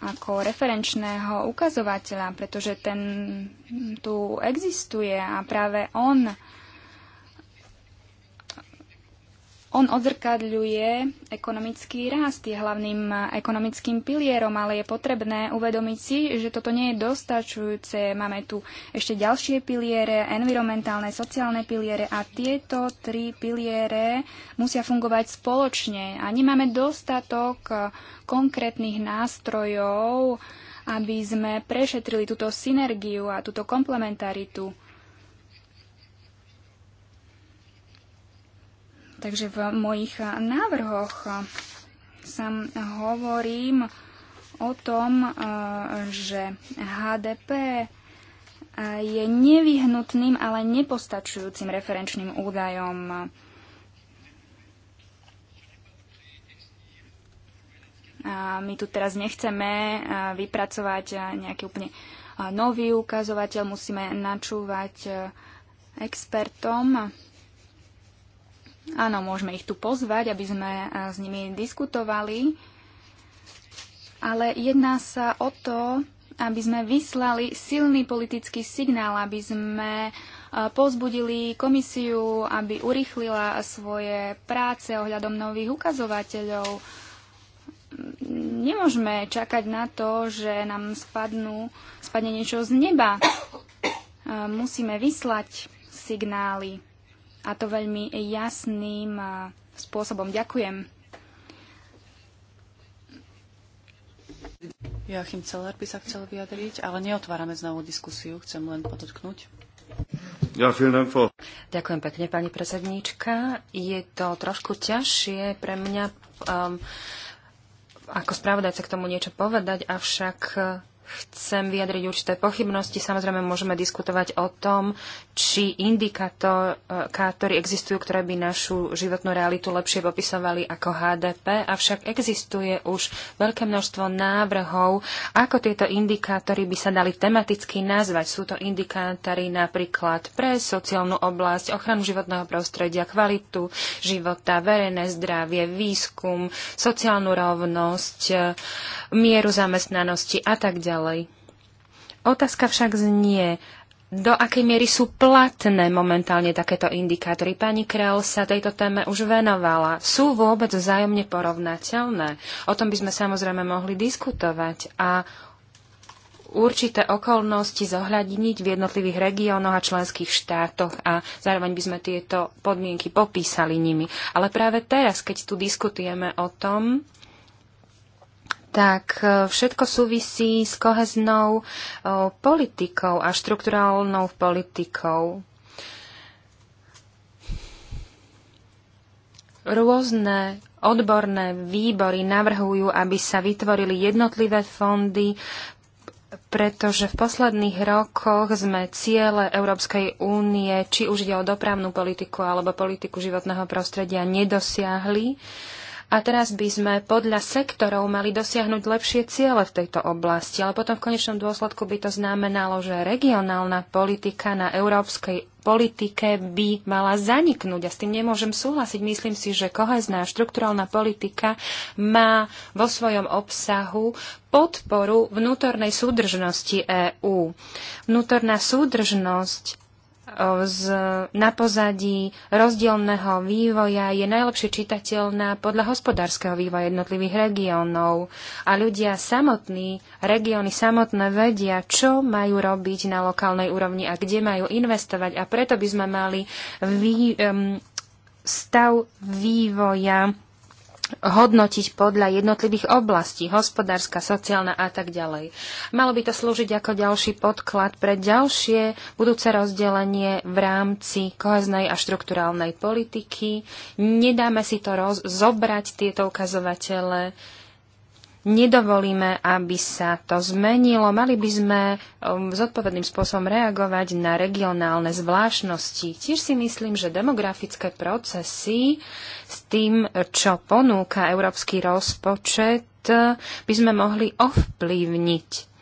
ako referenčného ukazovateľa, pretože ten tu existuje a práve on On odzrkadľuje ekonomický rast, je hlavným ekonomickým pilierom, ale je potrebné uvedomiť si, že toto nie je dostačujúce. Máme tu ešte ďalšie piliere, environmentálne, sociálne piliere a tieto tri piliere musia fungovať spoločne. A nemáme dostatok konkrétnych nástrojov, aby sme prešetrili túto synergiu a túto komplementaritu. Takže v mojich návrhoch sa hovorím o tom, e, že HDP je nevyhnutným, ale nepostačujúcim referenčným údajom. A my tu teraz nechceme e, vypracovať e, nejaký úplne nový ukazovateľ, musíme načúvať expertom. Áno, môžeme ich tu pozvať, aby sme eh, s nimi diskutovali, ale jedná sa o to, aby sme vyslali silný politický signál, aby sme eh, pozbudili komisiu, aby urychlila svoje práce ohľadom nových ukazovateľov. Nemôžeme čakať na to, že nám spadnú, spadne niečo z neba. Eh, musíme vyslať signály a to veľmi jasným spôsobom. Ďakujem. Joachim Celer by sa chcel vyjadriť, ale neotvárame znovu diskusiu, chcem len podotknúť. Ja, Ďakujem pekne, pani predsedníčka. Je to trošku ťažšie pre mňa um, ako spravodajca k tomu niečo povedať, avšak chcem vyjadriť určité pochybnosti. Samozrejme, môžeme diskutovať o tom, či indikátory existujú, ktoré by našu životnú realitu lepšie popisovali ako HDP, avšak existuje už veľké množstvo návrhov, ako tieto indikátory by sa dali tematicky nazvať. Sú to indikátory napríklad pre sociálnu oblasť, ochranu životného prostredia, kvalitu života, verejné zdravie, výskum, sociálnu rovnosť, mieru zamestnanosti a tak ďalej ďalej. Otázka však znie, do akej miery sú platné momentálne takéto indikátory? Pani Kreol sa tejto téme už venovala. Sú vôbec vzájomne porovnateľné? O tom by sme samozrejme mohli diskutovať a určité okolnosti zohľadniť v jednotlivých regiónoch a členských štátoch a zároveň by sme tieto podmienky popísali nimi. Ale práve teraz, keď tu diskutujeme o tom, tak e, všetko súvisí s koheznou e, politikou a štrukturálnou politikou. Rôzne odborné výbory navrhujú, aby sa vytvorili jednotlivé fondy, pretože v posledných rokoch sme ciele Európskej únie, či už ide o dopravnú politiku alebo politiku životného prostredia, nedosiahli. Uh, a teraz by sme podľa sektorov mali dosiahnuť lepšie ciele v tejto oblasti, ale potom v konečnom dôsledku by to znamenalo, že regionálna politika na európskej politike by mala zaniknúť. A s tým nemôžem súhlasiť. Myslím si, že kohezná štrukturálna politika má vo svojom obsahu podporu vnútornej súdržnosti EÚ. Vnútorná súdržnosť z, na pozadí rozdielného vývoja je najlepšie čitateľná podľa hospodárskeho vývoja jednotlivých regiónov. A ľudia samotní, regióny samotné vedia, čo majú robiť na lokálnej úrovni a kde majú investovať. A preto by sme mali vý, um, stav vývoja hodnotiť podľa jednotlivých oblastí, hospodárska, sociálna a tak ďalej. Malo by to slúžiť ako ďalší podklad pre ďalšie budúce rozdelenie v rámci koheznej a štrukturálnej politiky. Nedáme si to zobrať tieto ukazovatele nedovolíme, aby sa to zmenilo. Mali by sme um, zodpovedným spôsobom reagovať na regionálne zvláštnosti. Tiež si myslím, že demografické procesy s tým, čo ponúka európsky rozpočet, by sme mohli ovplyvniť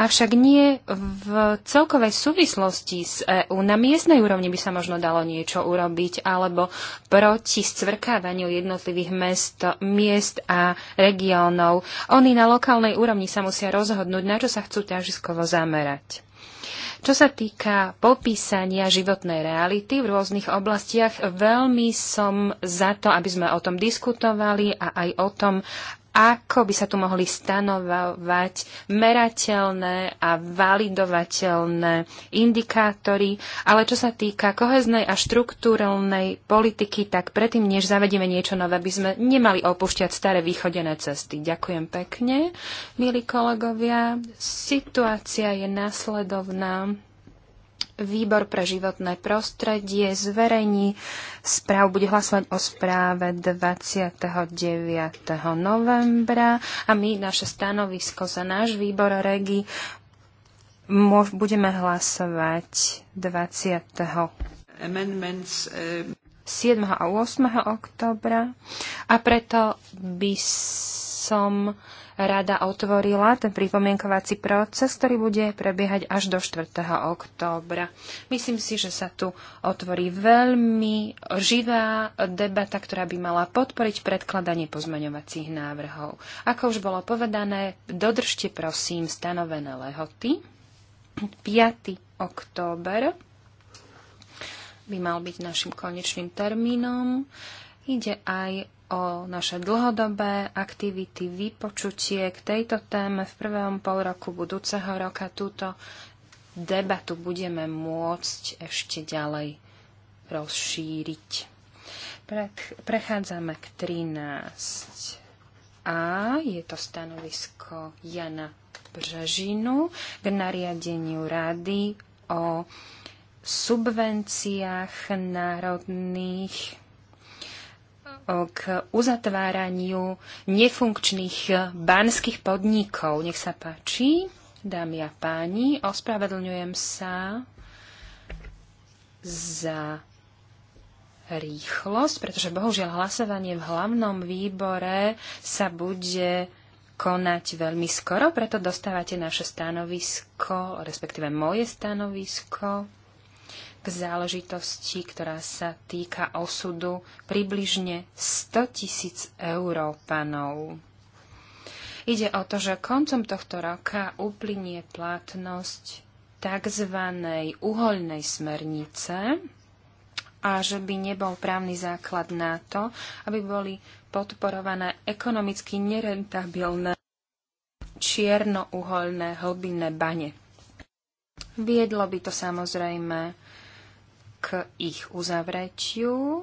avšak nie v celkovej súvislosti s EÚ. Na miestnej úrovni by sa možno dalo niečo urobiť, alebo proti scvrkávaniu jednotlivých mest, miest a regiónov. Oni na lokálnej úrovni sa musia rozhodnúť, na čo sa chcú ťažiskovo zamerať. Čo sa týka popísania životnej reality v rôznych oblastiach, veľmi som za to, aby sme o tom diskutovali a aj o tom, ako by sa tu mohli stanovať merateľné a validovateľné indikátory, ale čo sa týka koheznej a štruktúrnej politiky, tak predtým, než zavedieme niečo nové, by sme nemali opúšťať staré východené cesty. Ďakujem pekne, milí kolegovia. Situácia je následovná. Výbor pre životné prostredie zverejní správ. Bude hlasovať o správe 29. novembra a my naše stanovisko za náš výbor REGI budeme hlasovať 20. 7. Eh, a 8. oktobra a preto by som rada otvorila ten pripomienkovací proces, ktorý bude prebiehať až do 4. októbra. Myslím si, že sa tu otvorí veľmi živá debata, ktorá by mala podporiť predkladanie pozmeňovacích návrhov. Ako už bolo povedané, dodržte prosím stanovené lehoty. 5. október by mal byť našim konečným termínom. Ide aj o naše dlhodobé aktivity, vypočutie k tejto téme v prvom pol roku budúceho roka. Túto debatu budeme môcť ešte ďalej rozšíriť. prechádzame k 13. A je to stanovisko Jana Břežinu k nariadeniu rady o subvenciách národných k uzatváraniu nefunkčných banských podnikov. Nech sa páči, dámy a páni, ospravedlňujem sa za rýchlosť, pretože bohužiaľ hlasovanie v hlavnom výbore sa bude konať veľmi skoro, preto dostávate naše stanovisko, respektíve moje stanovisko k záležitosti, ktorá sa týka osudu približne 100 tisíc Európanov. Ide o to, že koncom tohto roka uplynie platnosť tzv. uhoľnej smernice a že by nebol právny základ na to, aby boli podporované ekonomicky nerentabilné čiernouholné hlbinné bane. Viedlo by to samozrejme k ich uzavretiu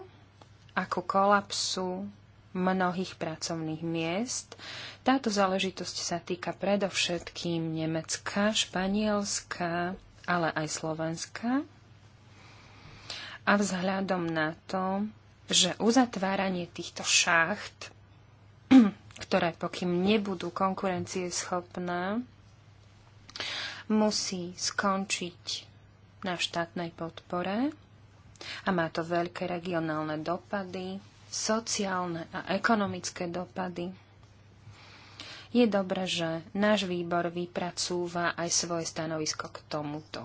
a ku kolapsu mnohých pracovných miest. Táto záležitosť sa týka predovšetkým Nemecka, Španielska, ale aj Slovenska. A vzhľadom na to, že uzatváranie týchto šacht, *clears throat* ktoré pokým nebudú konkurencieschopné, musí skončiť na štátnej podpore, a má to veľké regionálne dopady, sociálne a ekonomické dopady. Je dobré, že náš výbor vypracúva aj svoje stanovisko k tomuto.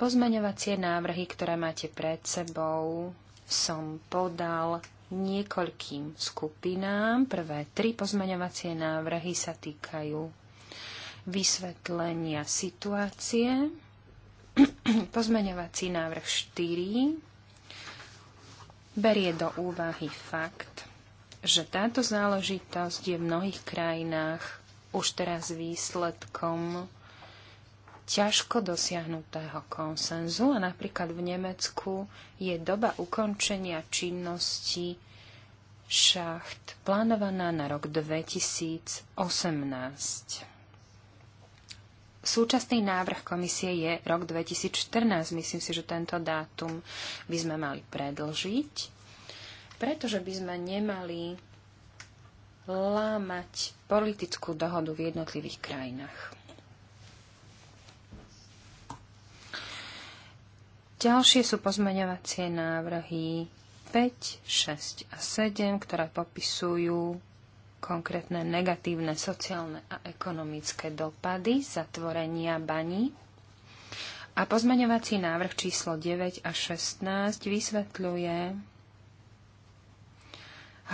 Pozmeňovacie návrhy, ktoré máte pred sebou, som podal niekoľkým skupinám. Prvé tri pozmeňovacie návrhy sa týkajú vysvetlenia situácie, *clears throat* Pozmeňovací návrh 4 berie do úvahy fakt, že táto záležitosť je v mnohých krajinách už teraz výsledkom ťažko dosiahnutého konsenzu a napríklad v Nemecku je doba ukončenia činnosti šacht plánovaná na rok 2018 súčasný návrh komisie je rok 2014. Myslím si, že tento dátum by sme mali predlžiť, pretože by sme nemali lámať politickú dohodu v jednotlivých krajinách. Ďalšie sú pozmeňovacie návrhy 5, 6 a 7, ktoré popisujú konkrétne negatívne sociálne a ekonomické dopady zatvorenia baní. A pozmeňovací návrh číslo 9 a 16 vysvetľuje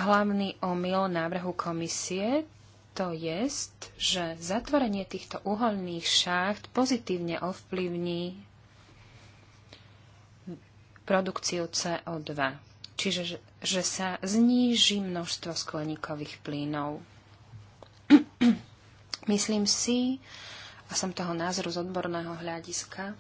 hlavný omyl návrhu komisie, to jest, že zatvorenie týchto uholných šácht pozitívne ovplyvní produkciu CO2 čiže že sa zníži množstvo skleníkových plynov. *clears throat* Myslím si, a som toho názoru z odborného hľadiska,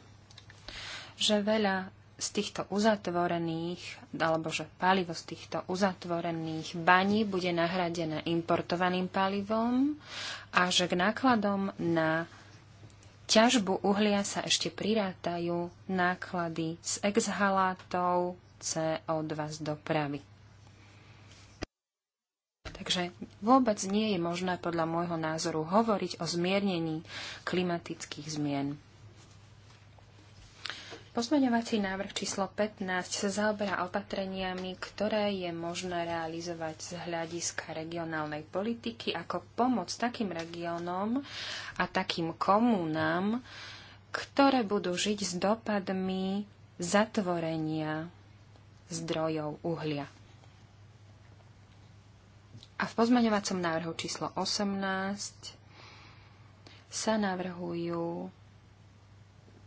že veľa z týchto uzatvorených, alebo že palivo z týchto uzatvorených baní bude nahradené importovaným palivom a že k nákladom na ťažbu uhlia sa ešte prirátajú náklady z exhalátov, CO2 z dopravy. Takže vôbec nie je možné podľa môjho názoru hovoriť o zmiernení klimatických zmien. Pozmeňovací návrh číslo 15 sa zaoberá opatreniami, ktoré je možné realizovať z hľadiska regionálnej politiky ako pomoc takým regiónom a takým komunám, ktoré budú žiť s dopadmi zatvorenia zdrojov uhlia. A v pozmeňovacom návrhu číslo 18 sa navrhujú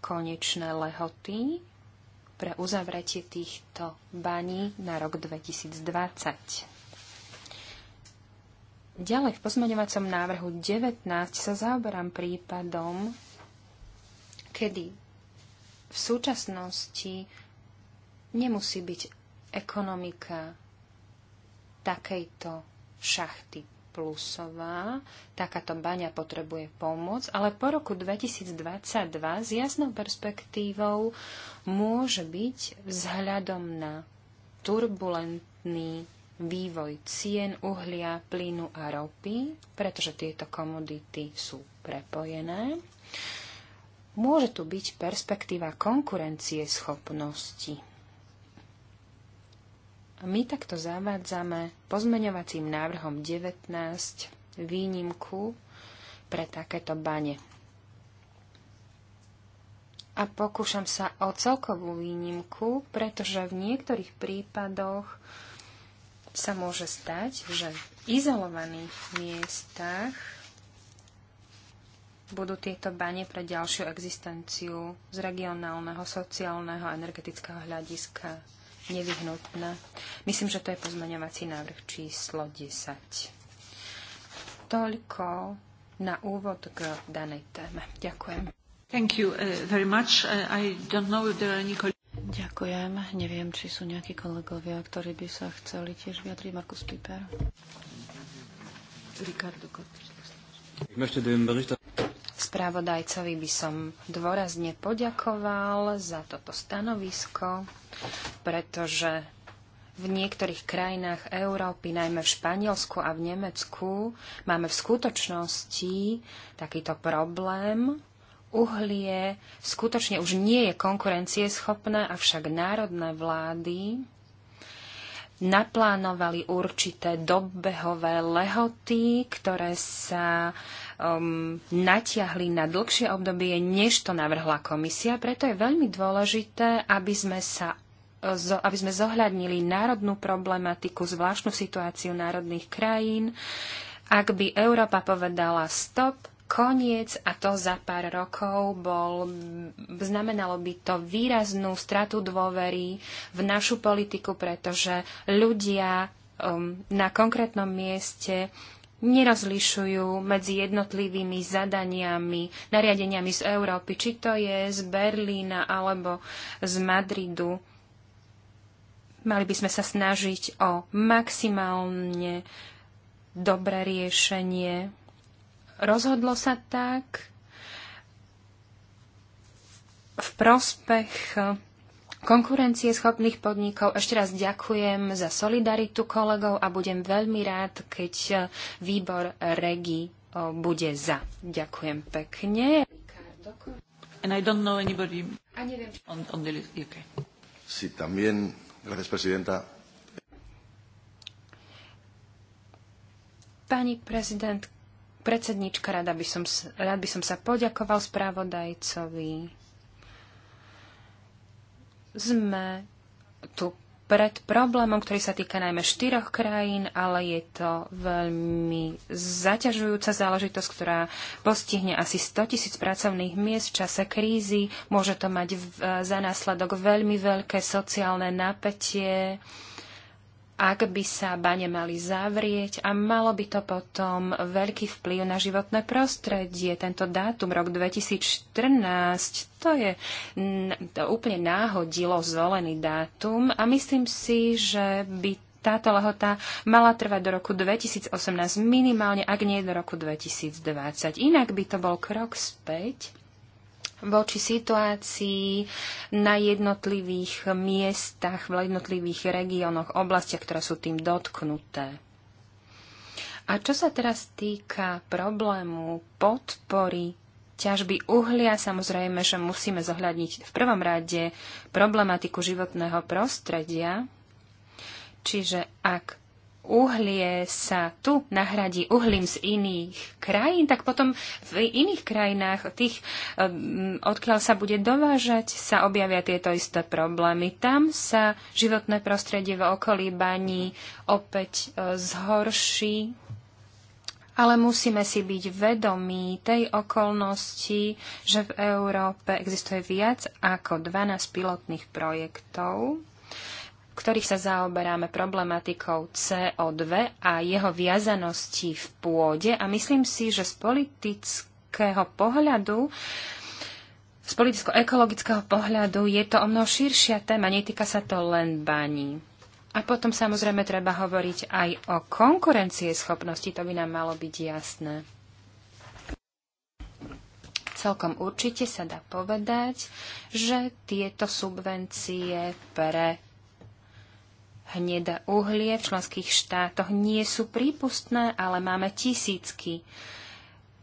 konečné lehoty pre uzavretie týchto baní na rok 2020. Ďalej v pozmeňovacom návrhu 19 sa zaoberám prípadom, kedy v súčasnosti nemusí byť ekonomika takejto šachty plusová, takáto baňa potrebuje pomoc, ale po roku 2022 s jasnou perspektívou môže byť vzhľadom na turbulentný vývoj cien uhlia, plynu a ropy, pretože tieto komodity sú prepojené. Môže tu byť perspektíva konkurencie schopnosti my takto zavádzame pozmeňovacím návrhom 19 výnimku pre takéto bane. A pokúšam sa o celkovú výnimku, pretože v niektorých prípadoch sa môže stať, že v izolovaných miestach budú tieto bane pre ďalšiu existenciu z regionálneho, sociálneho a energetického hľadiska nevyhnutná. Myslím, že to je pozmeňovací návrh číslo 10. Toľko na úvod k danej téme. Ďakujem. Thank you uh, very much. Uh, I don't know if there are any Ďakujem. Neviem, či sú nejakí kolegovia, ktorí by sa chceli tiež vyjadriť. Markus Piper. Ricardo Cortes. Spravodajcovi by som dôrazne poďakoval za toto stanovisko, pretože v niektorých krajinách Európy, najmä v Španielsku a v Nemecku, máme v skutočnosti takýto problém. Uhlie skutočne už nie je konkurencieschopné, avšak národné vlády naplánovali určité dobehové lehoty, ktoré sa um, natiahli na dlhšie obdobie, než to navrhla komisia. Preto je veľmi dôležité, aby sme sa eh, aby sme zohľadnili národnú problematiku, zvláštnu situáciu národných krajín. Ak by Európa povedala stop, koniec a to za pár rokov bol, znamenalo by to výraznú stratu dôvery v našu politiku, pretože ľudia um, na konkrétnom mieste nerozlišujú medzi jednotlivými zadaniami, nariadeniami z Európy, či to je z Berlína alebo z Madridu. Mali by sme sa snažiť o maximálne dobré riešenie rozhodlo sa tak v prospech schopných podnikov. Ešte raz ďakujem za solidaritu kolegov a budem veľmi rád, keď výbor REGI bude za. Ďakujem pekne. And I don't know anybody on, on the list. Okay. Sí, también, gracias, presidenta. Pani prezidentka, predsednička, rada by som, rád by som sa poďakoval správodajcovi. Sme tu pred problémom, ktorý sa týka najmä štyroch krajín, ale je to veľmi zaťažujúca záležitosť, ktorá postihne asi 100 tisíc pracovných miest v čase krízy. Môže to mať v, za následok veľmi veľké sociálne napätie ak by sa bane mali zavrieť a malo by to potom veľký vplyv na životné prostredie. Tento dátum, rok 2014, to je to úplne náhodilo zvolený dátum a myslím si, že by táto lehota mala trvať do roku 2018 minimálne, ak nie do roku 2020. Inak by to bol krok späť voči situácii na jednotlivých miestach, v jednotlivých regiónoch, oblastiach, ktoré sú tým dotknuté. A čo sa teraz týka problému podpory ťažby uhlia, samozrejme, že musíme zohľadniť v prvom rade problematiku životného prostredia. Čiže ak uhlie sa tu nahradí uhlím z iných krajín, tak potom v iných krajinách, tých, odkiaľ sa bude dovážať, sa objavia tieto isté problémy. Tam sa životné prostredie v okolí baní opäť e, zhorší. Ale musíme si byť vedomí tej okolnosti, že v Európe existuje viac ako 12 pilotných projektov ktorých sa zaoberáme problematikou CO2 a jeho viazanosti v pôde a myslím si, že z politického pohľadu z politicko-ekologického pohľadu je to o mnoho širšia téma, netýka sa to len baní. A potom samozrejme treba hovoriť aj o konkurencie schopnosti, to by nám malo byť jasné. Celkom určite sa dá povedať, že tieto subvencie pre hnedé uhlie v členských štátoch nie sú prípustné, ale máme tisícky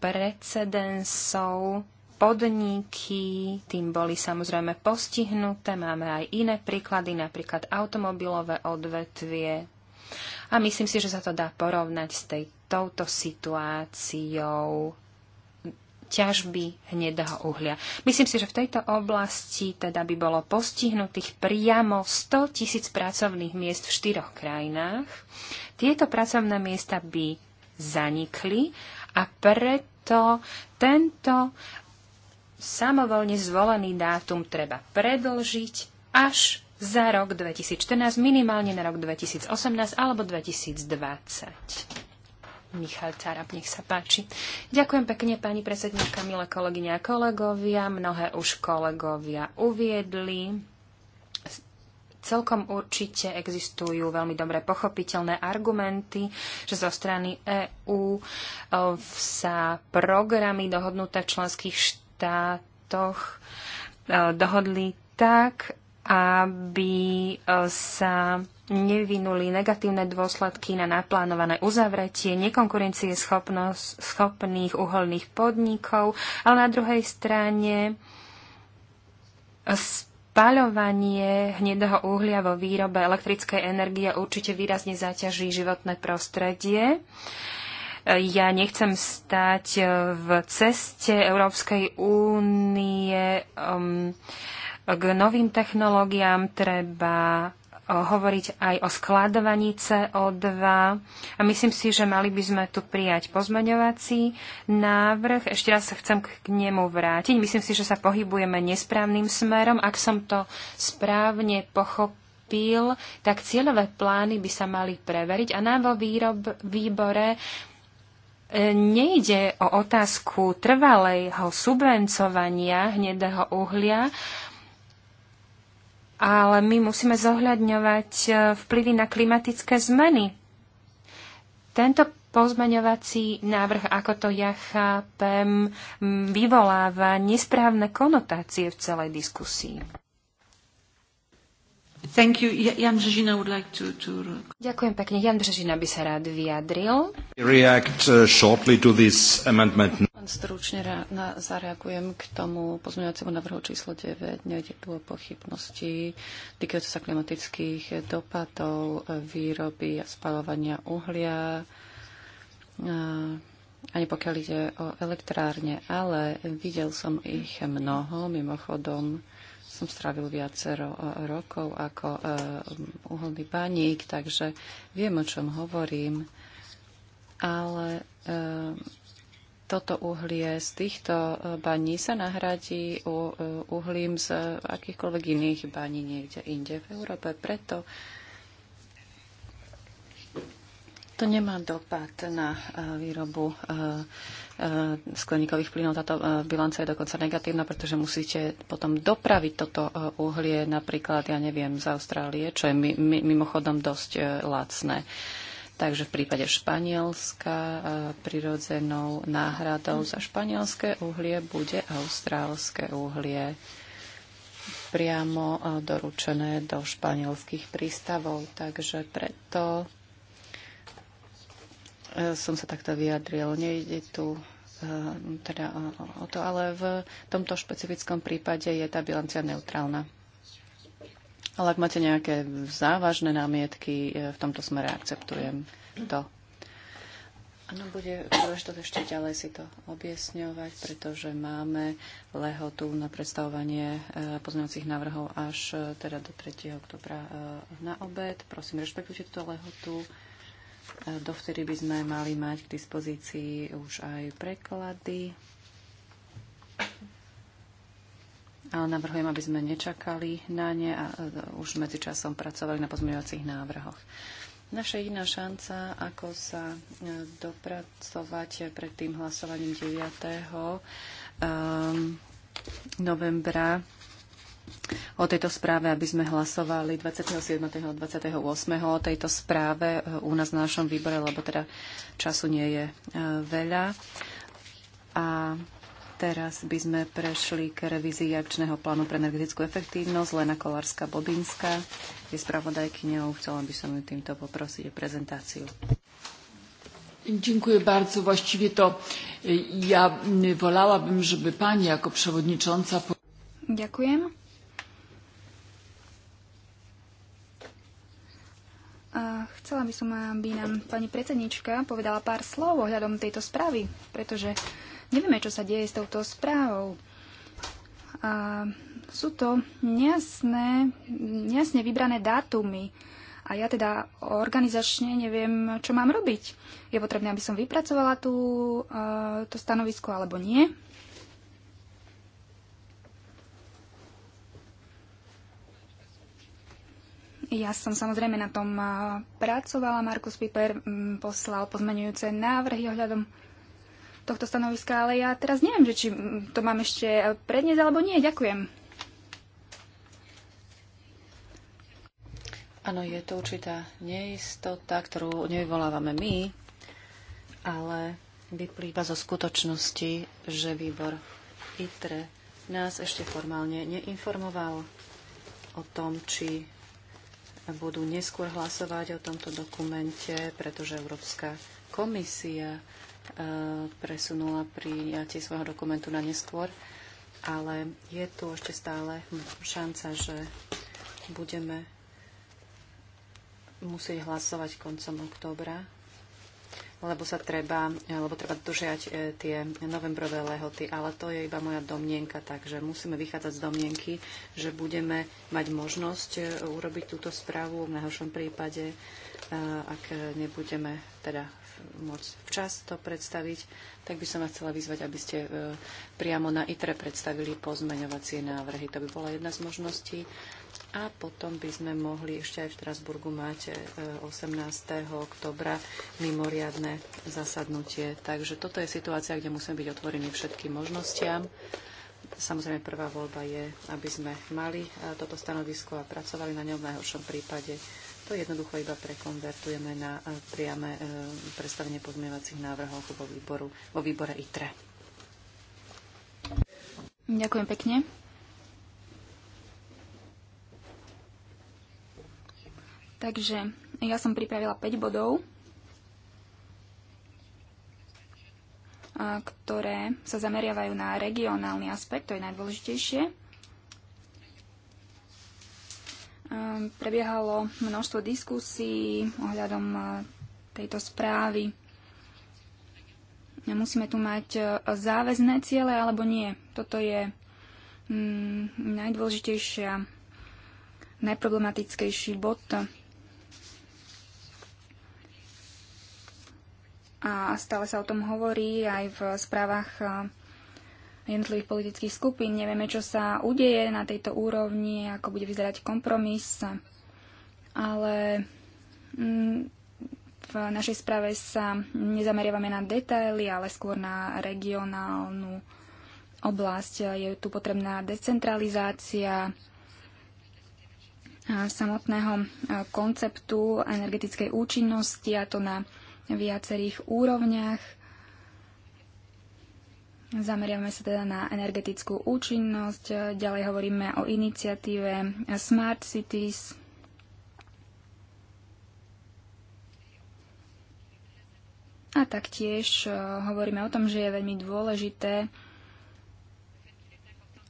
precedensov. Podniky tým boli samozrejme postihnuté. Máme aj iné príklady, napríklad automobilové odvetvie. A myslím si, že sa to dá porovnať s tej, touto situáciou ťažby hnedého uhlia. Myslím si, že v tejto oblasti teda by bolo postihnutých priamo 100 tisíc pracovných miest v štyroch krajinách. Tieto pracovné miesta by zanikli a preto tento samovolne zvolený dátum treba predlžiť až za rok 2014, minimálne na rok 2018 alebo 2020. Michal Carab. Nech sa páči. Ďakujem pekne, pani predsedníčka, milé kolegyne a kolegovia. Mnohé už kolegovia uviedli. Celkom určite existujú veľmi dobre pochopiteľné argumenty, že zo strany EÚ e, sa programy dohodnuté v členských štátoch e, dohodli tak, aby e, sa nevinuli negatívne dôsledky na naplánované uzavretie nekonkurencie schopnosť, schopných uholných podnikov, ale na druhej strane spaľovanie hnedého uhlia vo výrobe elektrickej energie určite výrazne zaťaží životné prostredie ja nechcem stať e, v ceste Európskej únie um, k novým technológiám treba hovoriť aj o skladovaní CO2 a myslím si, že mali by sme tu prijať pozmeňovací návrh. Ešte raz sa chcem k nemu vrátiť. Myslím si, že sa pohybujeme nesprávnym smerom. Ak som to správne pochopil, tak cieľové plány by sa mali preveriť a nám vo výrob, výbore e, nejde o otázku trvalého subvencovania hnedého uhlia, ale my musíme zohľadňovať e, vplyvy na klimatické zmeny. Tento pozmeňovací návrh, ako to ja chápem, vyvoláva nesprávne konotácie v celej diskusii. Thank you. Jan would like to, to... Ďakujem pekne. Jan Břežina by sa rád vyjadril. React uh, shortly to this amendment. Stručne na, zareagujem k tomu pozmeňovacemu návrhu číslo 9. Nejde tu o pochybnosti týkajúce sa klimatických dopadov výroby a spalovania uhlia. ani pokiaľ ide o elektrárne, ale videl som ich mnoho, mimochodom som strávil viacero e, rokov ako e, uholný baník, takže viem, o čom hovorím, ale e, toto uhlie z týchto baní sa nahradí uhlím z akýchkoľvek iných baní niekde inde v Európe. Preto to nemá dopad na e, výrobu e, e, skleníkových plynov. Táto bilanca je dokonca negatívna, pretože musíte potom dopraviť toto uhlie napríklad, ja neviem, z Austrálie, čo je mimochodom dosť lacné. Takže v prípade Španielska prirodzenou náhradou za španielské uhlie bude austrálske uhlie priamo doručené do španielských prístavov. Takže preto som sa takto vyjadril. Nejde tu e, teda o to, ale v tomto špecifickom prípade je tá bilancia neutrálna. Ale ak máte nejaké závažné námietky, e, v tomto smere akceptujem to. Áno, bude príležitosť ešte ďalej si to objasňovať, pretože máme lehotu na predstavovanie e, pozmeňovacích návrhov až teda do 3. oktobra na obed. Prosím, rešpektujte túto lehotu. Dovtedy by sme mali mať k dispozícii už aj preklady. Ale navrhujem, aby sme nečakali na ne a e, už medzičasom pracovali na pozmeňovacích návrhoch. Naša jediná šanca, ako sa e, dopracovať pred tým hlasovaním 9. Ehm, novembra, o tejto správe, aby sme hlasovali 27. a 28. o tejto správe e, u nás na našom výbore, lebo teda času nie je e, veľa. A teraz by sme prešli k revízii akčného plánu pre energetickú efektívnosť. Lena Kolárska-Bobinská je spravodajkyňou. Chcela by som ju týmto poprosiť o prezentáciu. Dziękuję bardzo. Właściwie to e, ja wolałabym, żeby Pani jako przewodnicząca... Dziękuję. Chcela by som, aby nám pani predsednička povedala pár slov ohľadom tejto správy, pretože nevieme, čo sa deje s touto správou. A sú to nejasné, nejasne vybrané dátumy a ja teda organizačne neviem, čo mám robiť. Je potrebné, aby som vypracovala tú, eh, to stanovisko alebo nie. Ja som samozrejme na tom pracovala. Markus Piper mm, poslal pozmenujúce návrhy ohľadom tohto stanoviska, ale ja teraz neviem, že či mm, to mám ešte predniesť alebo nie. Ďakujem. Áno, je to určitá neistota, ktorú nevyvolávame my, ale vyplýva zo skutočnosti, že výbor ITRE nás ešte formálne neinformoval o tom, či budú neskôr hlasovať o tomto dokumente, pretože Európska komisia e, presunula prijatie svojho dokumentu na neskôr, ale je tu ešte stále šanca, že budeme musieť hlasovať koncom októbra lebo sa treba, lebo treba dodržiať e, tie novembrové lehoty. Ale to je iba moja domnienka, takže musíme vychádzať z domnienky, že budeme mať možnosť e, urobiť túto správu v najhoršom prípade, e, ak nebudeme teda môcť včas to predstaviť, tak by som vás chcela vyzvať, aby ste priamo na ITRE predstavili pozmeňovacie návrhy. To by bola jedna z možností a potom by sme mohli ešte aj v Strasburgu mať 18. E, oktobra mimoriadne zasadnutie. Takže toto je situácia, kde musíme byť otvorení všetkým možnostiam. Samozrejme, prvá voľba je, aby sme mali e, toto stanovisko a pracovali na ňom v najhoršom prípade. To jednoducho iba prekonvertujeme na e, priame predstavenie podmienovacích návrhov vo, výboru, vo výbore ITRE. Ďakujem pekne. Takže ja som pripravila 5 bodov, ktoré sa zameriavajú na regionálny aspekt, to je najdôležitejšie. Prebiehalo množstvo diskusí ohľadom tejto správy. Musíme tu mať záväzné ciele alebo nie. Toto je mm, najdôležitejšia, najproblematickejší bod a stále sa o tom hovorí aj v správach eh, jednotlivých politických skupín. Nevieme, čo sa udeje na tejto úrovni, ako bude vyzerať kompromis, ale mm, v našej správe sa nezameriavame na detaily, ale skôr na regionálnu oblasť. Je tu potrebná decentralizácia eh, samotného eh, konceptu energetickej účinnosti a to na viacerých úrovniach. Zameriame sa teda na energetickú účinnosť, ďalej hovoríme o iniciatíve Smart Cities. A taktiež eh, hovoríme o tom, že je veľmi dôležité eh,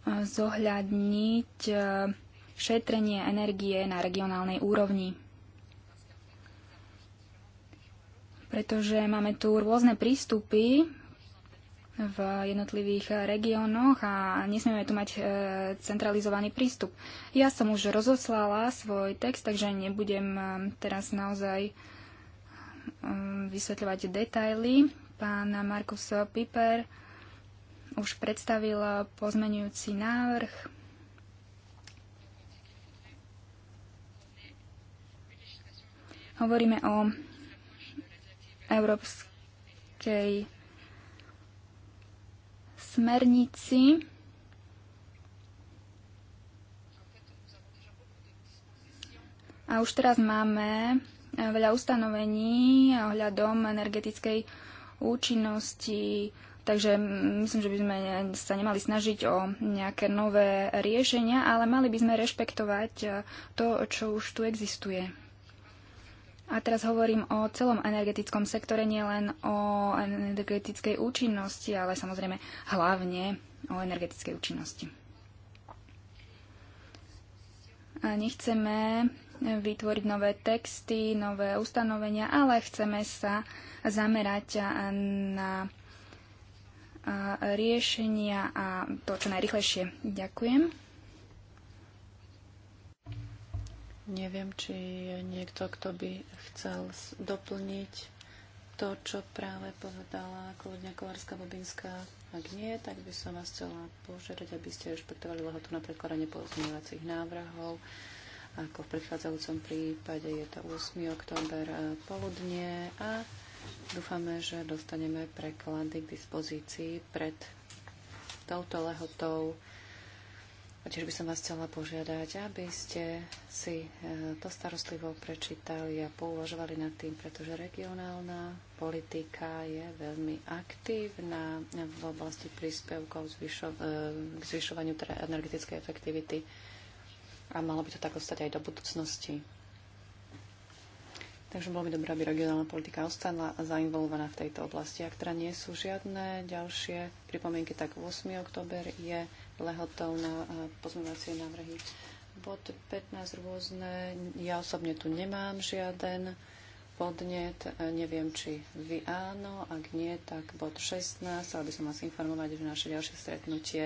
zohľadniť eh, šetrenie energie na regionálnej úrovni. pretože máme tu rôzne prístupy v jednotlivých regiónoch a nesmieme tu mať e, centralizovaný prístup. Ja som už rozoslala svoj text, takže nebudem e, teraz naozaj e, vysvetľovať detaily. Pán Markus Piper už predstavil pozmenujúci návrh. Hovoríme o európskej smernici. A už teraz máme eh, veľa ustanovení ohľadom energetickej účinnosti, takže myslím, že by sme sa nemali snažiť o nejaké nové riešenia, ale mali by sme rešpektovať eh, to, čo už tu existuje. A teraz hovorím o celom energetickom sektore, nielen o energetickej účinnosti, ale samozrejme hlavne o energetickej účinnosti. A nechceme vytvoriť nové texty, nové ustanovenia, ale chceme sa zamerať na riešenia a to čo najrychlejšie. Ďakujem. Neviem, či je niekto, kto by chcel doplniť to, čo práve povedala kľudňa Kolárska Bobinská. Ak nie, tak by som vás chcela požiadať, aby ste rešpektovali lehotu na predkladanie pozmeňovacích návrhov. Ako v predchádzajúcom prípade je to 8. október eh, poludne a dúfame, že dostaneme preklady k dispozícii pred touto lehotou a tiež by som vás chcela požiadať, aby ste si e, to starostlivo prečítali a pouvažovali nad tým, pretože regionálna politika je veľmi aktívna v oblasti príspevkov zvyšo, e, k zvyšovaniu teda energetickej efektivity a malo by to tak ostať aj do budúcnosti. Takže bolo by dobré, aby regionálna politika ostala zainvolovaná v tejto oblasti. Ak teda nie sú žiadne ďalšie pripomienky, tak 8. október je lehotou na e, pozmeňovacie návrhy. Bod 15 rôzne, ja osobne tu nemám žiaden podnet, e, neviem, či vy áno, ak nie, tak bod 16, aby by som vás informovať, že naše ďalšie stretnutie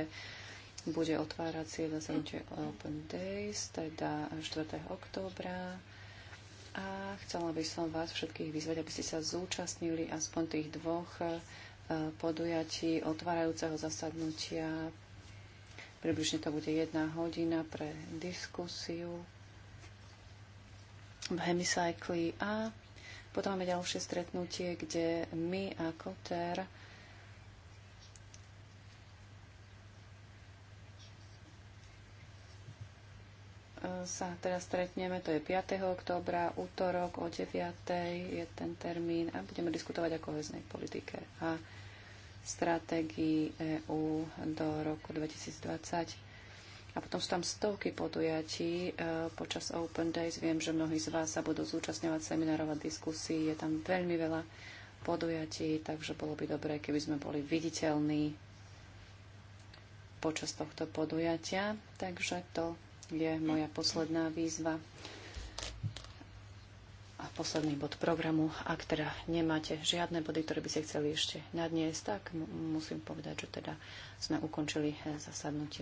bude otváracie zasadnutie Open Days, teda 4. októbra. A chcela by som vás všetkých vyzvať, aby ste sa zúčastnili aspoň tých dvoch e, podujatí otvárajúceho zasadnutia Približne to bude jedna hodina pre diskusiu v Hemicycli a potom máme ďalšie stretnutie, kde my ako TER sa teraz stretneme, to je 5. oktobra, útorok o 9. je ten termín a budeme diskutovať o koheznej politike. A stratégii EÚ do roku 2020. A potom sú tam stovky podujatí e, počas Open Days. Viem, že mnohí z vás sa budú zúčastňovať seminárov a diskusí. Je tam veľmi veľa podujatí, takže bolo by dobré, keby sme boli viditeľní počas tohto podujatia. Takže to je moja posledná výzva a posledný bod programu. Ak teda nemáte žiadne body, ktoré by ste chceli ešte nadniesť, tak musím povedať, že teda sme ukončili eh, zasadnutie.